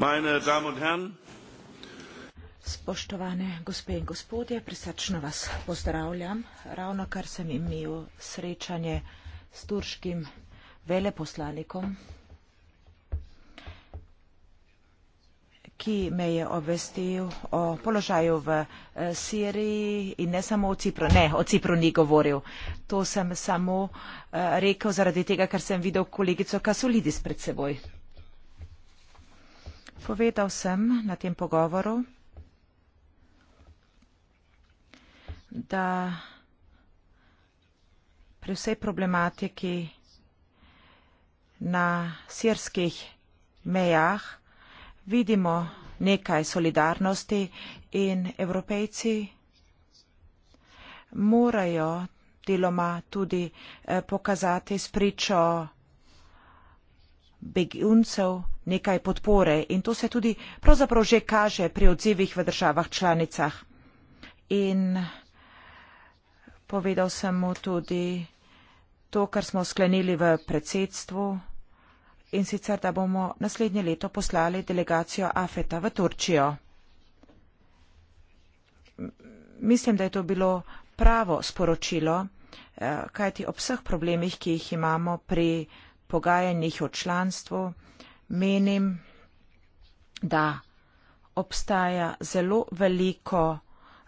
meine damen und herren! Spoštovane gospe in gospodje, prisrčno vas pozdravljam. Ravno kar sem imel srečanje s turškim veleposlanikom, ki me je obvestil o položaju v eh, Siriji in ne samo o Cipru. Ne, o Cipru ni govoril. To sem samo eh, rekel zaradi tega, ker sem videl kolegico Kasulidis pred seboj povedal sem na tem pogovoru, da pri vsej problematiki na sirskih mejah vidimo nekaj solidarnosti in evropejci morajo deloma tudi eh, pokazati spričo beguncev nekaj podpore in to se tudi pravzaprav že kaže pri odzivih v državah članicah. In povedal sem mu tudi to, kar smo sklenili v predsedstvu in sicer, da bomo naslednje leto poslali delegacijo Afeta v Turčijo. Mislim, da je to bilo pravo sporočilo, eh, kajti ob vseh problemih, ki jih imamo pri pogajanjih o članstvu, menim, da obstaja zelo veliko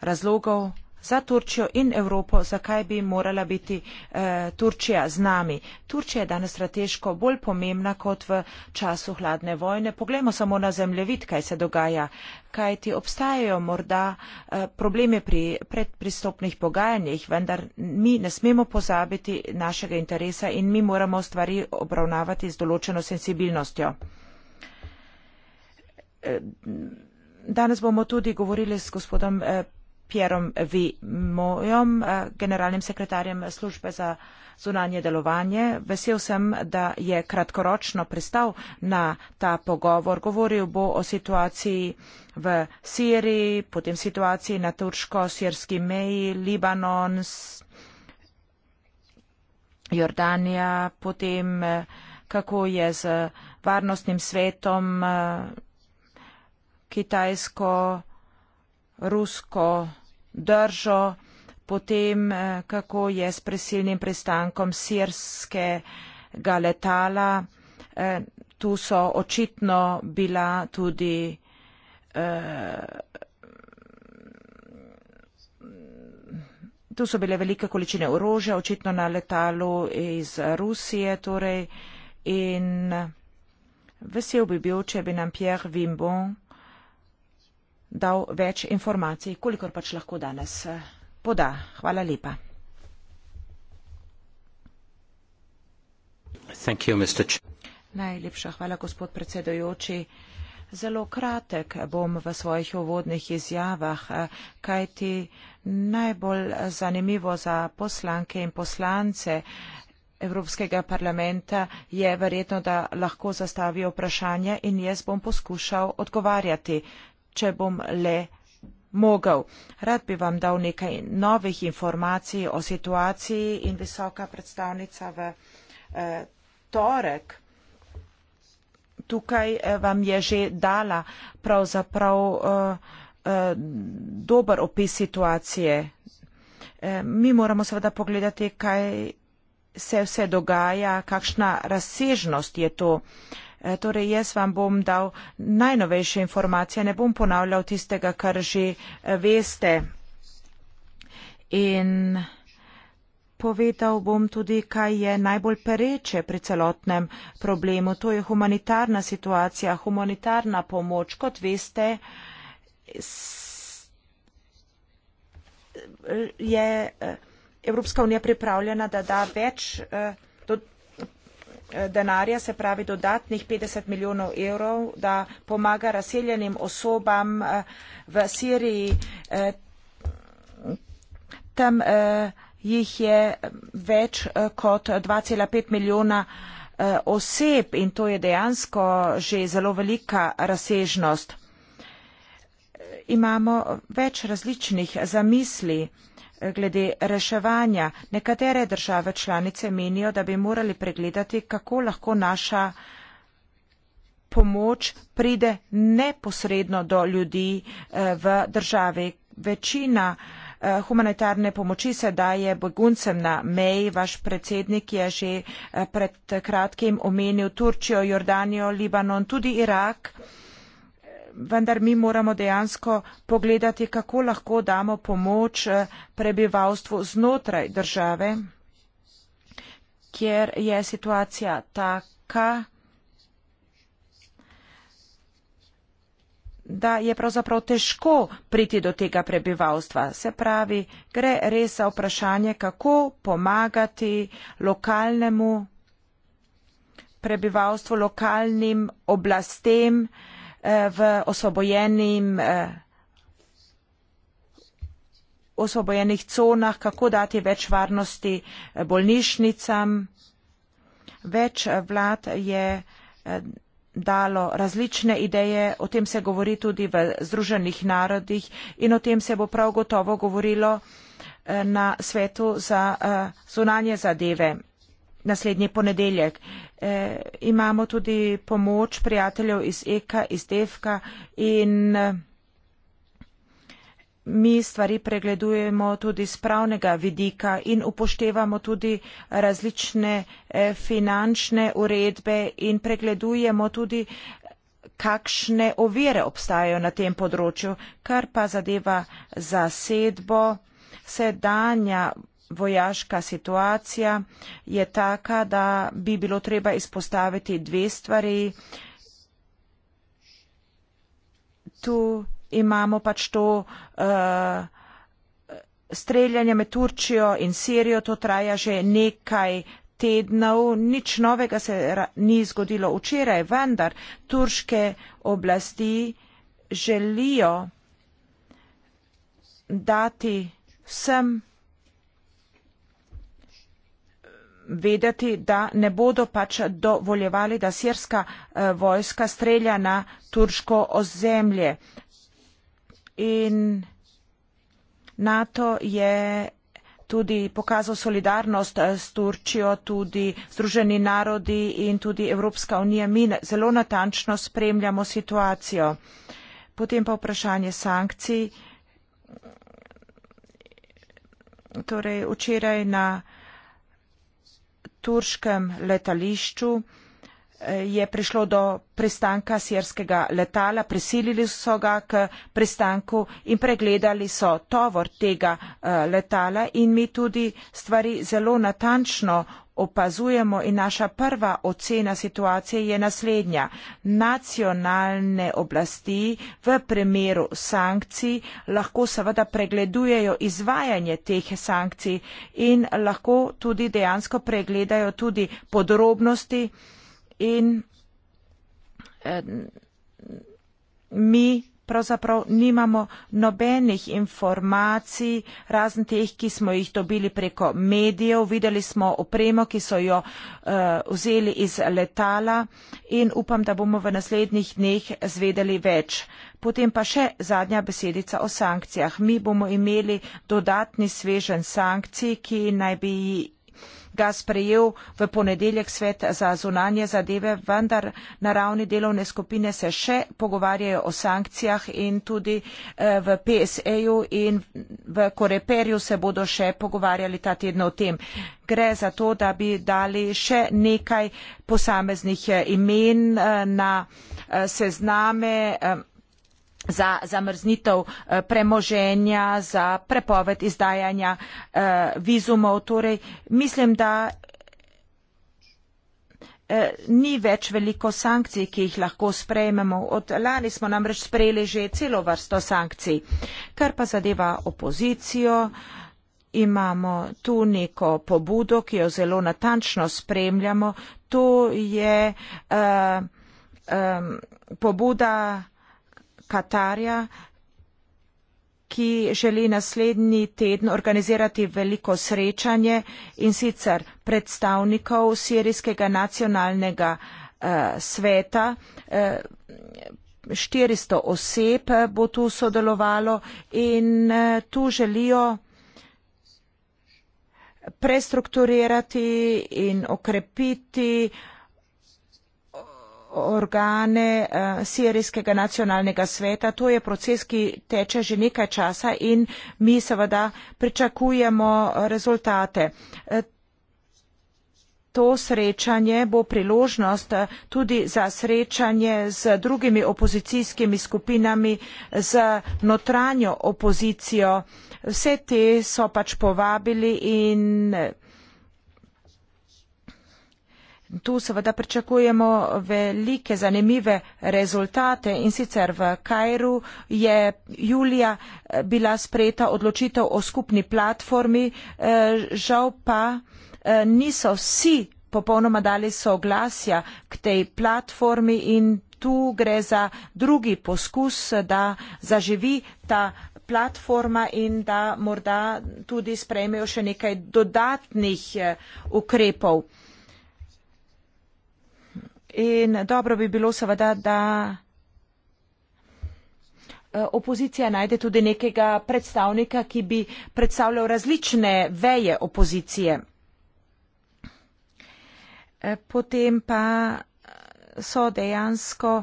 razlogov, za Turčijo in Evropo, zakaj bi morala biti eh, Turčija z nami. Turčija je danes strateško bolj pomembna kot v času hladne vojne. Poglejmo samo na zemljevid, kaj se dogaja. Kaj ti obstajajo morda eh, probleme pri predpristopnih pogajanjih, vendar mi ne smemo pozabiti našega interesa in mi moramo stvari obravnavati z določeno sensibilnostjo. Eh, danes bomo tudi govorili s gospodom. Eh, Pierom V. Mojom, eh, generalnim sekretarjem službe za zunanje delovanje. Vesel sem, da je kratkoročno pristal na ta pogovor. Govoril bo o situaciji v Siriji, potem situaciji na turško-sirski meji, Libanon, Jordanija, potem eh, kako je z varnostnim svetom eh, Kitajsko, Rusko, držo, potem eh, kako je s presilnim pristankom sirskega letala. Eh, tu so očitno bila tudi eh, Tu so bile velike količine orožja, očitno na letalu iz Rusije, torej, in vesel bi bil, če bi nam Pierre Vimbon dal več informacij, kolikor pač lahko danes eh, poda. Hvala lepa. You, Najlepša hvala, gospod predsedojoči. Zelo kratek bom v svojih uvodnih izjavah, eh, kajti najbolj zanimivo za poslanke in poslance Evropskega parlamenta je verjetno, da lahko zastavijo vprašanja in jaz bom poskušal odgovarjati če bom le mogel. Rad bi vam dal nekaj novih informacij o situaciji in visoka predstavnica v eh, torek. Tukaj eh, vam je že dala pravzaprav eh, eh, dober opis situacije. Eh, mi moramo seveda pogledati, kaj se vse dogaja, kakšna razsežnost je to. Eh, Eh, torej, jaz vam bom dal najnovejše informacije, ne bom ponavljal tistega, kar že eh, veste. In povedal bom tudi, kaj je najbolj pereče pri celotnem problemu. To je humanitarna situacija, humanitarna pomoč. Kot veste, je eh, Evropska unija pripravljena, da da več Eh, denarja, se pravi dodatnih 50 milijonov evrov, da pomaga razseljenim osobam eh, v Siriji. Eh, tam jih je več kot 2,5 milijona oseb in to je dejansko že zelo velika razsežnost. Imamo več različnih zamisli glede reševanja. Nekatere države članice menijo, da bi morali pregledati, kako lahko naša pomoč pride neposredno do ljudi eh, v državi. Večina eh, humanitarne pomoči se daje beguncem na meji. Vaš predsednik je že eh, pred kratkim omenil Turčijo, Jordanijo, Libanon, tudi Irak vendar mi moramo dejansko pogledati, kako lahko damo pomoč eh, prebivalstvu znotraj države, kjer je situacija taka, da je pravzaprav težko priti do tega prebivalstva. Se pravi, gre res za vprašanje, kako pomagati lokalnemu prebivalstvu, lokalnim oblastem, v osvobojenim eh, osvobojenih conah, kako dati več varnosti eh, bolnišnicam. Več eh, vlad je dalo različne ideje, o tem se govori tudi v Združenih narodih in o tem se bo prav gotovo govorilo na svetu za zunanje zadeve naslednji ponedeljek. E, imamo tudi pomoč prijateljev iz Eka, iz Devka in e, mi stvari pregledujemo tudi z pravnega vidika in upoštevamo tudi različne e, finančne uredbe in pregledujemo tudi kakšne ovire obstajajo na tem področju, kar pa zadeva zasedbo, sedanja vojaška situacija je taka, da bi bilo treba izpostaviti dve stvari. Tu imamo pač to uh, streljanje med Turčijo in Sirijo, to traja že nekaj tednov, nič novega se ni zgodilo včeraj, vendar turške oblasti želijo dati vsem vedeti, da ne bodo pač dovoljevali, da sirska eh, vojska strelja na turško ozemlje. In NATO je tudi pokazal solidarnost eh, s Turčijo, tudi Združeni narodi in tudi Evropska unija. Mi zelo natančno spremljamo situacijo. Potem pa vprašanje sankcij. Torej, včeraj na turškem letališču eh, je prišlo do pristanka sirskega letala, prisilili so ga k pristanku in pregledali so tovor tega eh, letala in mi tudi stvari zelo natančno opazujemo in naša prva ocena situacije je naslednja. Nacionalne oblasti v primeru sankcij lahko seveda pregledujejo izvajanje teh sankcij in lahko tudi dejansko pregledajo tudi podrobnosti in eh, mi pravzaprav nimamo nobenih informacij, razen teh, ki smo jih dobili preko medijev, videli smo opremo, ki so jo uh, vzeli iz letala in upam, da bomo v naslednjih dneh zvedeli več. Potem pa še zadnja besedica o sankcijah. Mi bomo imeli dodatni svežen sankcij, ki naj bi ga sprejel v ponedeljek svet za zunanje zadeve, vendar na ravni delovne skupine se še pogovarjajo o sankcijah in tudi eh, v PSE-ju in v Koreperju se bodo še pogovarjali ta teden o tem. Gre za to, da bi dali še nekaj posameznih eh, imen eh, na sezname za zamrznitev eh, premoženja, za prepoved izdajanja eh, vizumov. Torej, mislim, da eh, ni več veliko sankcij, ki jih lahko sprejmemo. Od lani smo namreč sprejeli že celo vrsto sankcij. Kar pa zadeva opozicijo, imamo tu neko pobudo, ki jo zelo natančno spremljamo. To je uh, um, pobuda Katarja, ki želi naslednji teden organizirati veliko srečanje in sicer predstavnikov Sirijskega nacionalnega eh, sveta. Eh, 400 oseb bo tu sodelovalo in eh, tu želijo prestrukturirati in okrepiti eh, organe eh, Sirijskega nacionalnega sveta. To je proces, ki teče že nekaj časa in mi seveda pričakujemo rezultate. Eh, to srečanje bo priložnost eh, tudi za srečanje z drugimi opozicijskimi skupinami, z notranjo opozicijo. Vse te so pač povabili in Tu seveda pričakujemo velike zanimive rezultate in sicer v Kajru je julija eh, bila sprejeta odločitev o skupni platformi, eh, žal pa eh, niso vsi popolnoma dali soglasja k tej platformi in tu gre za drugi poskus, da zaživi ta platforma in da morda tudi sprejmejo še nekaj dodatnih ukrepov. In dobro bi bilo seveda, da e, opozicija najde tudi nekega predstavnika, ki bi predstavljal različne veje opozicije. E, potem pa so dejansko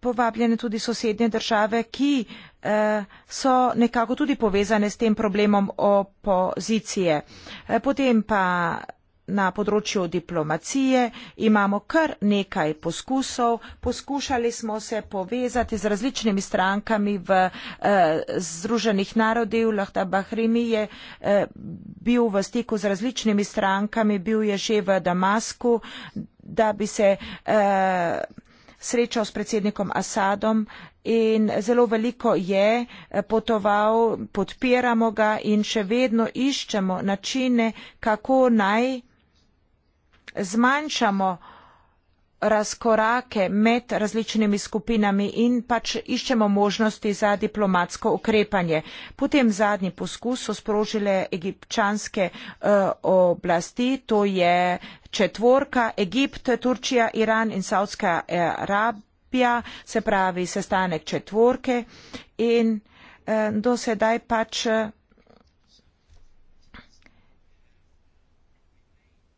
povabljene tudi sosednje države, ki e, so nekako tudi povezane s tem problemom opozicije. Potem pa na področju diplomacije, imamo kar nekaj poskusov, poskušali smo se povezati z različnimi strankami v eh, Združenih narodih, Lahda Bahrimi je eh, bil v stiku z različnimi strankami, bil je že v Damasku, da bi se. Eh, srečal s predsednikom Asadom in zelo veliko je eh, potoval, podpiramo ga in še vedno iščemo načine, kako naj zmanjšamo razkorake med različnimi skupinami in pač iščemo možnosti za diplomatsko ukrepanje. Potem zadnji poskus so sprožile egipčanske uh, oblasti, to je četvorka Egipt, Turčija, Iran in Saudska Arabija, se pravi sestanek četvorke in uh, do sedaj pač uh,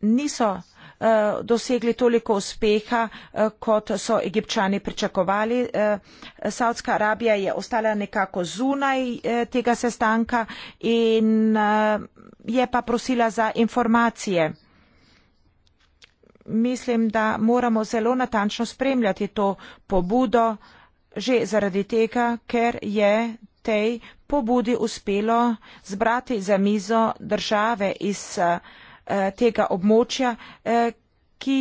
niso Eh, dosegli toliko uspeha, eh, kot so egipčani pričakovali. Eh, Saudska Arabija je ostala nekako zunaj tega sestanka in je pa prosila za informacije. Mislim, da moramo zelo natančno spremljati to pobudo, že zaradi tega, ker je tej pobudi uspelo zbrati za mizo države iz Eh, tega območja, eh, ki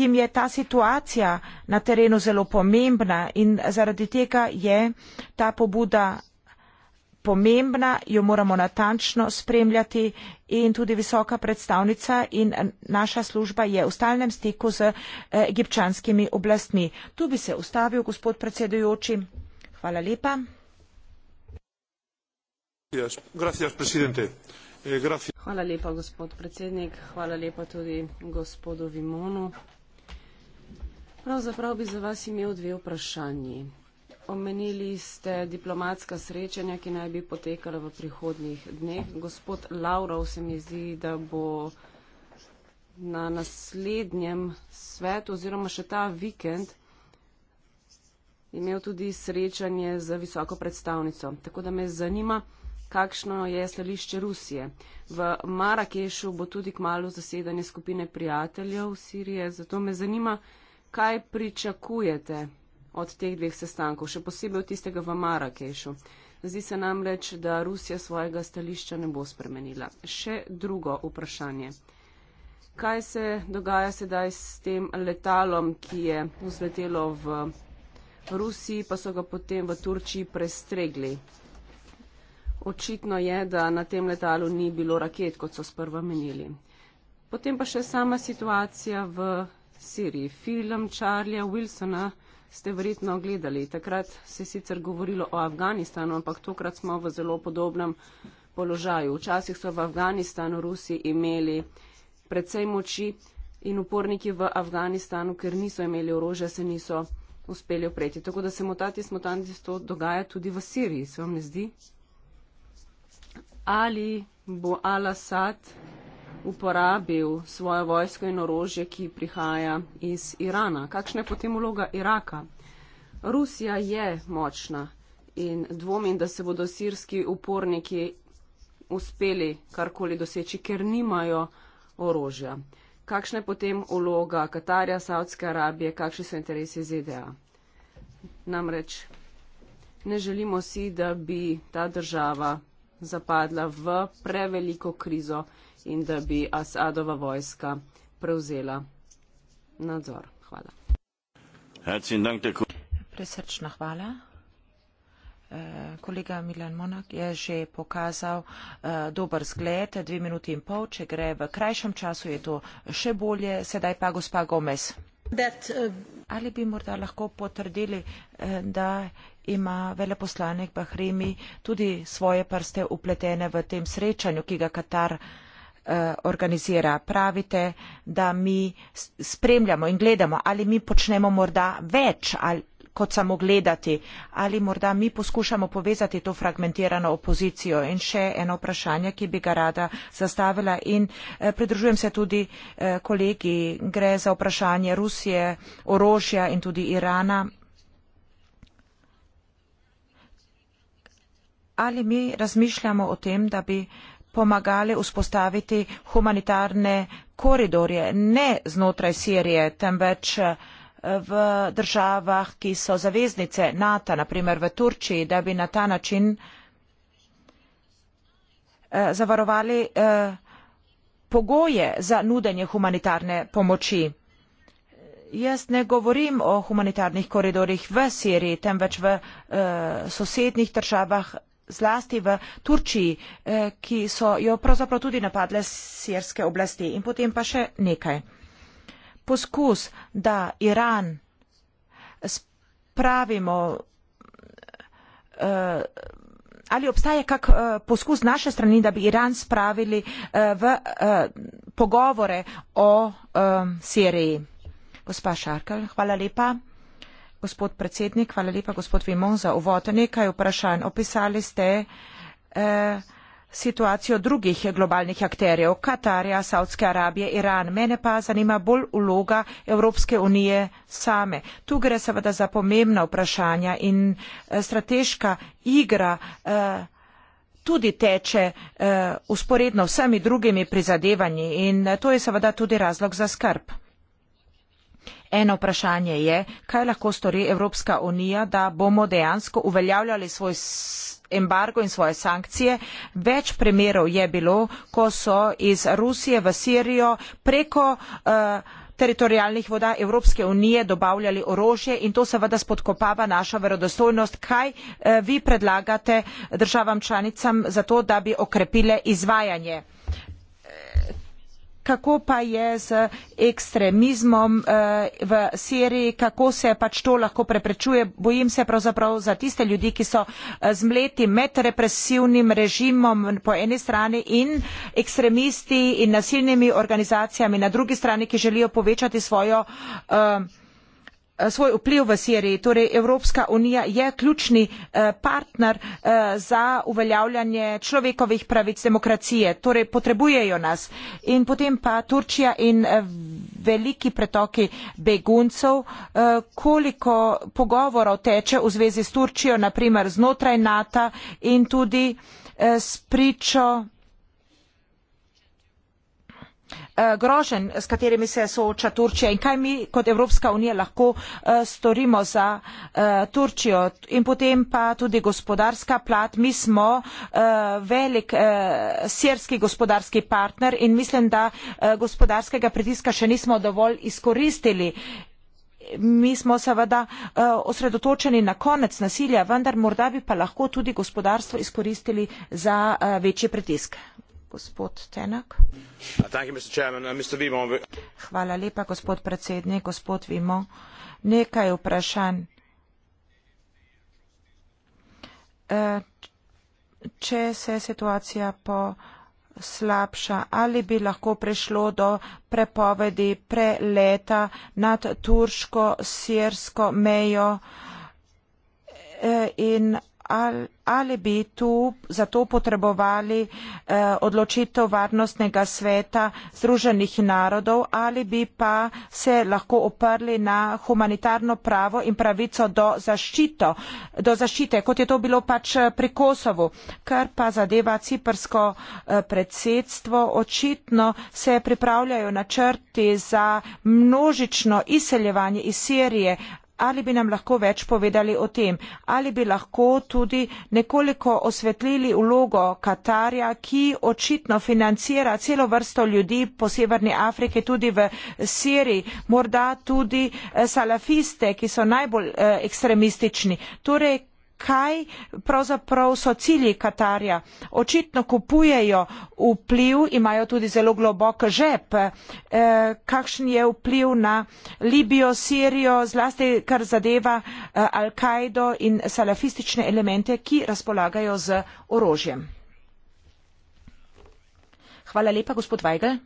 jim je ta situacija na terenu zelo pomembna in zaradi tega je ta pobuda pomembna, jo moramo natančno spremljati in tudi visoka predstavnica in naša služba je v stalnem stiku z eh, egipčanskimi oblastmi. Tu bi se ustavil, gospod predsedujoči. Hvala lepa. Gracias, presidente. Eh, Hvala lepa, gospod predsednik. Hvala lepa tudi gospodu Vimonu. Pravzaprav bi za vas imel dve vprašanji. Omenili ste diplomatska srečanja, ki naj bi potekala v prihodnih dneh. Gospod Lavrov se mi zdi, da bo na naslednjem svetu oziroma še ta vikend imel tudi srečanje z visoko predstavnico. Tako da me zanima, kakšno je stališče Rusije. V Marakešu bo tudi kmalo zasedanje skupine prijateljev Sirije, zato me zanima, kaj pričakujete od teh dveh sestankov, še posebej od tistega v Marakešu. Zdi se namreč, da Rusija svojega stališča ne bo spremenila. Še drugo vprašanje. Kaj se dogaja sedaj s tem letalom, ki je vzletelo v Rusiji, pa so ga potem v Turčiji prestregli? Očitno je, da na tem letalu ni bilo raket, kot so sprva menili. Potem pa še sama situacija v Siriji. Film Charlieja Wilsona ste verjetno gledali. Takrat se je sicer govorilo o Afganistanu, ampak tokrat smo v zelo podobnem položaju. Včasih so v Afganistanu Rusi imeli precej moči in uporniki v Afganistanu, ker niso imeli orožja, se niso uspeli opreti. Tako da se mutati smutanti to dogaja tudi v Siriji, se vam ne zdi? ali bo Al-Assad uporabil svojo vojsko in orožje, ki prihaja iz Irana. Kakšna je potem vloga Iraka? Rusija je močna in dvomim, da se bodo sirski uporniki uspeli karkoli doseči, ker nimajo orožja. Kakšna je potem vloga Katarja, Saudske Arabije, kakšni so interesi ZDA? Namreč ne želimo si, da bi ta država zapadla v preveliko krizo in da bi Asadova vojska prevzela nadzor. Hvala. Presrčna hvala. Eh, kolega Milan Monak je že pokazal eh, dober zgled, dve minuti in pol, če gre v krajšem času, je to še bolje. Sedaj pa gospa Gomez. Uh, ali bi morda lahko potrdili, eh, da ima veleposlanik Bahremi tudi svoje prste upletene v tem srečanju, ki ga Katar eh, organizira. Pravite, da mi spremljamo in gledamo, ali mi počnemo morda več, ali, kot samo gledati. Ali morda mi poskušamo povezati to fragmentirano opozicijo? In še eno vprašanje, ki bi ga rada zastavila in eh, pridružujem se tudi eh, kolegi. Gre za vprašanje Rusije, orožja in tudi Irana. Ali mi razmišljamo o tem, da bi pomagali vzpostaviti humanitarne koridorje, ne znotraj Sirije, temveč eh, v državah, ki so zaveznice NATO, naprimer v Turčiji, da bi na ta način eh, zavarovali eh, pogoje za nudenje humanitarne pomoči. Jaz ne govorim o humanitarnih koridorjih v Siriji, temveč v eh, sosednjih državah zlasti v Turčiji, ki so jo pravzaprav tudi napadle sirske oblasti. In potem pa še nekaj poskus, da Iran spravimo eh, ali obstaja kak eh, poskus naše strani, da bi Iran spravili eh, v pogovore o Siriji. Gospa Šarkel, hvala lepa. Gospod predsednik, hvala lepa, gospod Vimon, za uvod. Nekaj vprašanj opisali ste. Eh, situacijo drugih globalnih akterjev, Katarja, Saudske Arabije, Iran. Mene pa zanima bolj vloga Evropske unije same. Tu gre seveda za pomembna vprašanja in eh, strateška igra eh, tudi teče usporedno eh, vsemi drugimi prizadevanji in to je seveda tudi razlog za skrb. Eno vprašanje je, kaj lahko stori Evropska unija, da bomo dejansko uveljavljali svoj embargo in svoje sankcije. Več primerov je bilo, ko so iz Rusije v Sirijo preko uh, eh, teritorijalnih voda Evropske unije dobavljali orožje in to seveda spodkopava našo verodostojnost. Kaj uh, vi predlagate državam članicam za to, da bi okrepile izvajanje? kako pa je z ekstremizmom uh, v Siriji, kako se pač to lahko preprečuje. Bojim se pravzaprav za tiste ljudi, ki so eh, zmleti med represivnim režimom po eni strani in ekstremisti in nasilnimi organizacijami na drugi strani, ki želijo povečati svojo. Uh, Eh, svoj vpliv v Siriji. Torej Evropska unija je ključni eh, partner eh, za uveljavljanje človekovih pravic demokracije. Torej potrebujejo nas. In potem pa Turčija in veliki pretoki beguncev. Koliko pogovorov teče v zvezi s Turčijo, naprimer znotraj NATO in tudi s pričo Eh, groženj, s katerimi se sooča Turčija in kaj mi kot Evropska unija lahko eh, storimo za eh, Turčijo. In potem pa tudi gospodarska plat. Mi smo velik sirski gospodarski partner in mislim, da gospodarskega pritiska še nismo dovolj izkoristili. Mi smo seveda osredotočeni na konec nasilja, vendar morda bi pa lahko tudi gospodarstvo izkoristili za večji pritisk. Uh, uh, Hvala lepa, gospod predsednik. Gospod Vimo, nekaj vprašanj. Uh, če se situacija poslabša, ali bi lahko prišlo do prepovedi preleta nad turško-sirsko mejo in ali, ali bi tu za to potrebovali eh, odločitev varnostnega sveta Združenih narodov ali bi pa se lahko oprli na humanitarno pravo in pravico do, zaščito, do zaščite, kot je to bilo pač eh, pri Kosovu. Kar pa zadeva ciprsko eh, predsedstvo, očitno se pripravljajo načrti za množično izseljevanje iz Sirije ali bi nam lahko več povedali o tem, ali bi lahko tudi nekoliko osvetlili vlogo Katarja, ki očitno financira celo vrsto ljudi po severni Afriki, tudi v Siriji, morda tudi eh, salafiste, ki so najbolj eh, ekstremistični. Torej, kaj pravzaprav so cilji Katarja. Očitno kupujejo vpliv, imajo tudi zelo globok žep, eh, kakšen je vpliv na Libijo, Sirijo, zlasti kar zadeva eh, Al-Kaido in salafistične elemente, ki razpolagajo z orožjem. Hvala lepa, gospod Weigel.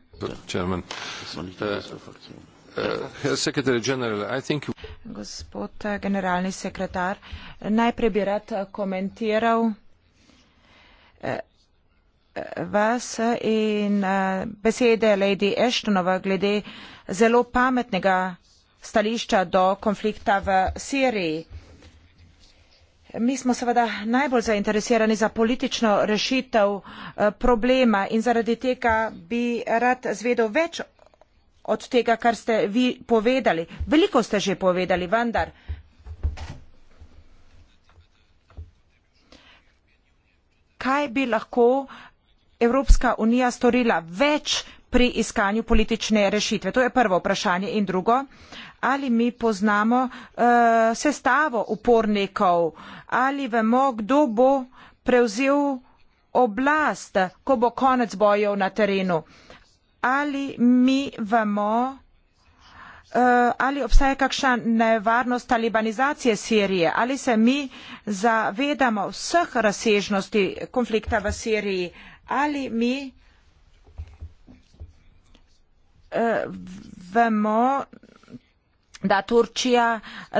Chairman, uh, Uh, uh, Gospod eh, generalni sekretar, najprej bi rad eh, komentiral eh, vas in besede Lady Ashtonova glede zelo pametnega stališča do konflikta v Siriji. Mi smo seveda najbolj zainteresirani za politično rešitev problema in zaradi tega bi rad zvedel več od tega, kar ste vi povedali. Veliko ste že povedali, vendar. Kaj bi lahko Evropska unija storila več pri iskanju politične rešitve? To je prvo vprašanje. In drugo, ali mi poznamo uh, sestavo upornikov, ali vemo, kdo bo prevzel oblast, ko bo konec bojev na terenu ali mi vemo, eh, ali obstaja kakšna nevarnost talibanizacije Sirije, ali se mi zavedamo vseh razsežnosti konflikta v Siriji, ali mi eh, vemo, da Turčija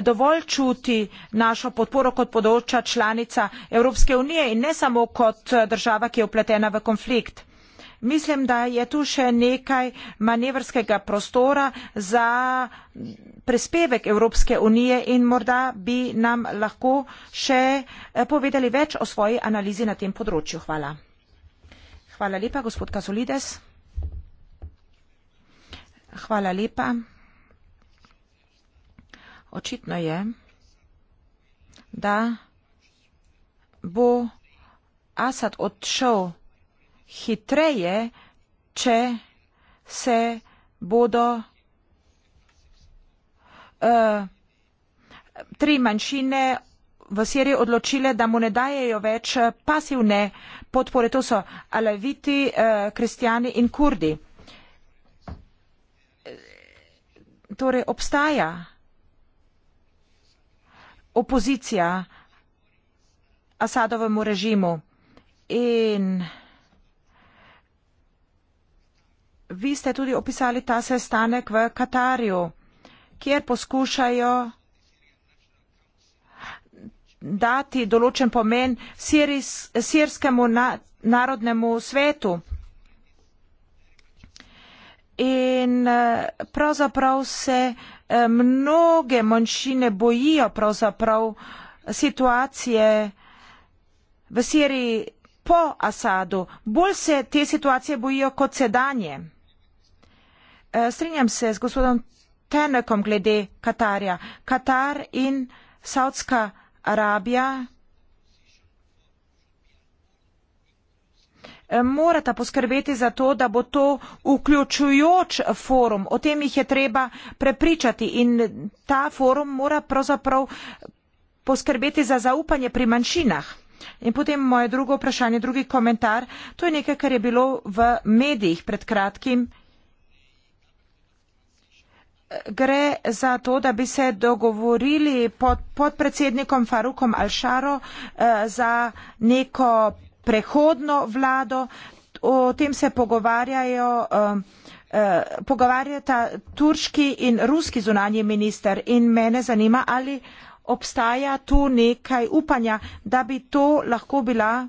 dovolj čuti našo podporo kot področja članica Evropske unije in ne samo kot država, ki je upletena v konflikt. Mislim, da je tu še nekaj manevrskega prostora za prispevek Evropske unije in morda bi nam lahko še eh, povedali več o svoji analizi na tem področju. Hvala. Hvala lepa, gospod Kazulides. Hvala lepa. Očitno je, da bo Asad odšel hitreje, če se bodo uh, tri manjšine v Siriji odločile, da mu ne dajejo več pasivne podpore. To so alaviti, uh, eh, kristijani in kurdi. Torej obstaja opozicija Asadovemu režimu in vi ste tudi opisali ta sestanek v Katarju, kjer poskušajo dati določen pomen siris, sirskemu na, narodnemu svetu. In eh, pravzaprav se eh, mnoge manjšine bojijo pravzaprav situacije v Siriji po Asadu. Bolj se te situacije bojijo kot sedanje. Eh, strinjam se z gospodom Tenekom glede Katarja. Katar in Saudska Arabija eh, morata poskrbeti za to, da bo to vključujoč forum. O tem jih je treba prepričati in ta forum mora pravzaprav poskrbeti za zaupanje pri manjšinah. In potem moje drugo vprašanje, drugi komentar. To je nekaj, kar je bilo v medijih pred kratkim gre za to, da bi se dogovorili pod, pod predsednikom Farukom Alšaro eh, za neko prehodno vlado. O tem se pogovarjajo. Eh, eh, pogovarjata turški in ruski zunanji minister in mene zanima, ali obstaja tu nekaj upanja, da bi to lahko bila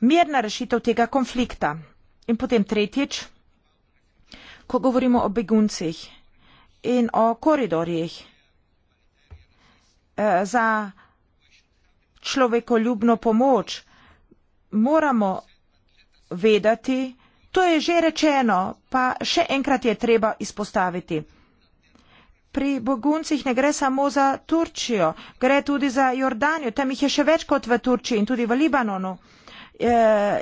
mirna rešitev tega konflikta. In potem tretjič ko govorimo o beguncih in o koridorjih eh, za človekoljubno pomoč, moramo vedeti, to je že rečeno, pa še enkrat je treba izpostaviti. Pri beguncih ne gre samo za Turčijo, gre tudi za Jordanijo, tam jih je še več kot v Turčiji in tudi v Libanonu eh,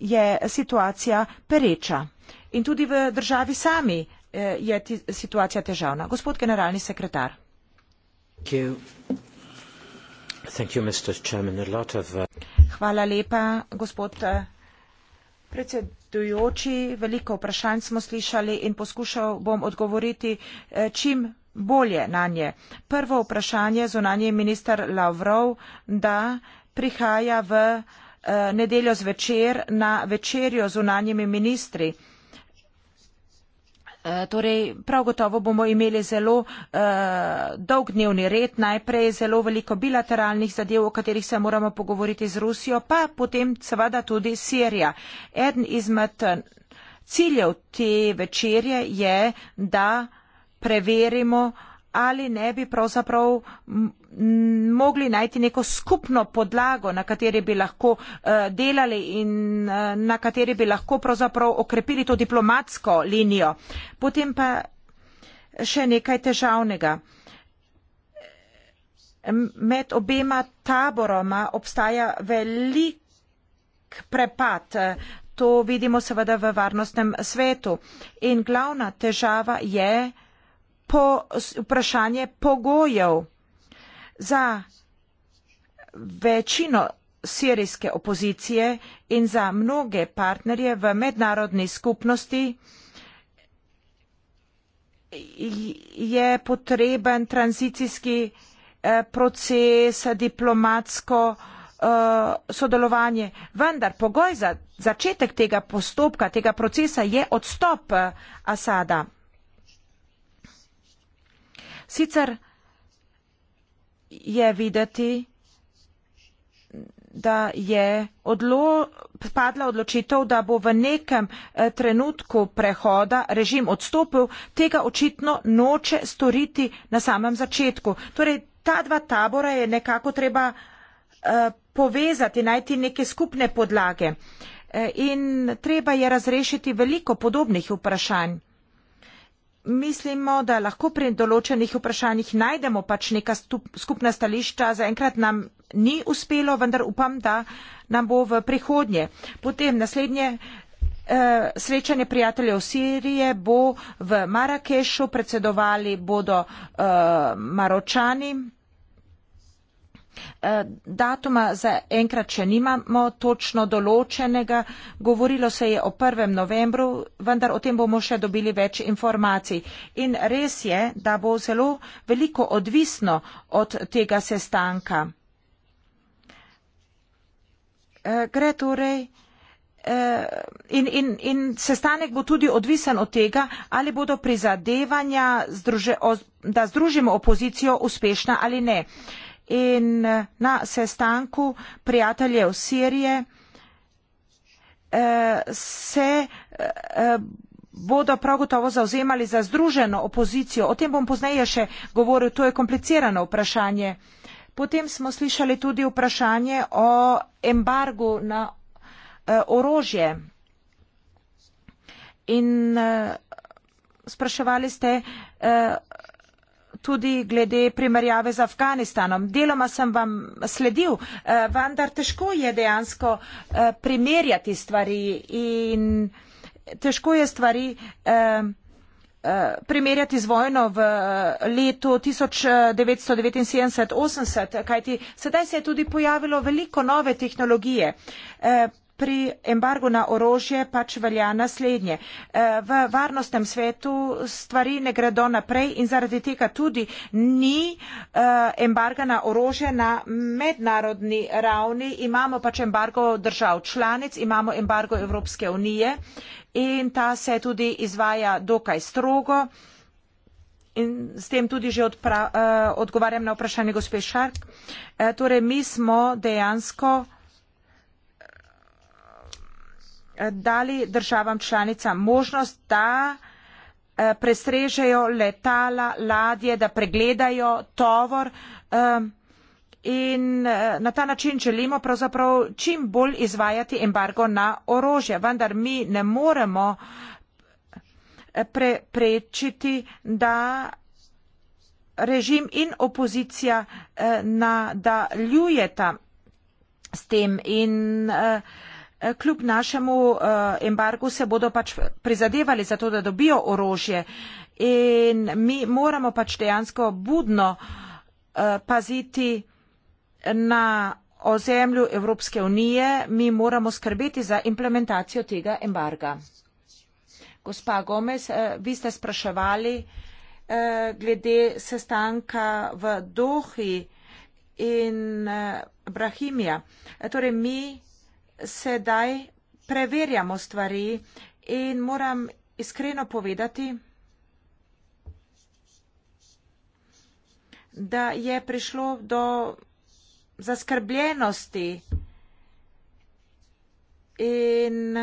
je situacija pereča in tudi v državi sami eh, je situacija težavna. Gospod generalni sekretar. Thank you. Thank you, of... Uh, Hvala lepa, gospod eh, predsedujoči. Veliko vprašanj smo slišali in poskušal bom odgovoriti eh, čim bolje na nje. Prvo vprašanje zunanje minister Lavrov, da prihaja v nedeljo zvečer na večerjo zunanjimi ministri. Eh, torej, prav gotovo bomo imeli zelo eh, dolg dnevni red, najprej zelo veliko bilateralnih zadev, o katerih se moramo pogovoriti z Rusijo, pa potem seveda tudi Sirija. Eden izmed eh, ciljev te večerje je, da preverimo, ali ne bi pravzaprav mogli najti neko skupno podlago, na kateri bi lahko eh, delali in eh, na kateri bi lahko pravzaprav okrepili to diplomatsko linijo. Potem pa še nekaj težavnega. Med obema taboroma obstaja velik prepad. To vidimo seveda v varnostnem svetu. In glavna težava je, po, vprašanje pogojev za večino sirijske opozicije in za mnoge partnerje v mednarodni skupnosti je potreben tranzicijski eh, proces, diplomatsko eh, sodelovanje. Vendar pogoj za začetek tega postopka, tega procesa je odstop eh, Asada. Sicer je videti, da je odlo, padla odločitev, da bo v nekem eh, trenutku prehoda režim odstopil, tega očitno noče storiti na samem začetku. Torej, ta dva tabora je nekako treba eh, povezati, najti neke skupne podlage. Eh, in treba je razrešiti veliko podobnih vprašanj mislimo, da lahko pri določenih vprašanjih najdemo pač neka stup, skupna stališča. Zaenkrat nam ni uspelo, vendar upam, da nam bo v prihodnje. Potem naslednje eh, srečanje prijateljev Sirije bo v Marakešu, predsedovali bodo eh, Maročani. Eh, datuma zaenkrat še nimamo točno določenega. Govorilo se je o 1. novembru, vendar o tem bomo še dobili več informacij. In res je, da bo zelo veliko odvisno od tega sestanka. Eh, gre torej. Eh, in, in, in sestanek bo tudi odvisen od tega, ali bodo prizadevanja, združe, da združimo opozicijo, uspešna ali ne in eh, na sestanku prijateljev Sirije eh, se eh, bodo prav gotovo zauzemali za združeno opozicijo. O tem bom pozneje še govoril, to je komplicirano vprašanje. Potem smo slišali tudi vprašanje o embargu na orožje. In spraševali ste, tudi glede primerjave z Afganistanom. Deloma sem vam sledil, eh, vendar težko je dejansko eh, primerjati stvari in težko je stvari eh, primerjati z vojno v letu 1979-80, kajti sedaj se je tudi pojavilo veliko nove tehnologije pri embargu na orožje pač velja naslednje. Eh, v varnostnem svetu stvari ne gredo naprej in zaradi tega tudi ni eh, embarga na orožje na mednarodni ravni. Imamo pač embargo držav članic, imamo embargo Evropske unije in ta se tudi izvaja dokaj strogo. In s tem tudi že odpra, uh, odgovarjam na vprašanje gospe Šark. Uh, torej, mi smo dejansko uh, dali državam članicam možnost, da eh, presrežejo letala, ladje, da pregledajo tovor eh, in eh, na ta način želimo pravzaprav čim bolj izvajati embargo na orožje. Vendar mi ne moremo preprečiti, da režim in opozicija nadaljujeta s tem in Eh, kljub našemu eh, embargu se bodo pač prizadevali za to, da dobijo orožje in mi moramo pač dejansko budno eh, paziti na ozemlju Evropske unije, mi moramo skrbeti za implementacijo tega embarga. Gospa Gomez, vi ste spraševali glede sestanka v Dohi in Brahimija. Torej, mi sedaj preverjamo stvari in moram iskreno povedati, da je prišlo do zaskrbljenosti in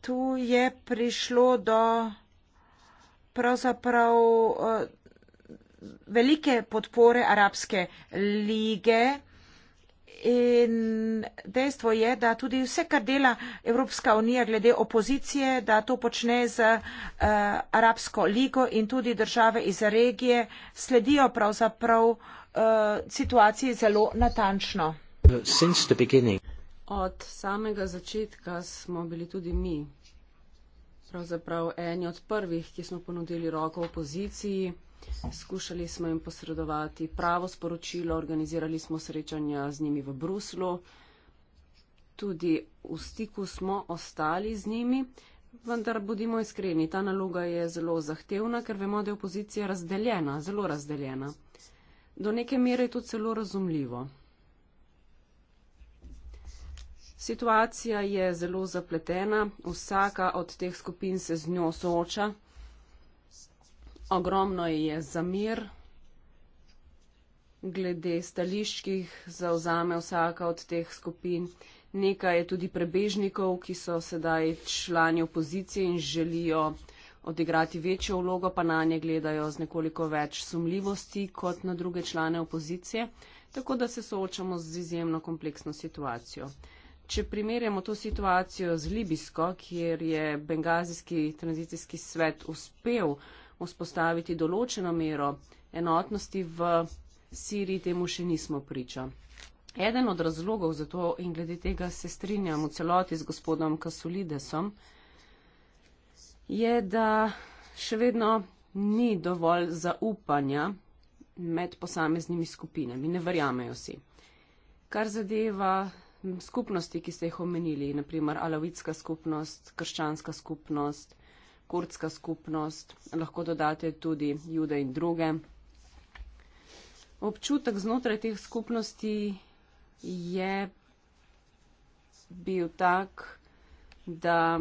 tu je prišlo do pravzaprav eh, velike podpore Arabske lige. In dejstvo je, da tudi vse, kar dela Evropska unija glede opozicije, da to počne z uh, Arabsko ligo in tudi države iz regije sledijo pravzaprav uh, situaciji zelo natančno. Od samega začetka smo bili tudi mi pravzaprav eni od prvih, ki smo ponudili roko opoziciji. Skušali smo jim posredovati pravo sporočilo, organizirali smo srečanja z njimi v Bruslu. Tudi v stiku smo ostali z njimi, vendar bodimo iskreni, ta naloga je zelo zahtevna, ker vemo, da je opozicija razdeljena, zelo razdeljena. Do neke mere je to celo razumljivo. Situacija je zelo zapletena, vsaka od teh skupin se z njo sooča ogromno je zamir glede stališč, ki jih zauzame vsaka od teh skupin. Nekaj je tudi prebežnikov, ki so sedaj člani opozicije in želijo odigrati večjo vlogo, pa na nje gledajo z nekoliko več sumljivosti kot na druge člane opozicije, tako da se soočamo z izjemno kompleksno situacijo. Če primerjamo to situacijo z Libijsko, kjer je Bengazijski tranzicijski svet uspel vzpostaviti določeno mero enotnosti v Siriji, temu še nismo priča. Eden od razlogov za to in glede tega se strinjam v celoti z gospodom Kasulidesom, je, da še vedno ni dovolj zaupanja med posameznimi skupinami, ne verjamejo si. Kar zadeva skupnosti, ki ste jih omenili, naprimer alavitska skupnost, krščanska skupnost, kurdska skupnost, lahko dodate tudi jude in druge. Občutek znotraj teh skupnosti je bil tak, da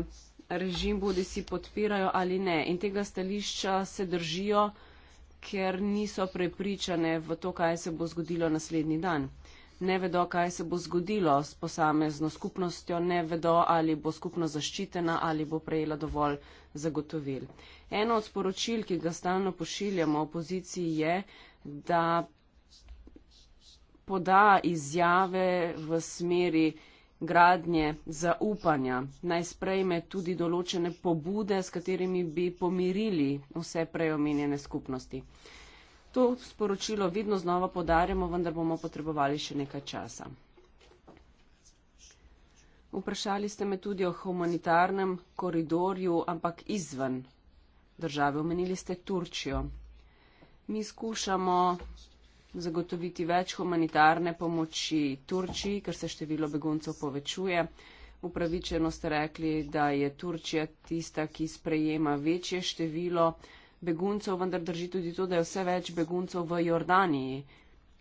režim bodi si podpirajo ali ne. In tega stališča se držijo, ker niso prepričane v to, kaj se bo zgodilo naslednji dan ne vedo, kaj se bo zgodilo s posamezno skupnostjo, ne vedo, ali bo skupnost zaščitena, ali bo prejela dovolj zagotovil. Eno od sporočil, ki ga stalno pošiljamo opoziciji, je, da poda izjave v smeri gradnje zaupanja, naj sprejme tudi določene pobude, s katerimi bi pomirili vse prejomenjene skupnosti. To sporočilo vedno znova podarjamo, vendar bomo potrebovali še nekaj časa. Vprašali ste me tudi o humanitarnem koridorju, ampak izven države. Omenili ste Turčijo. Mi skušamo zagotoviti več humanitarne pomoči Turčiji, ker se število beguncev povečuje. Upravičeno ste rekli, da je Turčija tista, ki sprejema večje število beguncev, vendar drži tudi to, da je vse več beguncev v Jordaniji,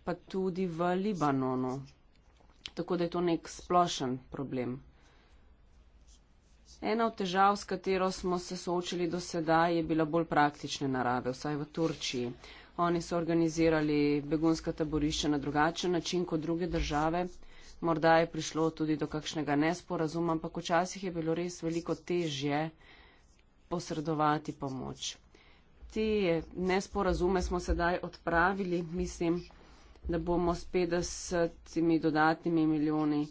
pa tudi v Libanonu. Tako da je to nek splošen problem. Ena od težav, s katero smo se soočili do sedaj, je bila bolj praktične narave, vsaj v Turčiji. Oni so organizirali begunska taborišča na drugačen način kot druge države. Morda je prišlo tudi do kakšnega nesporazuma, ampak včasih je bilo res veliko težje posredovati pomoč te nesporazume smo sedaj odpravili, mislim, da bomo s 50 dodatnimi milijoni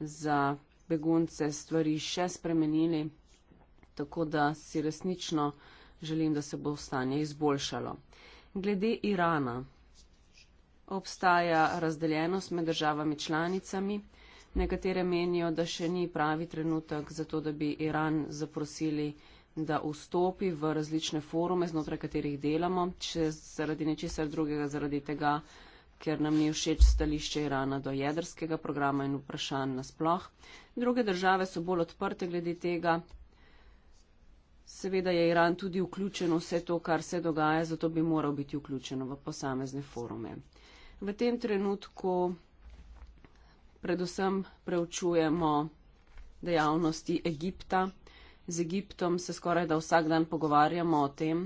za begunce stvari še spremenili, tako da si resnično želim, da se bo stanje izboljšalo. Glede Irana. Obstaja razdeljenost med državami članicami. Nekatere menijo, da še ni pravi trenutek za to, da bi Iran zaprosili da vstopi v različne forume, znotraj katerih delamo, če zaradi nečesar drugega, zaradi tega, ker nam ni všeč stališče Irana do jedrskega programa in vprašanj nasploh. Druge države so bolj odprte glede tega. Seveda je Iran tudi vključen v vse to, kar se dogaja, zato bi moral biti vključen v posamezne forume. V tem trenutku predvsem preučujemo dejavnosti Egipta z Egiptom se skoraj da vsak dan pogovarjamo o tem,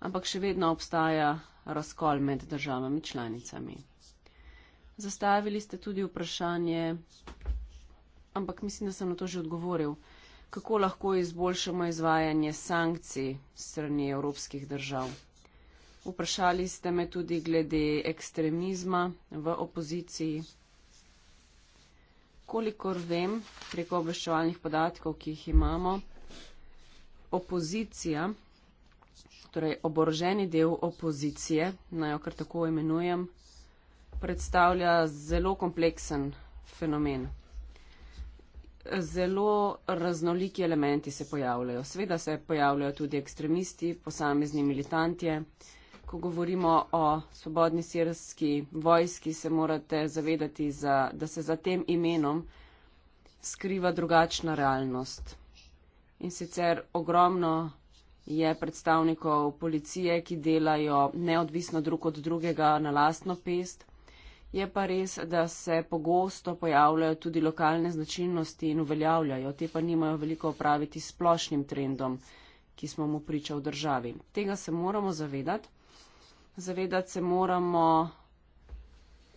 ampak še vedno obstaja razkol med državami članicami. Zastavili ste tudi vprašanje, ampak mislim, da sem na to že odgovoril, kako lahko izboljšamo izvajanje sankcij strani evropskih držav. Vprašali ste me tudi glede ekstremizma v opoziciji. Kolikor vem, preko obveščevalnih podatkov, ki jih imamo, opozicija, torej oboroženi del opozicije, naj jo kar tako imenujem, predstavlja zelo kompleksen fenomen. Zelo raznoliki elementi se pojavljajo. Sveda se pojavljajo tudi ekstremisti, posamezni militantje. Ko govorimo o svobodni sirski vojski, se morate zavedati, za, da se za tem imenom skriva drugačna realnost. In sicer ogromno je predstavnikov policije, ki delajo neodvisno drug od drugega na lastno pest. Je pa res, da se pogosto pojavljajo tudi lokalne značilnosti in uveljavljajo, te pa nimajo veliko opraviti s splošnim trendom, ki smo mu priča v državi. Tega se moramo zavedati. Zavedati se moramo,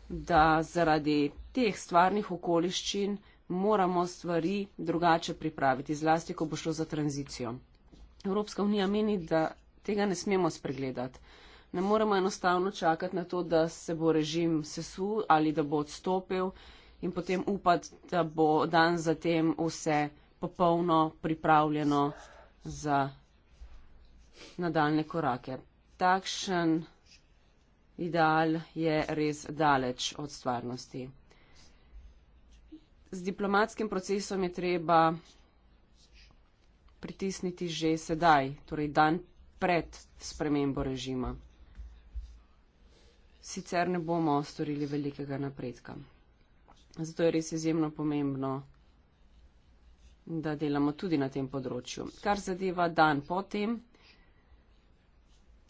da zaradi teh stvarnih okoliščin moramo stvari drugače pripraviti, zlasti, ko bo šlo za tranzicijo. Evropska unija meni, da tega ne smemo spregledati. Ne moremo enostavno čakati na to, da se bo režim sesul ali da bo odstopil in potem upati, da bo dan zatem vse popolno pripravljeno za nadaljne korake. Takšen ideal je res daleč od stvarnosti z diplomatskim procesom je treba pritisniti že sedaj, torej dan pred spremembo režima. Sicer ne bomo storili velikega napredka. Zato je res izjemno pomembno, da delamo tudi na tem področju. Kar zadeva dan potem,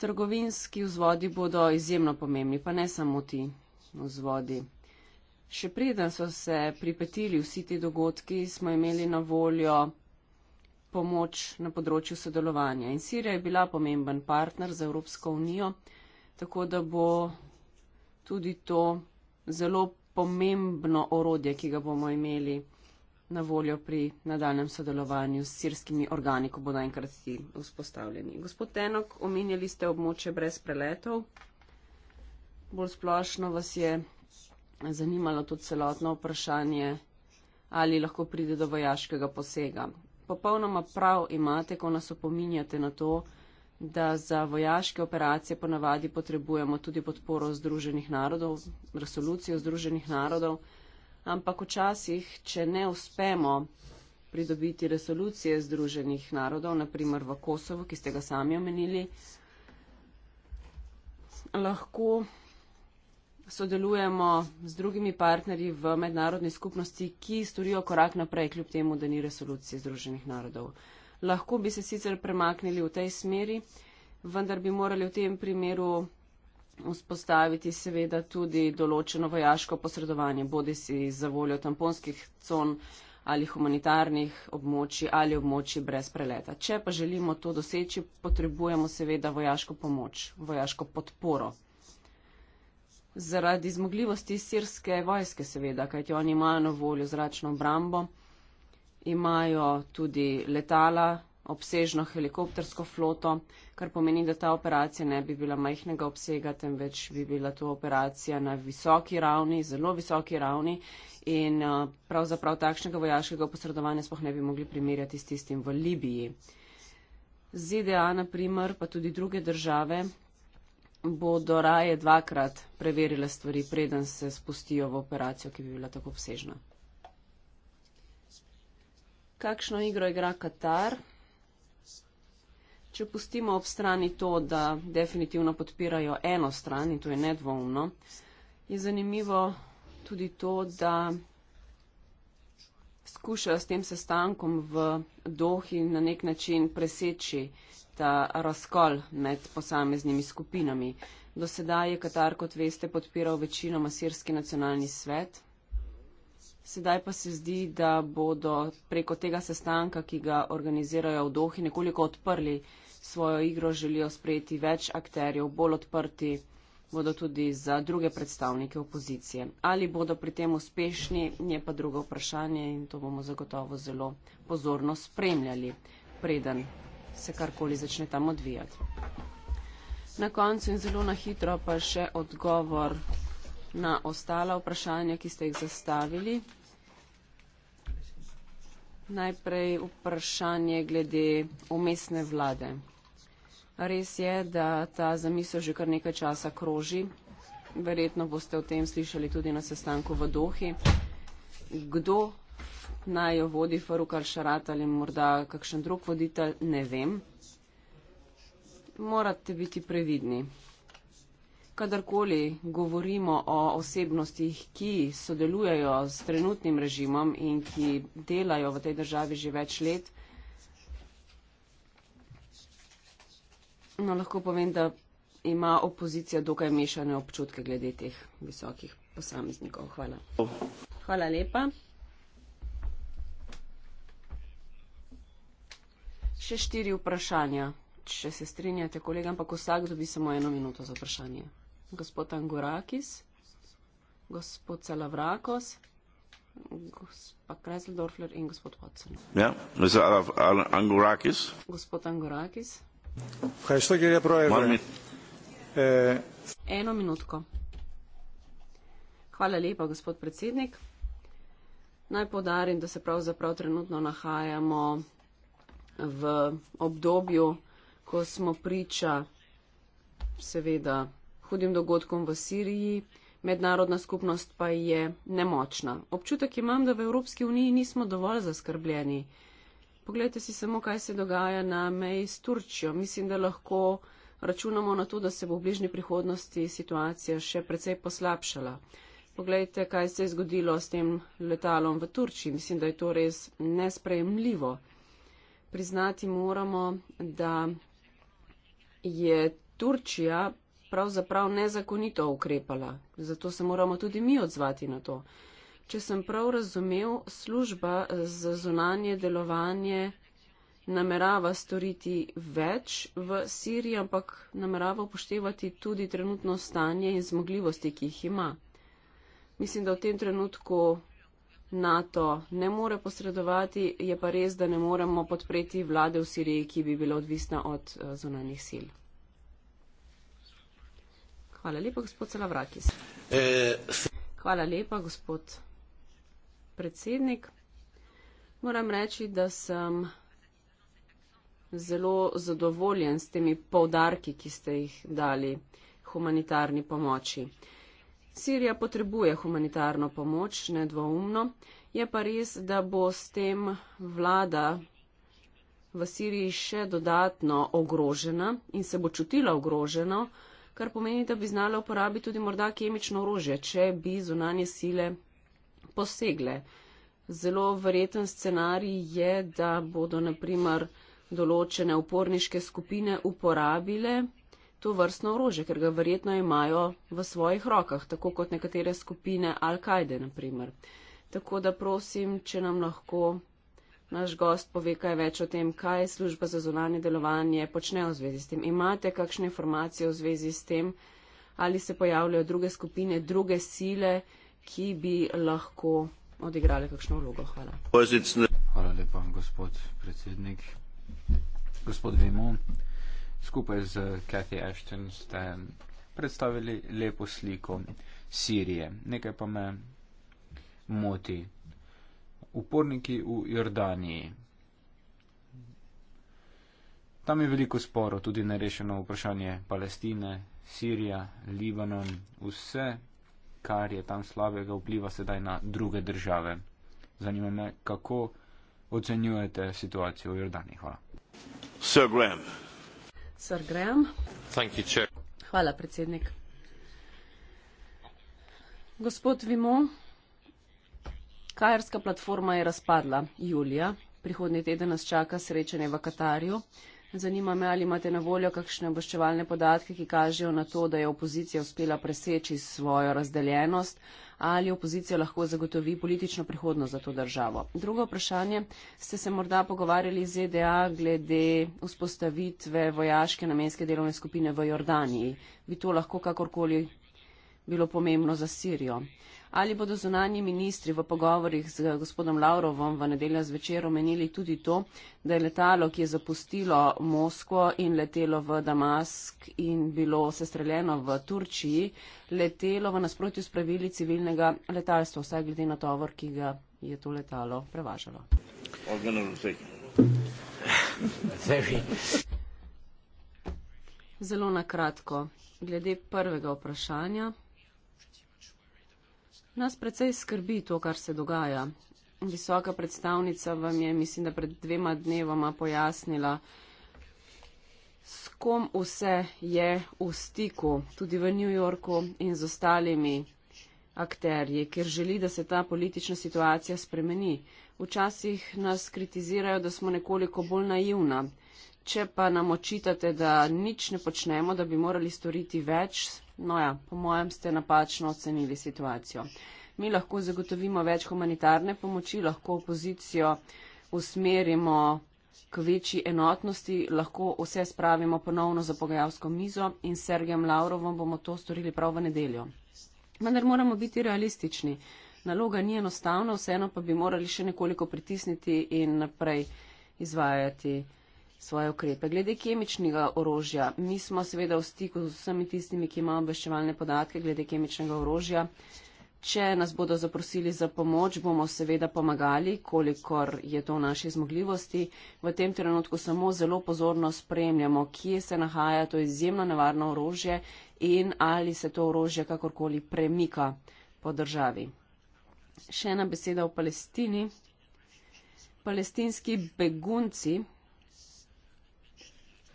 trgovinski vzvodi bodo izjemno pomembni, pa ne samo ti vzvodi še preden so se pripetili vsi ti dogodki, smo imeli na voljo pomoč na področju sodelovanja. In Sirija je bila pomemben partner za Evropsko unijo, tako da bo tudi to zelo pomembno orodje, ki ga bomo imeli na voljo pri nadaljem sodelovanju s sirskimi organi, ko bodo enkrat ti vzpostavljeni. Gospod Tenok, omenjali ste območje brez preletov. Bolj splošno vas je zanimalo tudi celotno vprašanje, ali lahko pride do vojaškega posega. Popolnoma prav imate, ko nas opominjate na to, da za vojaške operacije ponavadi potrebujemo tudi podporo Združenih narodov, resolucijo Združenih narodov, ampak včasih, če ne uspemo pridobiti resolucije Združenih narodov, naprimer v Kosovo, ki ste ga sami omenili, lahko sodelujemo z drugimi partnerji v mednarodni skupnosti, ki storijo korak naprej, kljub temu, da ni resolucije Združenih narodov. Lahko bi se sicer premaknili v tej smeri, vendar bi morali v tem primeru vzpostaviti seveda tudi določeno vojaško posredovanje, bodi si za voljo tamponskih con ali humanitarnih območij ali območij brez preleta. Če pa želimo to doseči, potrebujemo seveda vojaško pomoč, vojaško podporo. Zaradi zmogljivosti sirske vojske, seveda, kajti oni imajo na voljo zračno obrambo, imajo tudi letala, obsežno helikoptersko floto, kar pomeni, da ta operacija ne bi bila majhnega obsega, temveč bi bila to operacija na visoki ravni, zelo visoki ravni in eh, pravzaprav takšnega vojaškega posredovanja spoh ne bi mogli primerjati s tistim v Libiji. ZDA, na primer, pa tudi druge države bodo raje dvakrat preverile stvari, preden se spustijo v operacijo, ki bi bila tako obsežna. Kakšno igro igra Katar? Če pustimo ob strani to, da definitivno podpirajo eno stran in to je nedvomno, je zanimivo tudi to, da skušajo s tem sestankom v Dohi na nek način preseči ta razkol med posameznimi skupinami. Do sedaj je Katar, kot veste, podpiral večinoma sirski nacionalni svet. Sedaj pa se zdi, da bodo preko tega sestanka, ki ga organizirajo v Dohi, nekoliko odprli svojo igro, želijo sprejeti več akterjev, bolj odprti bodo tudi za druge predstavnike opozicije. Ali bodo pri tem uspešni, je pa drugo vprašanje in to bomo zagotovo zelo pozorno spremljali. Preden se karkoli začne tam odvijati. Na koncu in zelo na hitro pa še odgovor na ostala vprašanja, ki ste jih zastavili. Najprej vprašanje glede umestne vlade. Res je, da ta zamisel že kar nekaj časa kroži. Verjetno boste o tem slišali tudi na sestanku v Dohi. Kdo naj jo vodi Faruk Al-Sharat ali morda kakšen drug voditelj, ne vem. Morate biti previdni. Kadarkoli govorimo o osebnostih, ki sodelujejo s trenutnim režimom in ki delajo v tej državi že več let, no, lahko povem, da ima opozicija dokaj mešane občutke glede teh visokih posameznikov. Hvala. Hvala lepa. še štiri vprašanja, če se strinjate, kolega, ampak vsak dobi samo eno minuto za vprašanje. Gospod Angurakis, gospod Celavrakos, gospod Kreseldorfler in gospod Watson. Ja, gospod Angurakis. Gospod Angurakis. Kaj je to, kjer je projekt? Mi... Eh... Eno minutko. Hvala lepa, gospod predsednik. Naj podarim, da se pravzaprav trenutno nahajamo v obdobju, ko smo priča seveda hudim dogodkom v Siriji, mednarodna skupnost pa je nemočna. Občutek imam, da v Evropski uniji nismo dovolj zaskrbljeni. Poglejte si samo, kaj se dogaja na meji s Turčjo. Mislim, da lahko računamo na to, da se bo v bližnji prihodnosti situacija še precej poslabšala. Poglejte, kaj se je zgodilo s tem letalom v Turčji. Mislim, da je to res nesprejemljivo priznati moramo, da je Turčija pravzaprav nezakonito ukrepala. Zato se moramo tudi mi odzvati na to. Če sem prav razumel, služba za zunanje delovanje namerava storiti več v Siriji, ampak namerava upoštevati tudi trenutno stanje in zmogljivosti, ki jih ima. Mislim, da v tem trenutku NATO ne more posredovati, je pa res, da ne moremo podpreti vlade v Siriji, ki bi bila odvisna od eh, zunanjih sil. Hvala lepa, gospod Salavrakis. Eh, Hvala lepa, gospod predsednik. Moram reči, da sem zelo zadovoljen s temi povdarki, ki ste jih dali humanitarni pomoči. Sirija potrebuje humanitarno pomoč, nedvoumno. Je pa res, da bo s tem vlada v Siriji še dodatno ogrožena in se bo čutila ogroženo, kar pomeni, da bi znala uporabiti tudi morda kemično orožje, če bi zunanje sile posegle. Zelo verjeten scenarij je, da bodo naprimer določene uporniške skupine uporabile to vrstno orožje, ker ga verjetno imajo v svojih rokah, tako kot nekatere skupine Al-Kaide, naprimer. Tako da prosim, če nam lahko naš gost pove kaj več o tem, kaj služba za zunanje delovanje počne v zvezi s tem. Imate kakšne informacije v zvezi s tem, ali se pojavljajo druge skupine, druge sile, ki bi lahko odigrale kakšno vlogo? Hvala. Hvala lepa, gospod predsednik. Gospod Vemon skupaj z Cathy Ashton ste predstavili lepo sliko Sirije. Nekaj pa me moti. Uporniki v Jordaniji. Tam je veliko sporo, tudi nerešeno vprašanje Palestine, Sirija, Libanon, vse, kar je tam slabega, vpliva sedaj na druge države. Zanima me, kako ocenjujete situacijo v Jordaniji. Hvala. Sir Graham, Sir Graham. Hvala, predsednik. Gospod Vimo, kajerska platforma je razpadla julija, prihodnji teden nas čaka srečanje v Katarju. Zanima me, ali imate na voljo kakšne obveščevalne podatke, ki kažejo na to, da je opozicija uspela preseči svojo razdeljenost, ali opozicija lahko zagotovi politično prihodnost za to državo. Drugo vprašanje, ste se morda pogovarjali z EDA glede vzpostavitve vojaške namenske delovne skupine v Jordaniji. Bi to lahko kakorkoli bilo pomembno za Sirijo? Ali bodo zunani ministri v pogovorih z eh, gospodom Lavrovom v nedeljo zvečer omenili tudi to, da je letalo, ki je zapustilo Moskvo in letelo v Damask in bilo sestreljeno v Turčiji, letelo v nasprotju s pravili civilnega letalstva, vsaj glede na tovor, ki ga je to letalo prevažalo. Zelo na kratko. Glede prvega vprašanja. Nas precej skrbi to, kar se dogaja. Visoka predstavnica vam je, mislim, da pred dvema dnevoma pojasnila, s kom vse je v stiku, tudi v New Yorku in z ostalimi akterji, ker želi, da se ta politična situacija spremeni. Včasih nas kritizirajo, da smo nekoliko bolj naivna. Če pa nam očitate, da nič ne počnemo, da bi morali storiti več, No ja, po mojem ste napačno ocenili situacijo. Mi lahko zagotovimo več humanitarne pomoči, lahko opozicijo usmerimo k večji enotnosti, lahko vse spravimo ponovno za pogajalsko mizo in s Sergejem Lavrovom bomo to storili prav v nedeljo. Vendar moramo biti realistični. Naloga ni enostavna, vseeno pa bi morali še nekoliko pritisniti in naprej izvajati svoje ukrepe. Glede kemičnega orožja, mi smo seveda v stiku z vsemi tistimi, ki imajo obveščevalne podatke glede kemičnega orožja. Če nas bodo zaprosili za pomoč, bomo seveda pomagali, kolikor je to v naši zmogljivosti. V tem trenutku samo zelo pozorno spremljamo, kje se nahaja to izjemno nevarno orožje in ali se to orožje kakorkoli premika po državi. Še ena beseda o Palestini. Palestinski begunci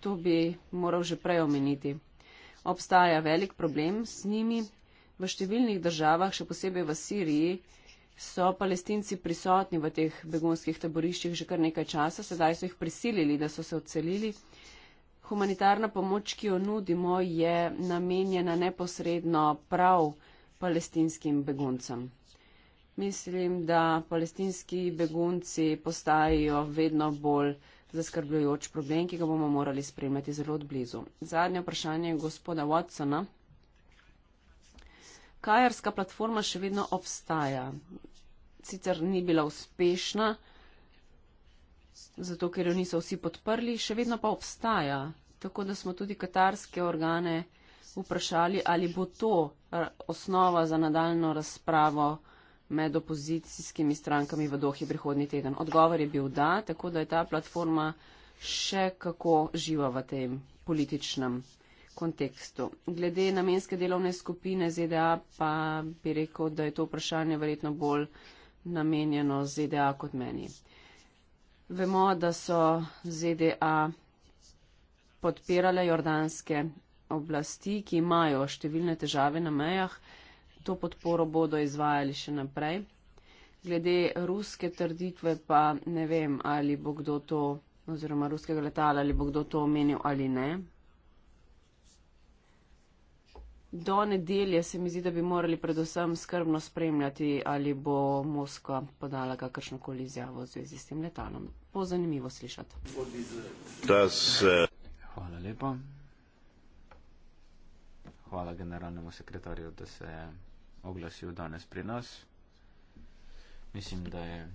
To bi moral že prej omeniti. Obstaja velik problem s njimi. V številnih državah, še posebej v Siriji, so palestinci prisotni v teh begunskih taboriščih že kar nekaj časa. Sedaj so jih prisilili, da so se odselili. Humanitarna pomoč, ki jo nudimo, je namenjena neposredno prav palestinskim beguncem. Mislim, da palestinski begunci postajajo vedno bolj zaskrbljujoč problem, ki ga bomo morali spremljati zelo odblizu. Zadnje vprašanje gospoda Watsona. Kajarska platforma še vedno obstaja. Sicer ni bila uspešna, zato ker jo niso vsi podprli, še vedno pa obstaja. Tako da smo tudi katarske organe vprašali, ali bo to eh, osnova za nadaljno razpravo med opozicijskimi strankami v dohi prihodni teden. Odgovor je bil da, tako da je ta platforma še kako živa v tem političnem kontekstu. Glede namenske delovne skupine ZDA pa bi rekel, da je to vprašanje verjetno bolj namenjeno ZDA kot meni. Vemo, da so ZDA podpirale jordanske oblasti, ki imajo številne težave na mejah. To podporo bodo izvajali še naprej. Glede ruske trditve pa ne vem, ali bo kdo to, oziroma ruskega letala, ali bo kdo to omenil ali ne. Do nedelje se mi zdi, da bi morali predvsem skrbno spremljati, ali bo Moskva podala kakršnokoli izjavo v zvezi s tem letalom. Bo zanimivo slišati. Eh, Hvala lepa. Hvala generalnemu sekretarju, da se je oglasil danes pri nas. Mislim, da je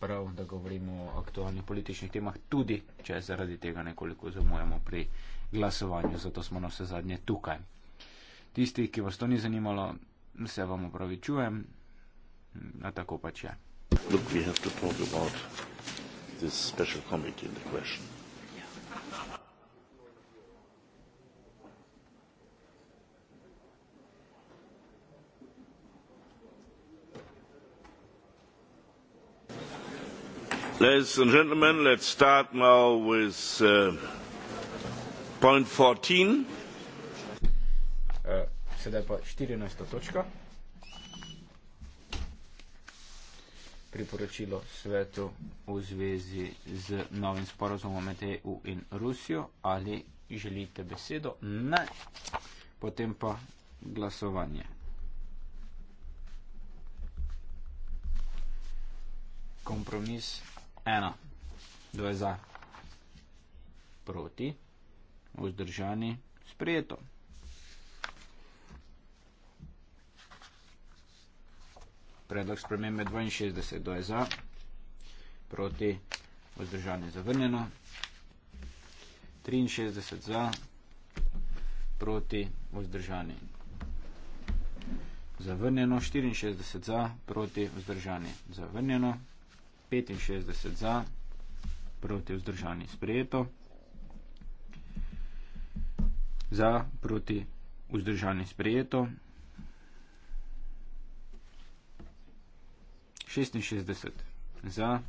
prav, da govorimo o aktualnih političnih temah, tudi če zaradi tega nekoliko zamujamo pri glasovanju, zato smo na vse zadnje tukaj. Tisti, ki vas to ni zanimalo, se vam opravičujem, na tako pač je. Look, Ladies and gentlemen, let's start now with uh, point 14. Uh, sedaj pa 14. točka. Priporočilo svetu v zvezi z novim sporazumom med EU in Rusijo. Ali želite besedo? Ne. Potem pa glasovanje. Kompromis. Ena. Dve za. Proti. Vzdržani. Sprijeto. Predlog spremembe 62. Dve za. Proti. Vzdržani. Zavrnjeno. 63 za. Proti. Vzdržani. Zavrnjeno. 64 za. Proti. Vzdržani. Zavrnjeno. 65 za, proti vzdržani sprejeto. Za, proti vzdržani sprejeto. 66 za.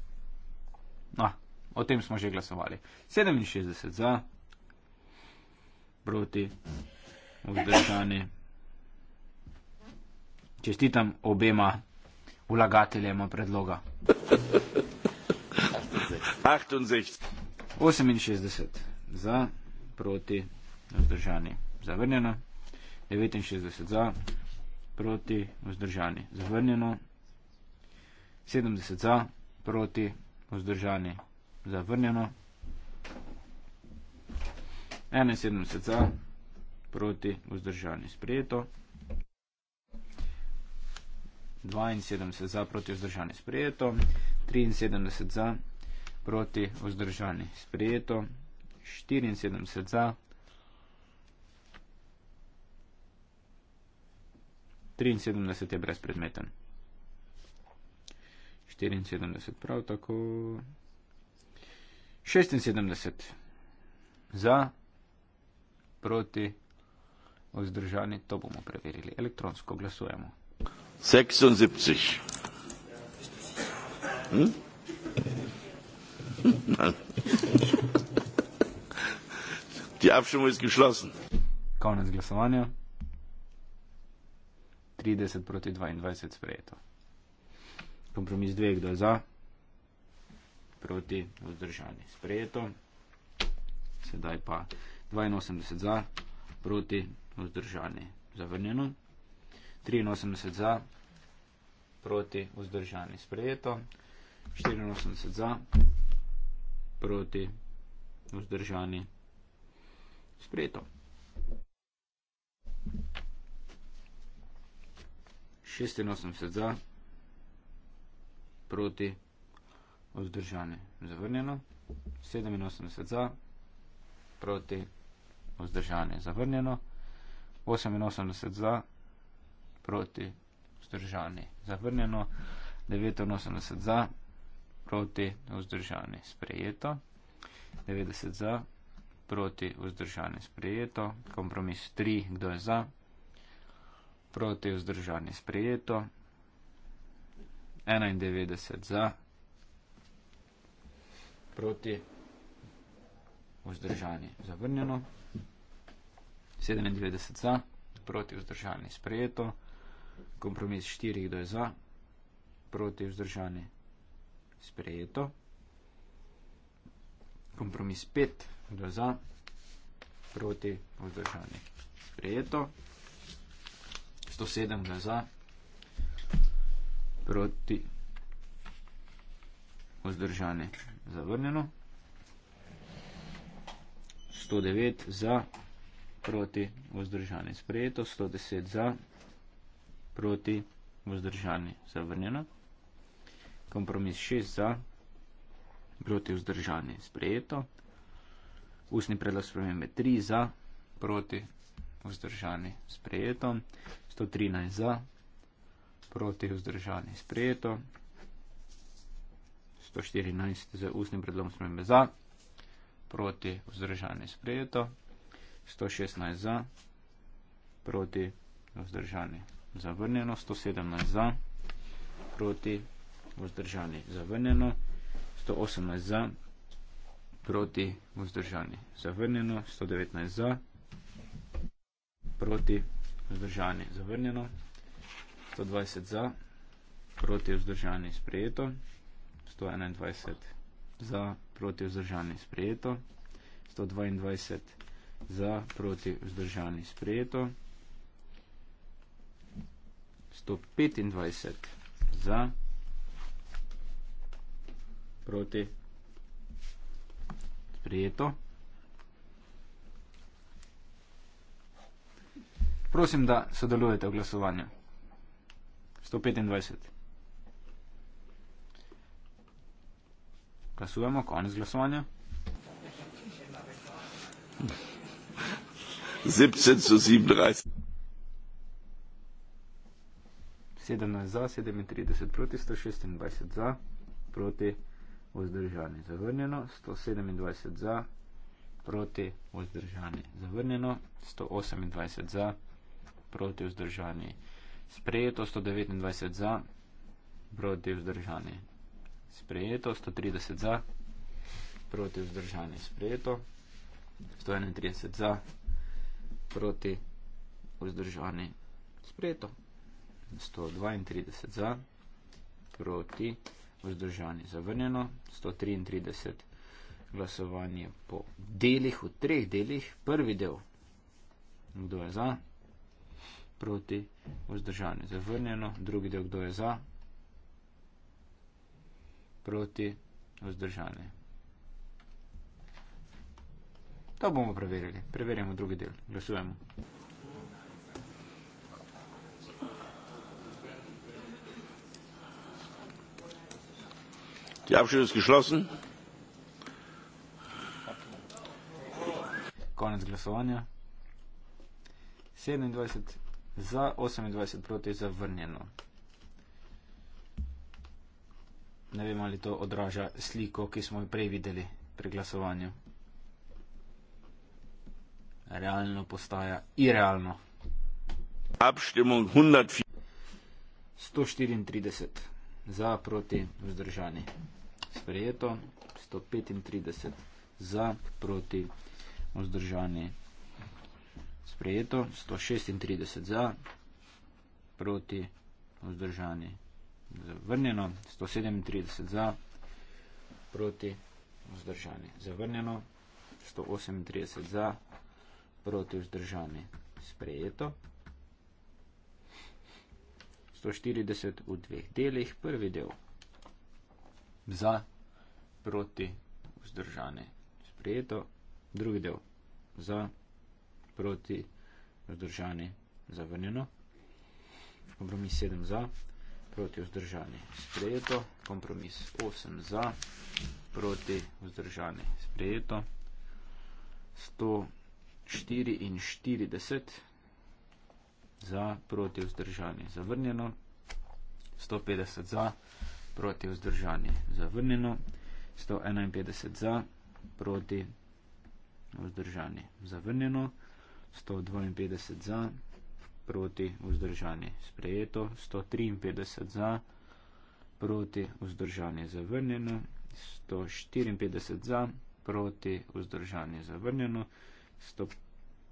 No, ah, o tem smo že glasovali. 67 za, proti vzdržani. Čestitam obema vlagateljema predloga. 68 za, proti, vzdržani, zavrnjeno. 69 za, proti, vzdržani, zavrnjeno. 70 za, proti, vzdržani, zavrnjeno. 71 za, proti, vzdržani, sprejeto. 72 za, proti, vzdržani, sprejeto. 73 za, proti vzdržani. Sprejeto, 74 za, 73 je brezpredmeten. 74 prav tako. 76 za, proti vzdržani. To bomo preverili elektronsko. Glasujemo. 76. Hm? Die Abstimmung ist geschlossen. Konec glasovanja. 30 proti 22 sprejeto. Kompromis 2, kdo je za? Proti vzdržani sprejeto. Sedaj pa 82 za, proti vzdržani zavrnjeno. 83 za, proti vzdržani sprejeto. 84 za, proti, vzdržani, sprejeto. Šestinosem se za, proti, vzdržani, zavrnjeno. Sedeminosem se za, proti, vzdržani, zavrnjeno. Oseminosem se za, proti, vzdržani, zavrnjeno. Devetinosem se za, proti, vzdržani, zavrnjeno proti vzdržani sprejeto. 90 za, proti vzdržani sprejeto. Kompromis 3, kdo je za, proti vzdržani sprejeto. 91 za, proti vzdržani zavrnjeno. 97 za, proti vzdržani sprejeto. Kompromis 4, kdo je za, proti vzdržani sprejeto. Kompromis 5, da za, proti, vzdržani. Sprejeto. 107, da za, proti, vzdržani. Zavrnjeno. 109 za, proti, vzdržani. Sprejeto. 110 za, proti, vzdržani. Zavrnjeno kompromis 6 za, proti vzdržani sprejeto, ustni predlog spremembe 3 za, proti vzdržani sprejeto, 113 za, proti vzdržani sprejeto, 114 za ustnim predlogom spremembe za, proti vzdržani sprejeto, 116 za, proti vzdržani zavrnjeno, 117 za, proti vzdržani sprejeto vzdržani, zavrnjeno, 118 za, proti, vzdržani, zavrnjeno, 119 za, proti, vzdržani, zavrnjeno, 120 za, proti, vzdržani, sprejeto, 121 za, proti, vzdržani, sprejeto, 122 za, proti, vzdržani, sprejeto, 125 za, proti, vzdržani, sprejeto, 125 za, Proti. Sprijeto. Prosim, da sodelujete v glasovanju. 125. Glasujemo, konec glasovanja. Zipcet so zimdrajst. 17 za, 37 proti, 126 za, proti vzdržani, zavrnjeno, 127 za, proti, vzdržani, zavrnjeno, 128 za, proti, vzdržani, sprejeto, 129 za, proti, vzdržani, sprejeto, 130 za, proti, vzdržani, sprejeto, 131 za, proti, vzdržani, sprejeto, 132 za, proti, vzdržani, sprejeto vzdržani. Zavrnjeno 133 glasovanje po delih, v treh delih. Prvi del, kdo je za, proti, vzdržani. Zavrnjeno, drugi del, kdo je za, proti, vzdržani. To bomo preverili. Preverjamo drugi del. Glasujemo. die abstimmung ist geschlossen konec glasovanja sedemindvajset za osemindvajset proti zavrnjeno ne vem ali to odraža sliko ki smo jo prej videli pri glasovanju realno postaja irealno abstimmung hundert sto štiriintrideset za proti vzdržani sprejeto, 135 za, proti vzdržani. Sprejeto, 136 za, proti vzdržani. Zavrnjeno, 137 za, proti vzdržani. Zavrnjeno, 138 za, proti vzdržani. Sprejeto. 140 v dveh delih, prvi del za proti, vzdržane. Sprijeto, drugi del za, proti, vzdržane, zavrnjeno. Kompromis 7 za, proti, vzdržane, sprijeto. Kompromis 8 za, proti, vzdržane, sprijeto. 144 za, proti, vzdržane, zavrnjeno. 150 za, proti, vzdržane, zavrnjeno. 151 za, proti, vzdržani, zavrnjeno, 152 za, proti, vzdržani, sprejeto, 153 za, proti, vzdržani, zavrnjeno, 154 za, proti, vzdržani, zavrnjeno,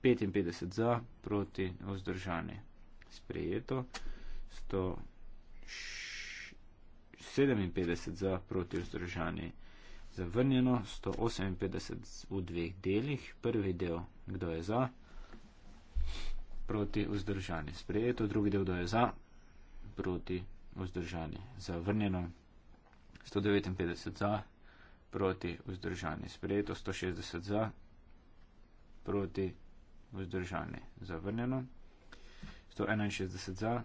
155 za, proti, vzdržani, sprejeto, 156 57 za proti vzdržanje zavrnjeno, 158 v dveh delih, prvi del, kdo je za, proti vzdržani, sprejeto, drugi del, kdo je za, proti vzdržani, zavrnjeno, 159 za, proti vzdržani, sprejeto, 160 za, proti vzdržani, zavrnjeno, 161 za,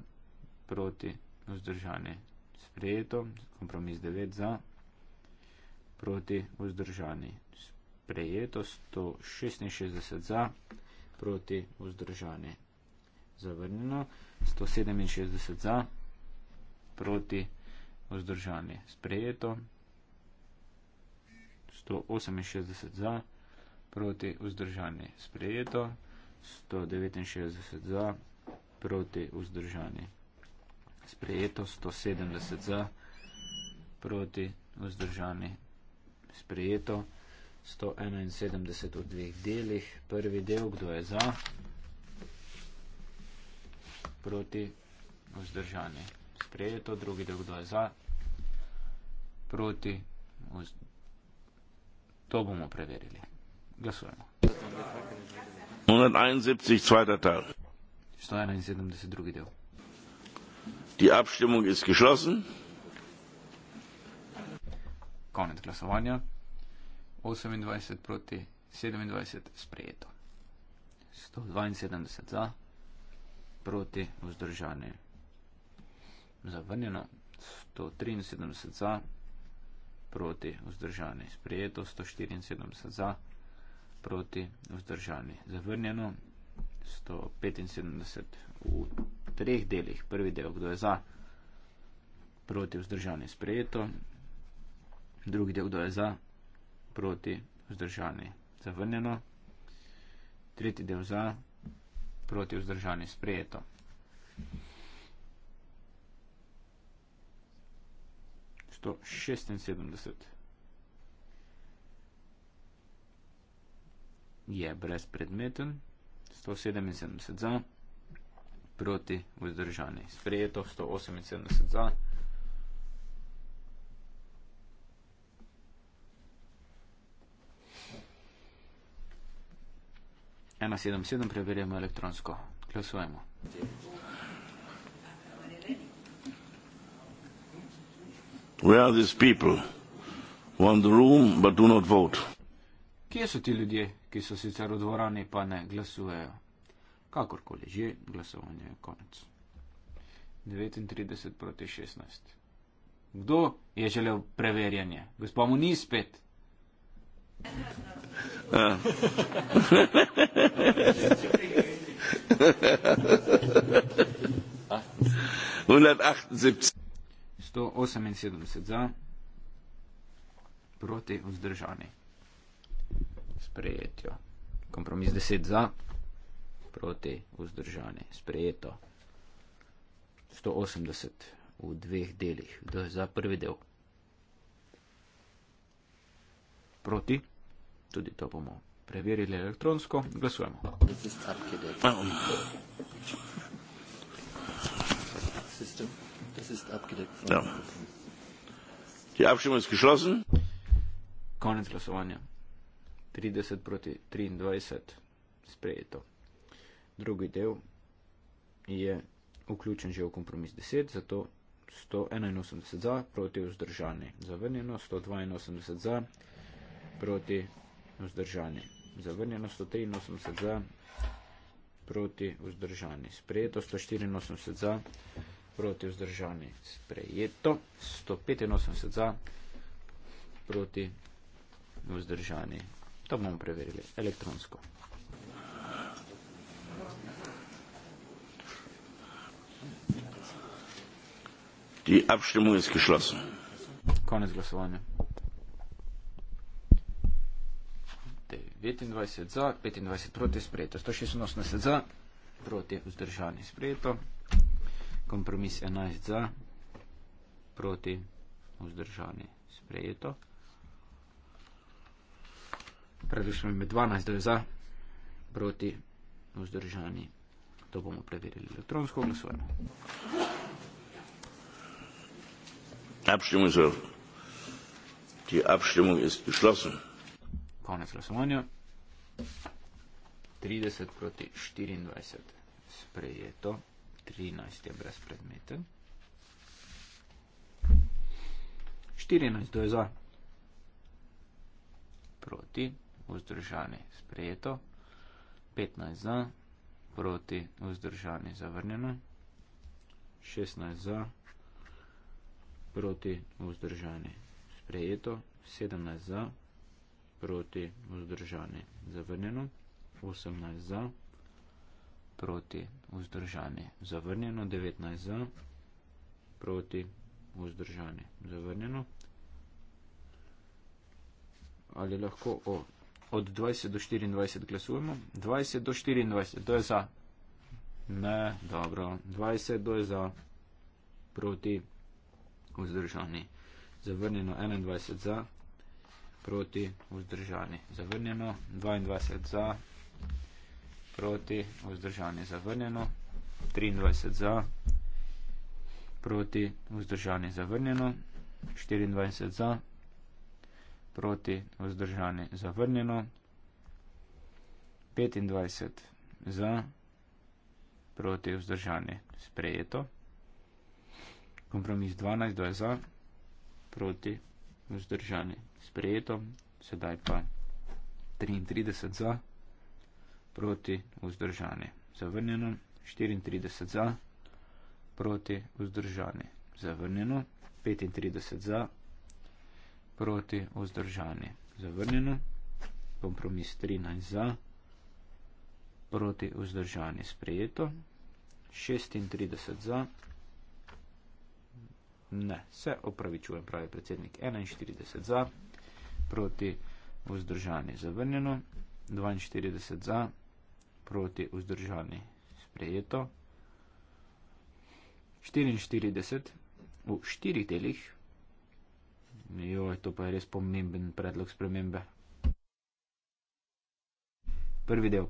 proti vzdržani, sprejeto, kompromis 9 za, proti vzdržani. Sprejeto 166 za, proti vzdržani. Zavrnjeno 167 za, proti vzdržani. Sprejeto 168 za, proti vzdržani. Sprejeto 169 za, proti vzdržani. Sprejeto 170 za, proti vzdržani sprejeto 171 v dveh delih. Prvi del, kdo je za, proti, vzdržani. Sprejeto, drugi del, kdo je za, proti, vz... to bomo preverili. Glasujemo. 171, zweiter Teil. 171, drugi del. Die Abstimmung ist geschlossen konec glasovanja. 28 proti 27 sprejeto. 172 za, proti vzdržani. Zavrnjeno. 173 za, proti vzdržani. Sprejeto. 174 za, proti vzdržani. Zavrnjeno. 175 v treh delih. Prvi del, kdo je za, proti vzdržani. Sprejeto drugi del, kdo je za, proti, vzdržani, zavrnjeno, tretji del za, proti, vzdržani, sprejeto. To 76 je brezpredmeten, 177 za, proti vzdržani, sprejeto, 178 za. 177 preverjamo elektronsko. Glasujemo. Room, Kje so ti ljudje, ki so sicer v dvorani, pa ne glasujejo? Kakorkoli že, glasovanje je konec. 39 proti 16. Kdo je želel preverjanje? Gospod mu ni spet. Uh. 178 za, proti vzdržani. Sprejetjo. Kompromis 10 za, proti vzdržani. Sprejeto. 180 v dveh delih. Kdo je za prvi del? Proti. Tudi to bomo preverili elektronsko. Glasujemo. Ja. Konec glasovanja. 30 proti 23 sprejeto. Drugi del je vključen že v kompromis 10, zato 181 za proti vzdržani. Zavrnjeno 182 za proti vzdržani zavrnjeno 183 za, proti vzdržani sprejeto, 184 za, proti vzdržani sprejeto, 185 za, proti vzdržani. To bomo preverili elektronsko. Die Abstimmung ist geschlossen. Konec glasovanja. 29 za, 25 proti sprejeto, 186 za, proti vzdržani sprejeto, kompromis 11 za, proti vzdržani sprejeto. Predvsem je med 12 za, proti vzdržani. To bomo preverili elektronsko glasovanje. Abstimmung ist erfolgt. Die Abstimmung ist geschlossen konec glasovanja. 30 proti 24 sprejeto, 13 je brezpredmeten. 14 je za, proti, vzdržani, sprejeto. 15 za, proti, vzdržani, zavrnjeno. 16 za, proti, vzdržani, sprejeto. 17 za, proti, vzdržani, zavrnjeno, 18 za, proti, vzdržani, zavrnjeno, 19 za, proti, vzdržani, zavrnjeno. Ali lahko o, od 20 do 24 glasujemo? 20 do 24, to je za. Ne, dobro, 20 do je za, proti, vzdržani, zavrnjeno, 21 za, proti, vzdržani, zavrnjeno, 22 za, proti, vzdržani, zavrnjeno, 23 za, proti, vzdržani, zavrnjeno, 24 za, proti, vzdržani, zavrnjeno, 25 za, proti, vzdržani, sprejeto, kompromis 12, 2 za, proti, vzdržani, sprejeto, sedaj pa 33 za, proti vzdržani, zavrnjeno, 34 za, proti vzdržani, zavrnjeno, 35 za, proti vzdržani, zavrnjeno, kompromis 13 za, proti vzdržani, sprejeto, 36 za, ne, se opravičujem, pravi predsednik, 41 za, proti vzdržani zavrnjeno, 42 za proti vzdržani sprejeto, 44 v štirih delih, joj, to pa je res pomemben predlog spremembe. Prvi del,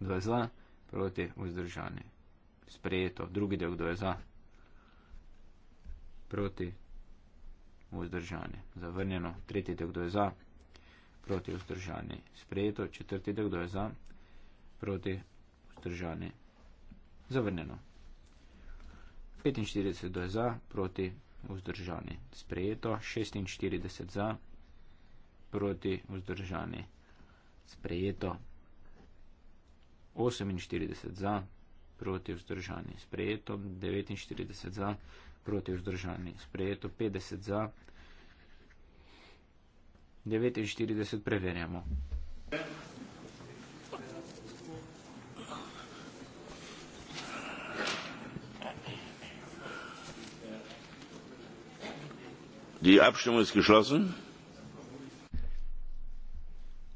2 za proti vzdržani sprejeto, drugi del, kdo je za proti vzdržani vzdržanje. Zavrnjeno. Tretji del, kdo je za, proti vzdržanje. Sprejeto. Četrti del, kdo je za, proti vzdržanje. Zavrnjeno. 45 do je za, proti vzdržanje. Sprejeto. 46 za, proti vzdržanje. Sprejeto. 48 za, proti vzdržanje. Sprejeto. 49 za, proti vzdržanje proti vzdržani. Sprejeto 50 za, 49 preverjamo. Die Abstimmung ist geschlossen.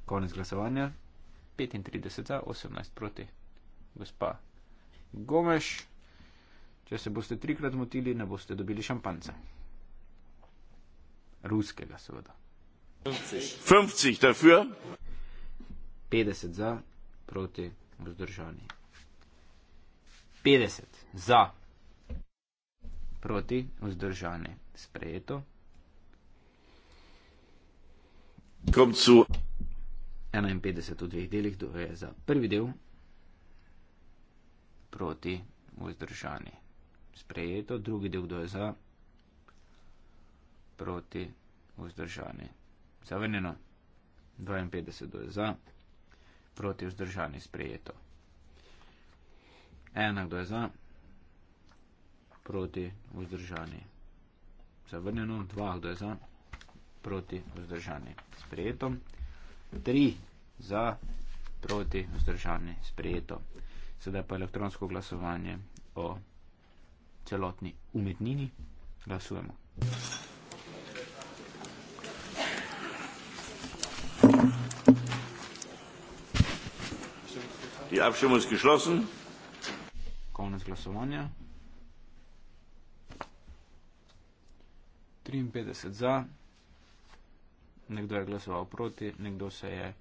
Konec glasovanja. 35 za, 18 proti. Gospa Gomes. Če se boste trikrat motili, ne boste dobili šampanca. Ruskega, seveda. 50 za, proti vzdržani. 50 za, proti vzdržani. Sprejeto. Komcu. 51 v dveh delih, to je za prvi del, proti vzdržani sprejeto, drugi del kdo je za, proti, vzdržani. Zavrnjeno, 52 kdo je za, proti, vzdržani, sprejeto. Ena kdo je za, proti, vzdržani. Zavrnjeno, dva kdo je za, proti, vzdržani, sprejeto. Tri za, proti, vzdržani, sprejeto. Sedaj pa elektronsko glasovanje o celotni umetnini, glasujemo. Die Abstimmung ist geschlossen. Konec glasovanja. 53 za, nekdo je glasoval proti, nekdo se je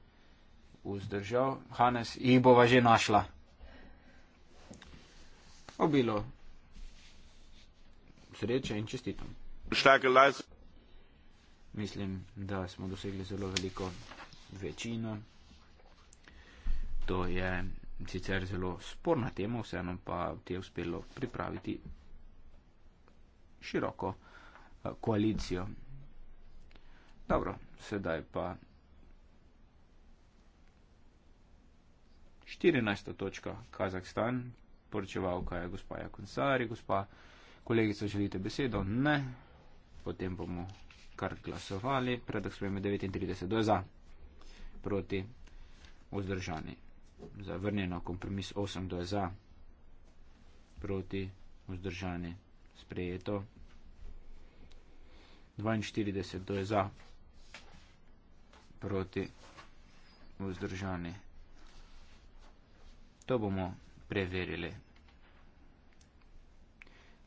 vzdržal. Hanes, jih bova že našla. Obilo sreče in čestitam. Mislim, da smo dosegli zelo veliko večino. To je sicer zelo sporna tema, vseeno pa ti je uspelo pripraviti široko eh, koalicijo. Dobro, sedaj pa 14. točka Kazahstan, poročevalka je gospa Jakonsari, gospa. Kolegica, želite besedo? Ne. Potem bomo kar glasovali. Predlog sprejme 39. Kdo je za? Proti? Vzdržani. Zavrnjeno. Kompromis 8. Kdo je za? Proti? Vzdržani. Sprejeto. 42. Kdo je za? Proti? Vzdržani. To bomo preverili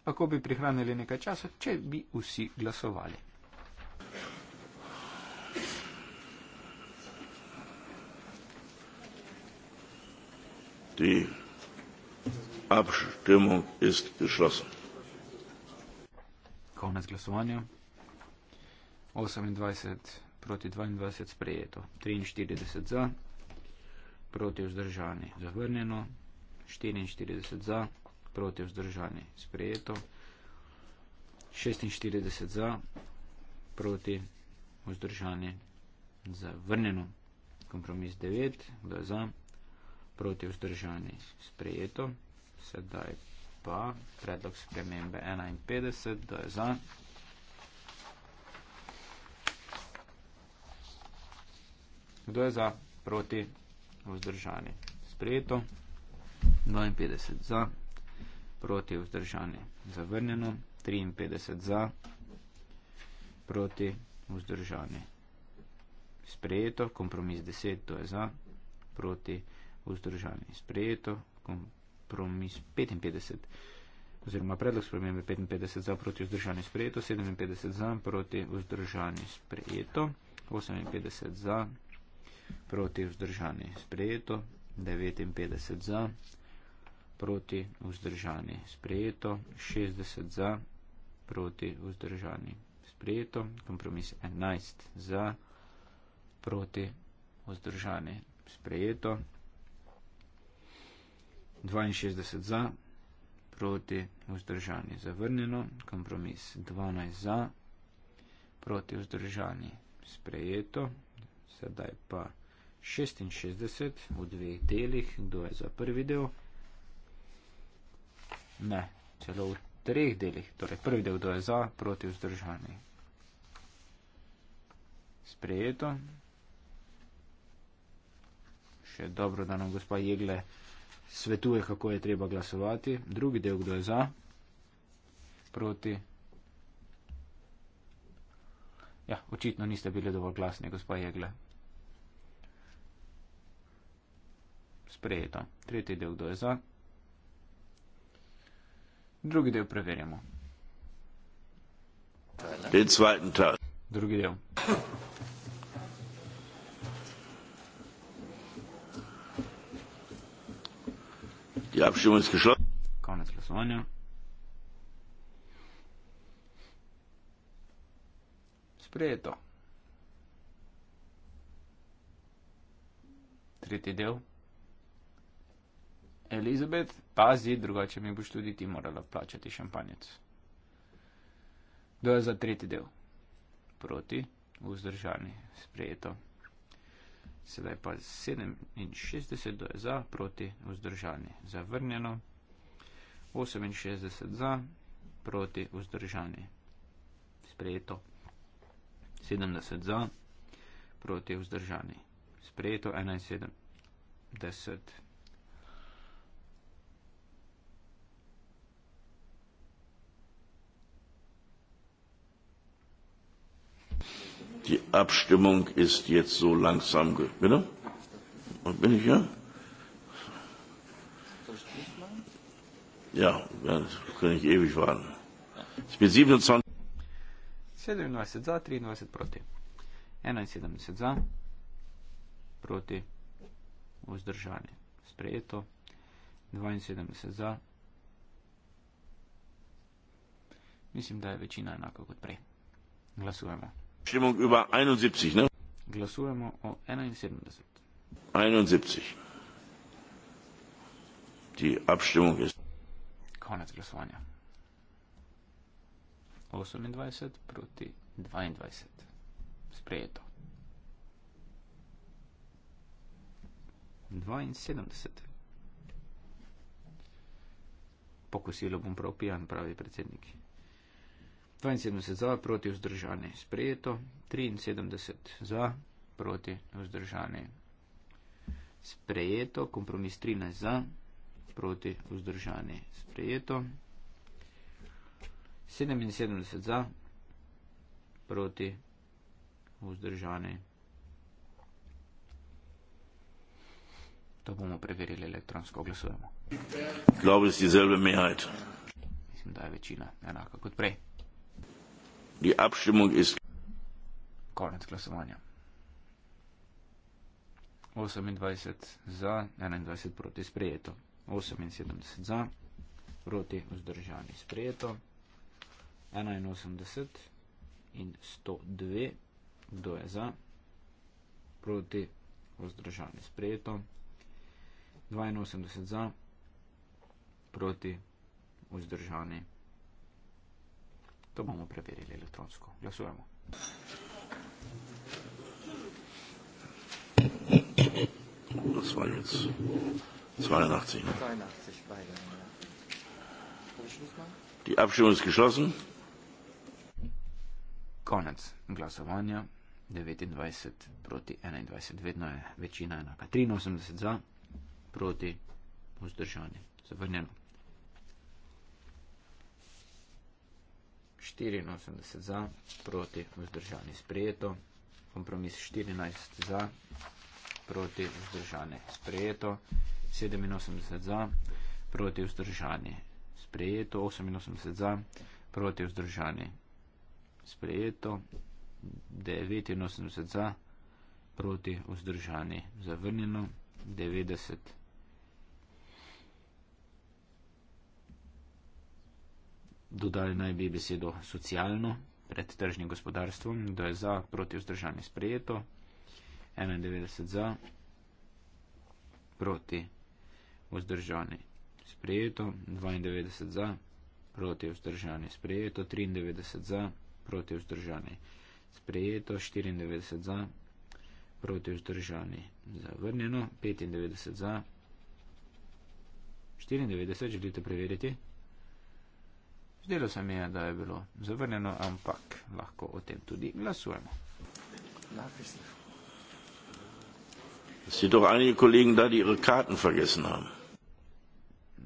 lahko bi prihranili nekaj časa, če bi vsi glasovali. Ti. Abstimmung ist geschlossen. Konec glasovanja. 28 proti 22 sprejeto. 43 za, proti vzdržani zavrnjeno, 44 za proti vzdržani. Sprejeto 46 za, proti vzdržani zavrnjeno. Kompromis 9, kdo je za, proti vzdržani sprejeto. Sedaj pa predlog spremembe 51, kdo je za. Kdo je za, proti vzdržani sprejeto. 52 za proti vzdržani. Zavrnjeno 53 za proti vzdržani. Sprejeto, kompromis 10, to je za proti vzdržani. Sprejeto, kompromis 55 oziroma predlog spremembe 55 za proti vzdržani sprejeto, 57 za proti vzdržani sprejeto, 58 za proti vzdržani sprejeto, 59 za proti vzdržani sprejeto proti vzdržani sprejeto, 60 za proti vzdržani sprejeto, kompromis 11 za proti vzdržani sprejeto, 62 za proti vzdržani zavrnjeno, kompromis 12 za proti vzdržani sprejeto, sedaj pa 66 v dveh delih, kdo je za prvi del. Ne, celo v treh delih. Torej, prvi del, kdo je za, proti vzdržani. Sprejeto. Še dobro, da nam gospa Jegle svetuje, kako je treba glasovati. Drugi del, kdo je za, proti. Ja, očitno niste bili dovolj glasni, gospa Jegle. Sprejeto. Tretji del, kdo je za, Drugi del preverjamo. Drugi del. Ja, všemo izkašlo. Konec glasovanja. Sprejeto. Tretji del. Elizabeth, pazi, drugače mi boš tudi ti morala plačati šampanjec. Kdo je za tretji del? Proti, vzdržani, sprejeto. Sedaj pa 67, kdo je za, proti, vzdržani, zavrnjeno. 68 za, proti, vzdržani, sprejeto. 70 za, proti, vzdržani, sprejeto. 71. 10. Die Abstimmung ist jetzt so langsam. Bitte? Bin ich hier? Ja, ja dann kann ich ewig warten. Ich bin 27. 27 za, 23 proti. 71 za, proti, vzdržani. Sprejeto. 72 za. Mislim, da je večina enaka kot prej. Glasujemo. Abstimmung über 71, ne? Glasujemo o 71. 71. Die Abstimmung ist. Konec glasovanja. 28 proti 22. Sprejeto. 72. Pokusilo bom prav pijan, pravi predsednik. 72 za, proti vzdržani, sprejeto, 73 za, proti vzdržani, sprejeto, kompromis 13 za, proti vzdržani, sprejeto, 77 za, proti vzdržani. To bomo preverili elektronsko, glasujemo. Mislim, da je večina enaka kot prej. Die Abstimmung ist. Koniec glasovanja. 28 za, 21 proti sprejeto. 78 za, proti vzdržani sprejeto. 81 in 102, kdo je za, proti vzdržani sprejeto. 82 za, proti vzdržani sprejeto. To bomo preverili elektronsko. Glasujemo. Das war jetzt 82. Ne? 82 beide, ja. Die Abstimmung ist geschlossen. Konec glasovanja. 29 proti 21. Vedno je večina enaka. 83 za, proti vzdržanje. Zavrnjeno. 84 za, proti vzdržani sprejeto, kompromis 14 za, proti vzdržani sprejeto, 87 za, proti vzdržani sprejeto, 88 za, proti vzdržani sprejeto, 89 za, proti vzdržani zavrnjeno, 90 za. dodali naj bi besedo socialno pred tržnim gospodarstvom, da je za proti vzdržanje sprejeto, 91 za proti vzdržanje sprejeto, 92 za proti vzdržanje sprejeto, 93 za proti vzdržanje sprejeto, 94 za proti vzdržanje zavrnjeno, 95 za 94 želite preveriti. Zdelo se mi je, da je bilo zavrnjeno, ampak lahko o tem tudi glasujemo.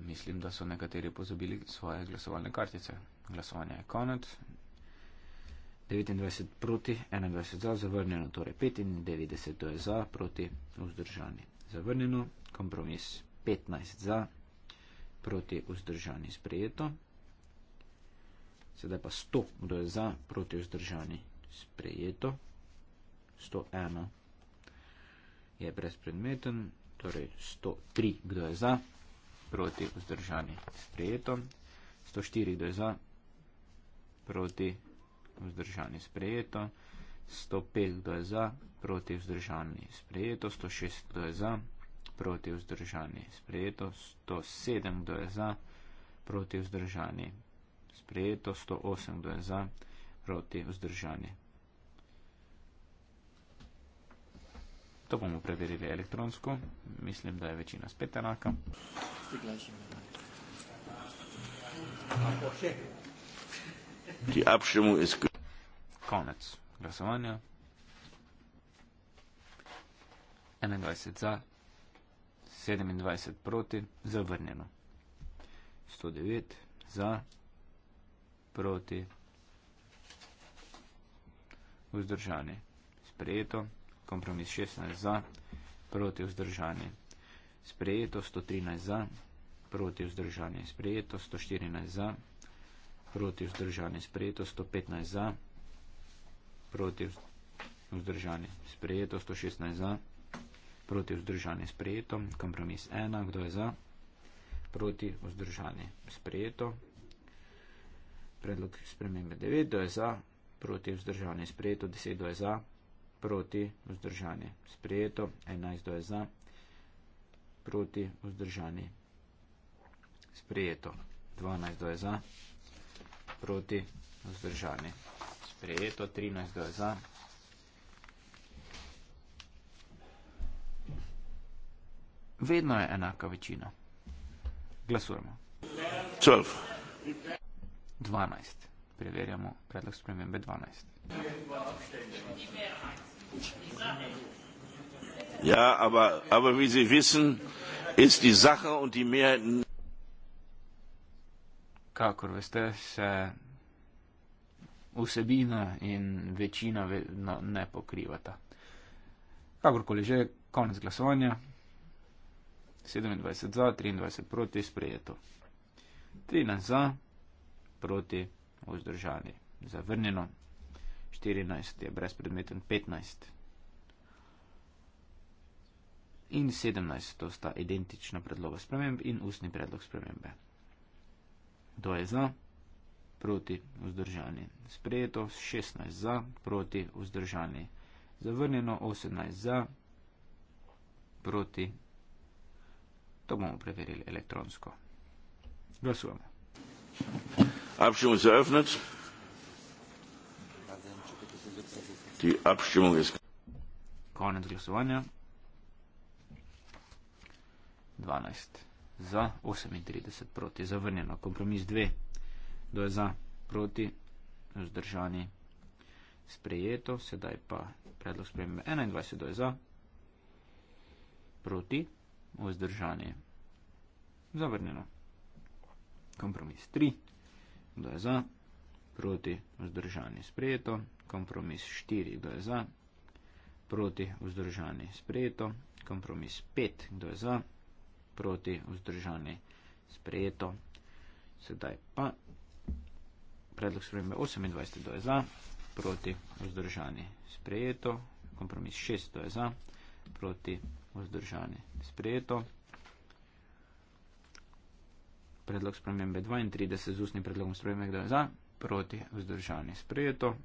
Mislim, da so nekateri pozabili svoje glasovalne kartice. Glasovanje je konec. 29 proti, 21 za, zavrnjeno, torej 95 to je za, proti, vzdržani. Zavrnjeno, kompromis 15 za, proti, vzdržani, sprejeto. Sedaj pa 100, kdo je za, proti vzdržani. Sprejeto. 101 je brezpredmeten, torej 103, kdo je za, proti vzdržani. Sprejeto. 104, kdo je za, proti vzdržani. Sprejeto. 105, kdo je za, proti vzdržani. Sprejeto. 106, kdo je za, proti vzdržani. Sprejeto. 107, kdo je za, proti vzdržani sprejeto 108 do en za proti vzdržanje. To bomo preverili elektronsko. Mislim, da je večina spet enaka. Konec glasovanja. 21 za, 27 proti, zavrnjeno. 109 za proti vzdržani. Sprejeto, kompromis 16 za, proti vzdržani. Sprejeto, 113 za, proti vzdržani. Sprejeto, 114 za, proti vzdržani. Sprejeto, 115 za, proti vzdržani. Sprejeto, 116 za, proti vzdržani. Sprejeto, kompromis 1, kdo je za? Proti vzdržani. Sprejeto predlog spremembe 9 do je za, proti vzdržanje sprejeto, 10 do je za, proti vzdržanje sprejeto, 11 do je za, proti vzdržanje sprejeto, 12 do je za, proti vzdržanje sprejeto, 13 do je za. Vedno je enaka večina. Glasujemo. 12. 12. Preverjamo predlog spremembe 12. Ja, aber, aber wie Sie wissen, ist die Sache und die Mehrheit. Kakor veste, se vsebina in večina ve, no, ne pokrivata. Kakorkoli že, konec glasovanja. 27 za, 23 proti, sprejeto. 13 za proti, vzdržani, zavrnjeno, 14 je brezpredmeten, 15 in 17, to sta identična predloga sprememb in ustni predlog spremembe. To je za, proti, vzdržani, sprejeto, 16 za, proti, vzdržani, zavrnjeno, 18 za, proti, to bomo preverili elektronsko. Glasujemo. Thank you. Abstimmung ist eröffnet. Die Abstimmung ist. Konec glasovanja. 12 za, 38 proti, zavrnjeno. Kompromis 2. Kdo je za, proti, vzdržani, sprejeto. Sedaj pa predlog spremembe 21. Kdo je za, proti, vzdržani, zavrnjeno. Kompromis 3 kdo je za, proti, vzdržani, sprejeto, kompromis 4, kdo je za, proti, vzdržani, sprejeto, kompromis 5, kdo je za, proti, vzdržani, sprejeto. Sedaj pa predlog spremembe 28, kdo je za, proti, vzdržani, sprejeto, kompromis 6, kdo je za, proti, vzdržani, sprejeto predlog spremembe 32 z ustnim predlogom spremembe, kdo je za, proti, vzdržanje sprejeto,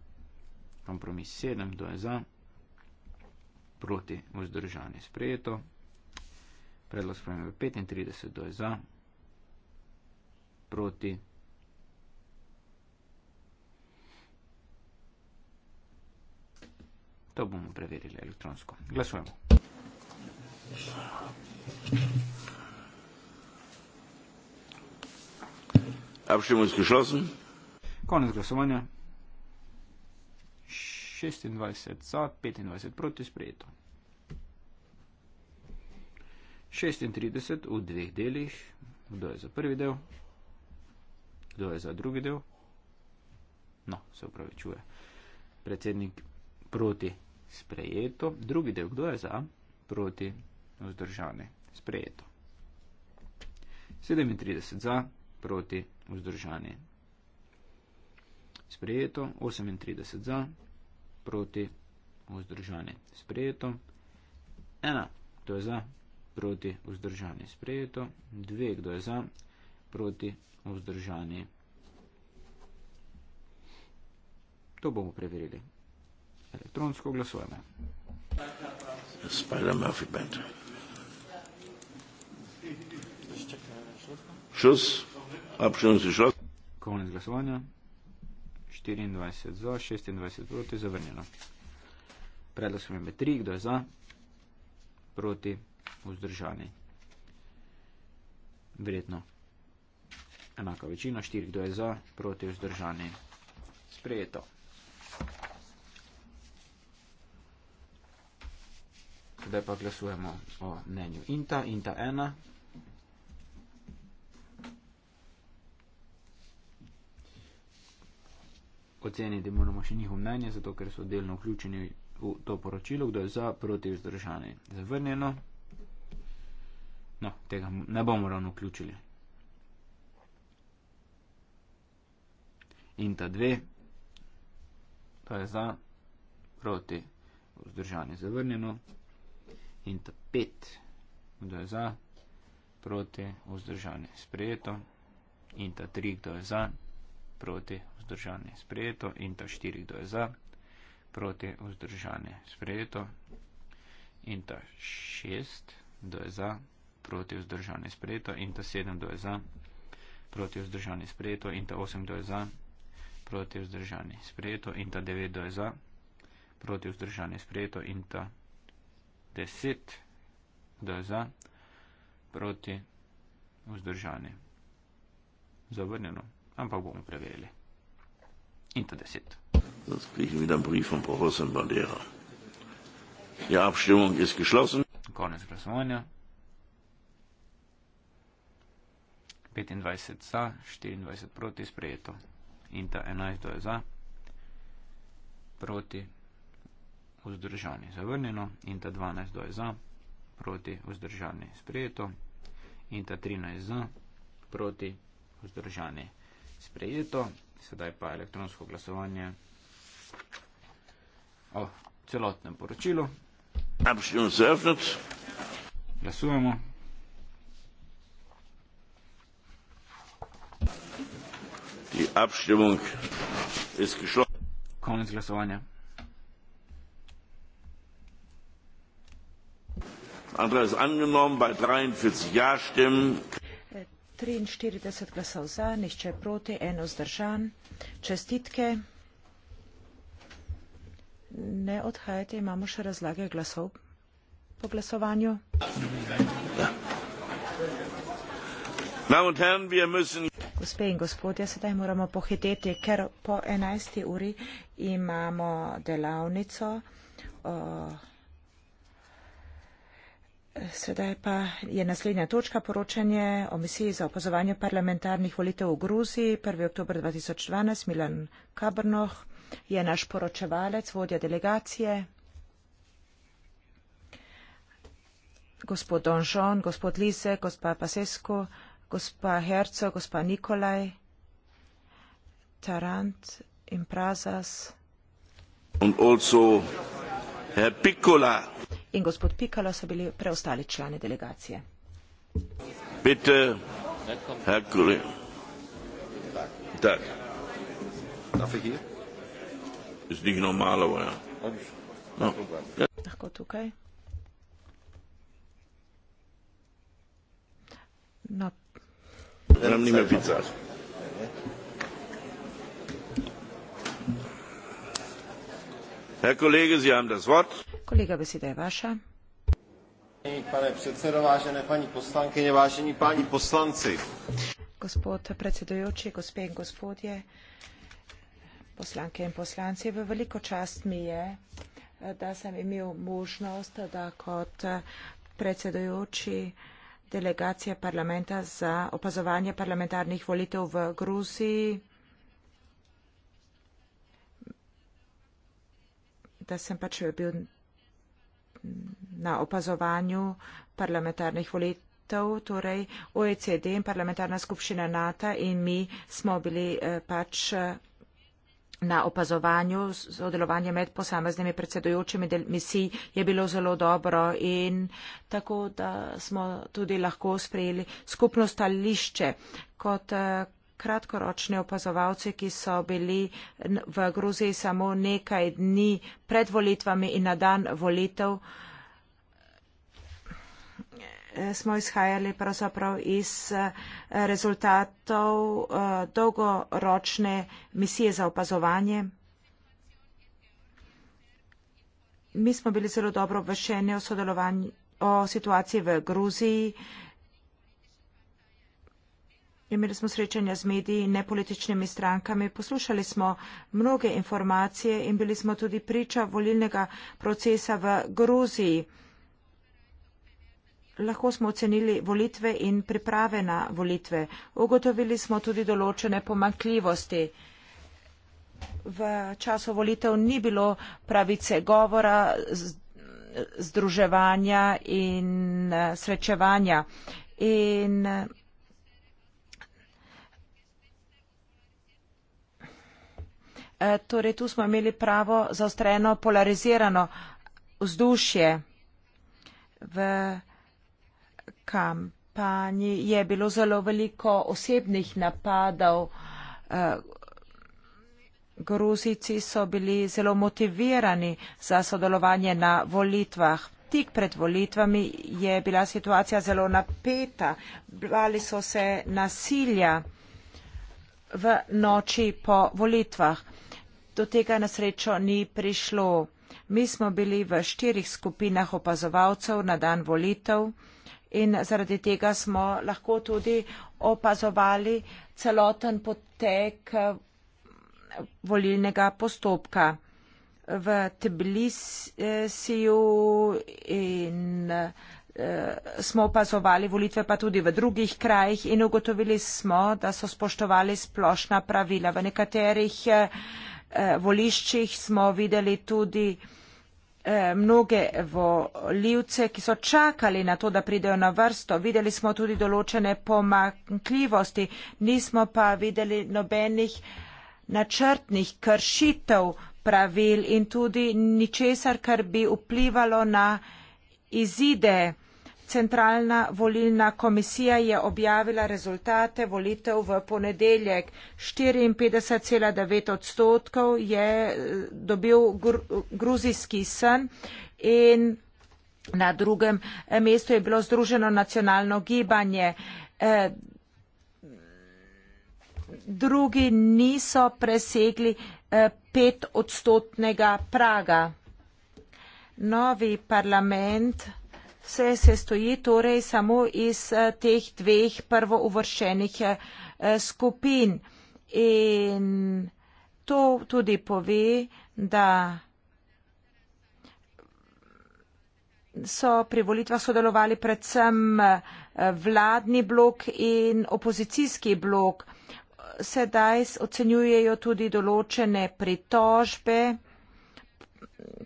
kompromis 7, kdo je za, proti, vzdržanje sprejeto, predlog spremembe 35, kdo je za, proti, To bomo preverili elektronsko. Glasujemo. Abstimmung ist geschlossen. Konnes glasovanja. 26 za, 25 proti sprejeto. 36 v dveh delih. Kdo je za prvi del? Kdo je za drugi del? No, se upravičuje. Predsednik proti sprejeto. Drugi del, kdo je za? Proti vzdržane sprejeto. 37 za, proti sprejeto vzdržanje. Sprejeto 38 za, proti vzdržanje. Sprejeto 1, kdo je za, proti vzdržanje. Sprejeto 2, kdo je za, proti vzdržanje. To bomo preverili. Elektronsko glasujemo. Spider Murphy Band. Schuss. Schuss. Konec glasovanja. 24 za, 26 proti, zavrnjeno. Predlog spremembe 3, kdo je za, proti, vzdržani. Verjetno enaka večina, 4, kdo je za, proti, vzdržani. Sprejeto. Zdaj pa glasujemo o mnenju Inta, Inta 1. oceni, da moramo še njihov mnenje, zato ker so delno vključeni v to poročilo, kdo je za, proti, vzdržani. Zavrnjeno. No, tega ne bomo ravno vključili. In ta dve, to je za, proti, vzdržani, zavrnjeno. In ta pet, kdo je za, proti, vzdržani, sprejeto. In ta tri, kdo je za, proti vzdržanje sprejeto in ta 4, kdo je za, proti vzdržanje sprejeto in ta 6, kdo je za, proti vzdržanje sprejeto in ta 7, kdo je za, proti vzdržanje sprejeto in ta 8, kdo je za, proti vzdržanje sprejeto in ta 9, kdo je za, proti vzdržanje sprejeto in ta 10, kdo je za, proti vzdržanje. Zavrnjeno ampak bomo preverili. In to deset. Konec glasovanja. 25 za, 24 proti, sprejeto. In ta 11 je za, proti, vzdržani, zavrnjeno. In ta 12 je za, proti, vzdržani, sprejeto. In ta 13 za, proti, vzdržani, zavrnjeno sprejeto. Sedaj pa elektronsko glasovanje o celotnem poročilu. Glasujemo. Konec glasovanja. Andreas angenommen bei 43 Ja-Stimmen. 43 glasov za, nišče proti, eno zdržan. Čestitke. Ne odhajajte, imamo še razlage glasov po glasovanju. Gospe in gospodje, sedaj moramo pohiteti, ker po 11. uri imamo delavnico. Uh, Sedaj pa je naslednja točka poročanje o misiji za opazovanje parlamentarnih volitev v Gruziji 1. oktober 2012. Milan Kabrnoh je naš poročevalec, vodja delegacije. Gospod Donžon, gospod Lise, gospa Pasesko, gospa Herco, gospa Nikolaj, Tarant in Prazas. In tudi Herr Pikola in gospod Pikalo so bili preostali člani delegacije. Bitte, Herr Kollege. Tak. Darf ich hier? Ist nicht normal, aber ja. No. Lahko tukaj. No. Ja, nicht mehr Pizza. Ja. gospod predsedujoči gospe in gospodje poslanke in poslanci v veliko čast mi je da sem imel možnost da kot predsedujoči delegacije parlamenta za opazovanje parlamentarnih volitev v gruziji da sem pač bil na opazovanju parlamentarnih volitev, torej OECD in parlamentarna skupščina NATO in mi smo bili eh, pač eh, na opazovanju, sodelovanje med posameznimi predsedujočimi misij je bilo zelo dobro in tako, da smo tudi lahko sprejeli skupno stališče. Kot eh, kratkoročne opazovalce, ki so bili v Gruziji samo nekaj dni pred volitvami in na dan volitev, smo izhajali pravzaprav iz eh, rezultatov eh, dolgoročne misije za opazovanje. Mi smo bili zelo dobro obveščeni o sodelovanju o situaciji v Gruziji. Imeli smo srečanja z mediji in nepolitičnimi strankami, poslušali smo mnoge informacije in bili smo tudi priča volilnega procesa v Gruziji. Lahko smo ocenili volitve in priprave na volitve. Ugotovili smo tudi določene pomankljivosti. V času volitev ni bilo pravice govora, združevanja in eh, srečevanja. In Eh, torej tu smo imeli pravo zaostrajeno polarizirano vzdušje v kampanji je bilo zelo veliko osebnih napadov. Eh, Gruzici so bili zelo motivirani za sodelovanje na volitvah. Tik pred volitvami je bila situacija zelo napeta. Bali so se nasilja v noči po volitvah do tega na srečo ni prišlo. Mi smo bili v štirih skupinah opazovalcev na dan volitev in zaradi tega smo lahko tudi opazovali celoten potek eh, volilnega postopka. V Tbilisiju in, e, smo opazovali volitve pa tudi v drugih krajih in ugotovili smo, da so spoštovali splošna pravila. V nekaterih e, Eh, voliščih smo videli tudi eh, mnoge voljivce, ki so čakali na to, da pridejo na vrsto. Videli smo tudi določene pomankljivosti, nismo pa videli nobenih načrtnih kršitev pravil in tudi ničesar, kar bi vplivalo na izide Centralna volilna komisija je objavila rezultate volitev v ponedeljek. 54,9 odstotkov je eh, dobil gr gruzijski sen in na drugem eh, mestu je bilo združeno nacionalno gibanje. E, drugi niso presegli e, pet odstotnega praga. Novi parlament vse se stoji torej samo iz eh, teh dveh prvouvršenih eh, skupin. In to tudi pove, da so pri volitvah sodelovali predvsem eh, vladni blok in opozicijski blok. Sedaj ocenjujejo tudi določene pritožbe,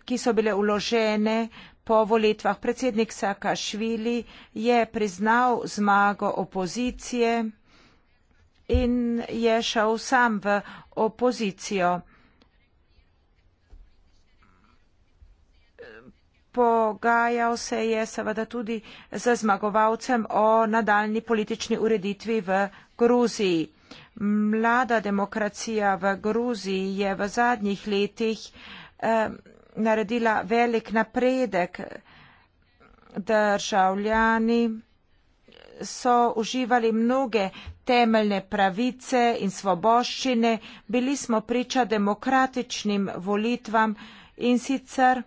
ki so bile uložene po volitvah. Predsednik Sakašvili je priznal zmago opozicije in je šel sam v opozicijo. Pogajal se je seveda tudi z zmagovalcem o nadaljni politični ureditvi v Gruziji. Mlada demokracija v Gruziji je v zadnjih letih eh, naredila velik napredek. Državljani so uživali mnoge temeljne pravice in svoboščine, bili smo priča demokratičnim volitvam in sicer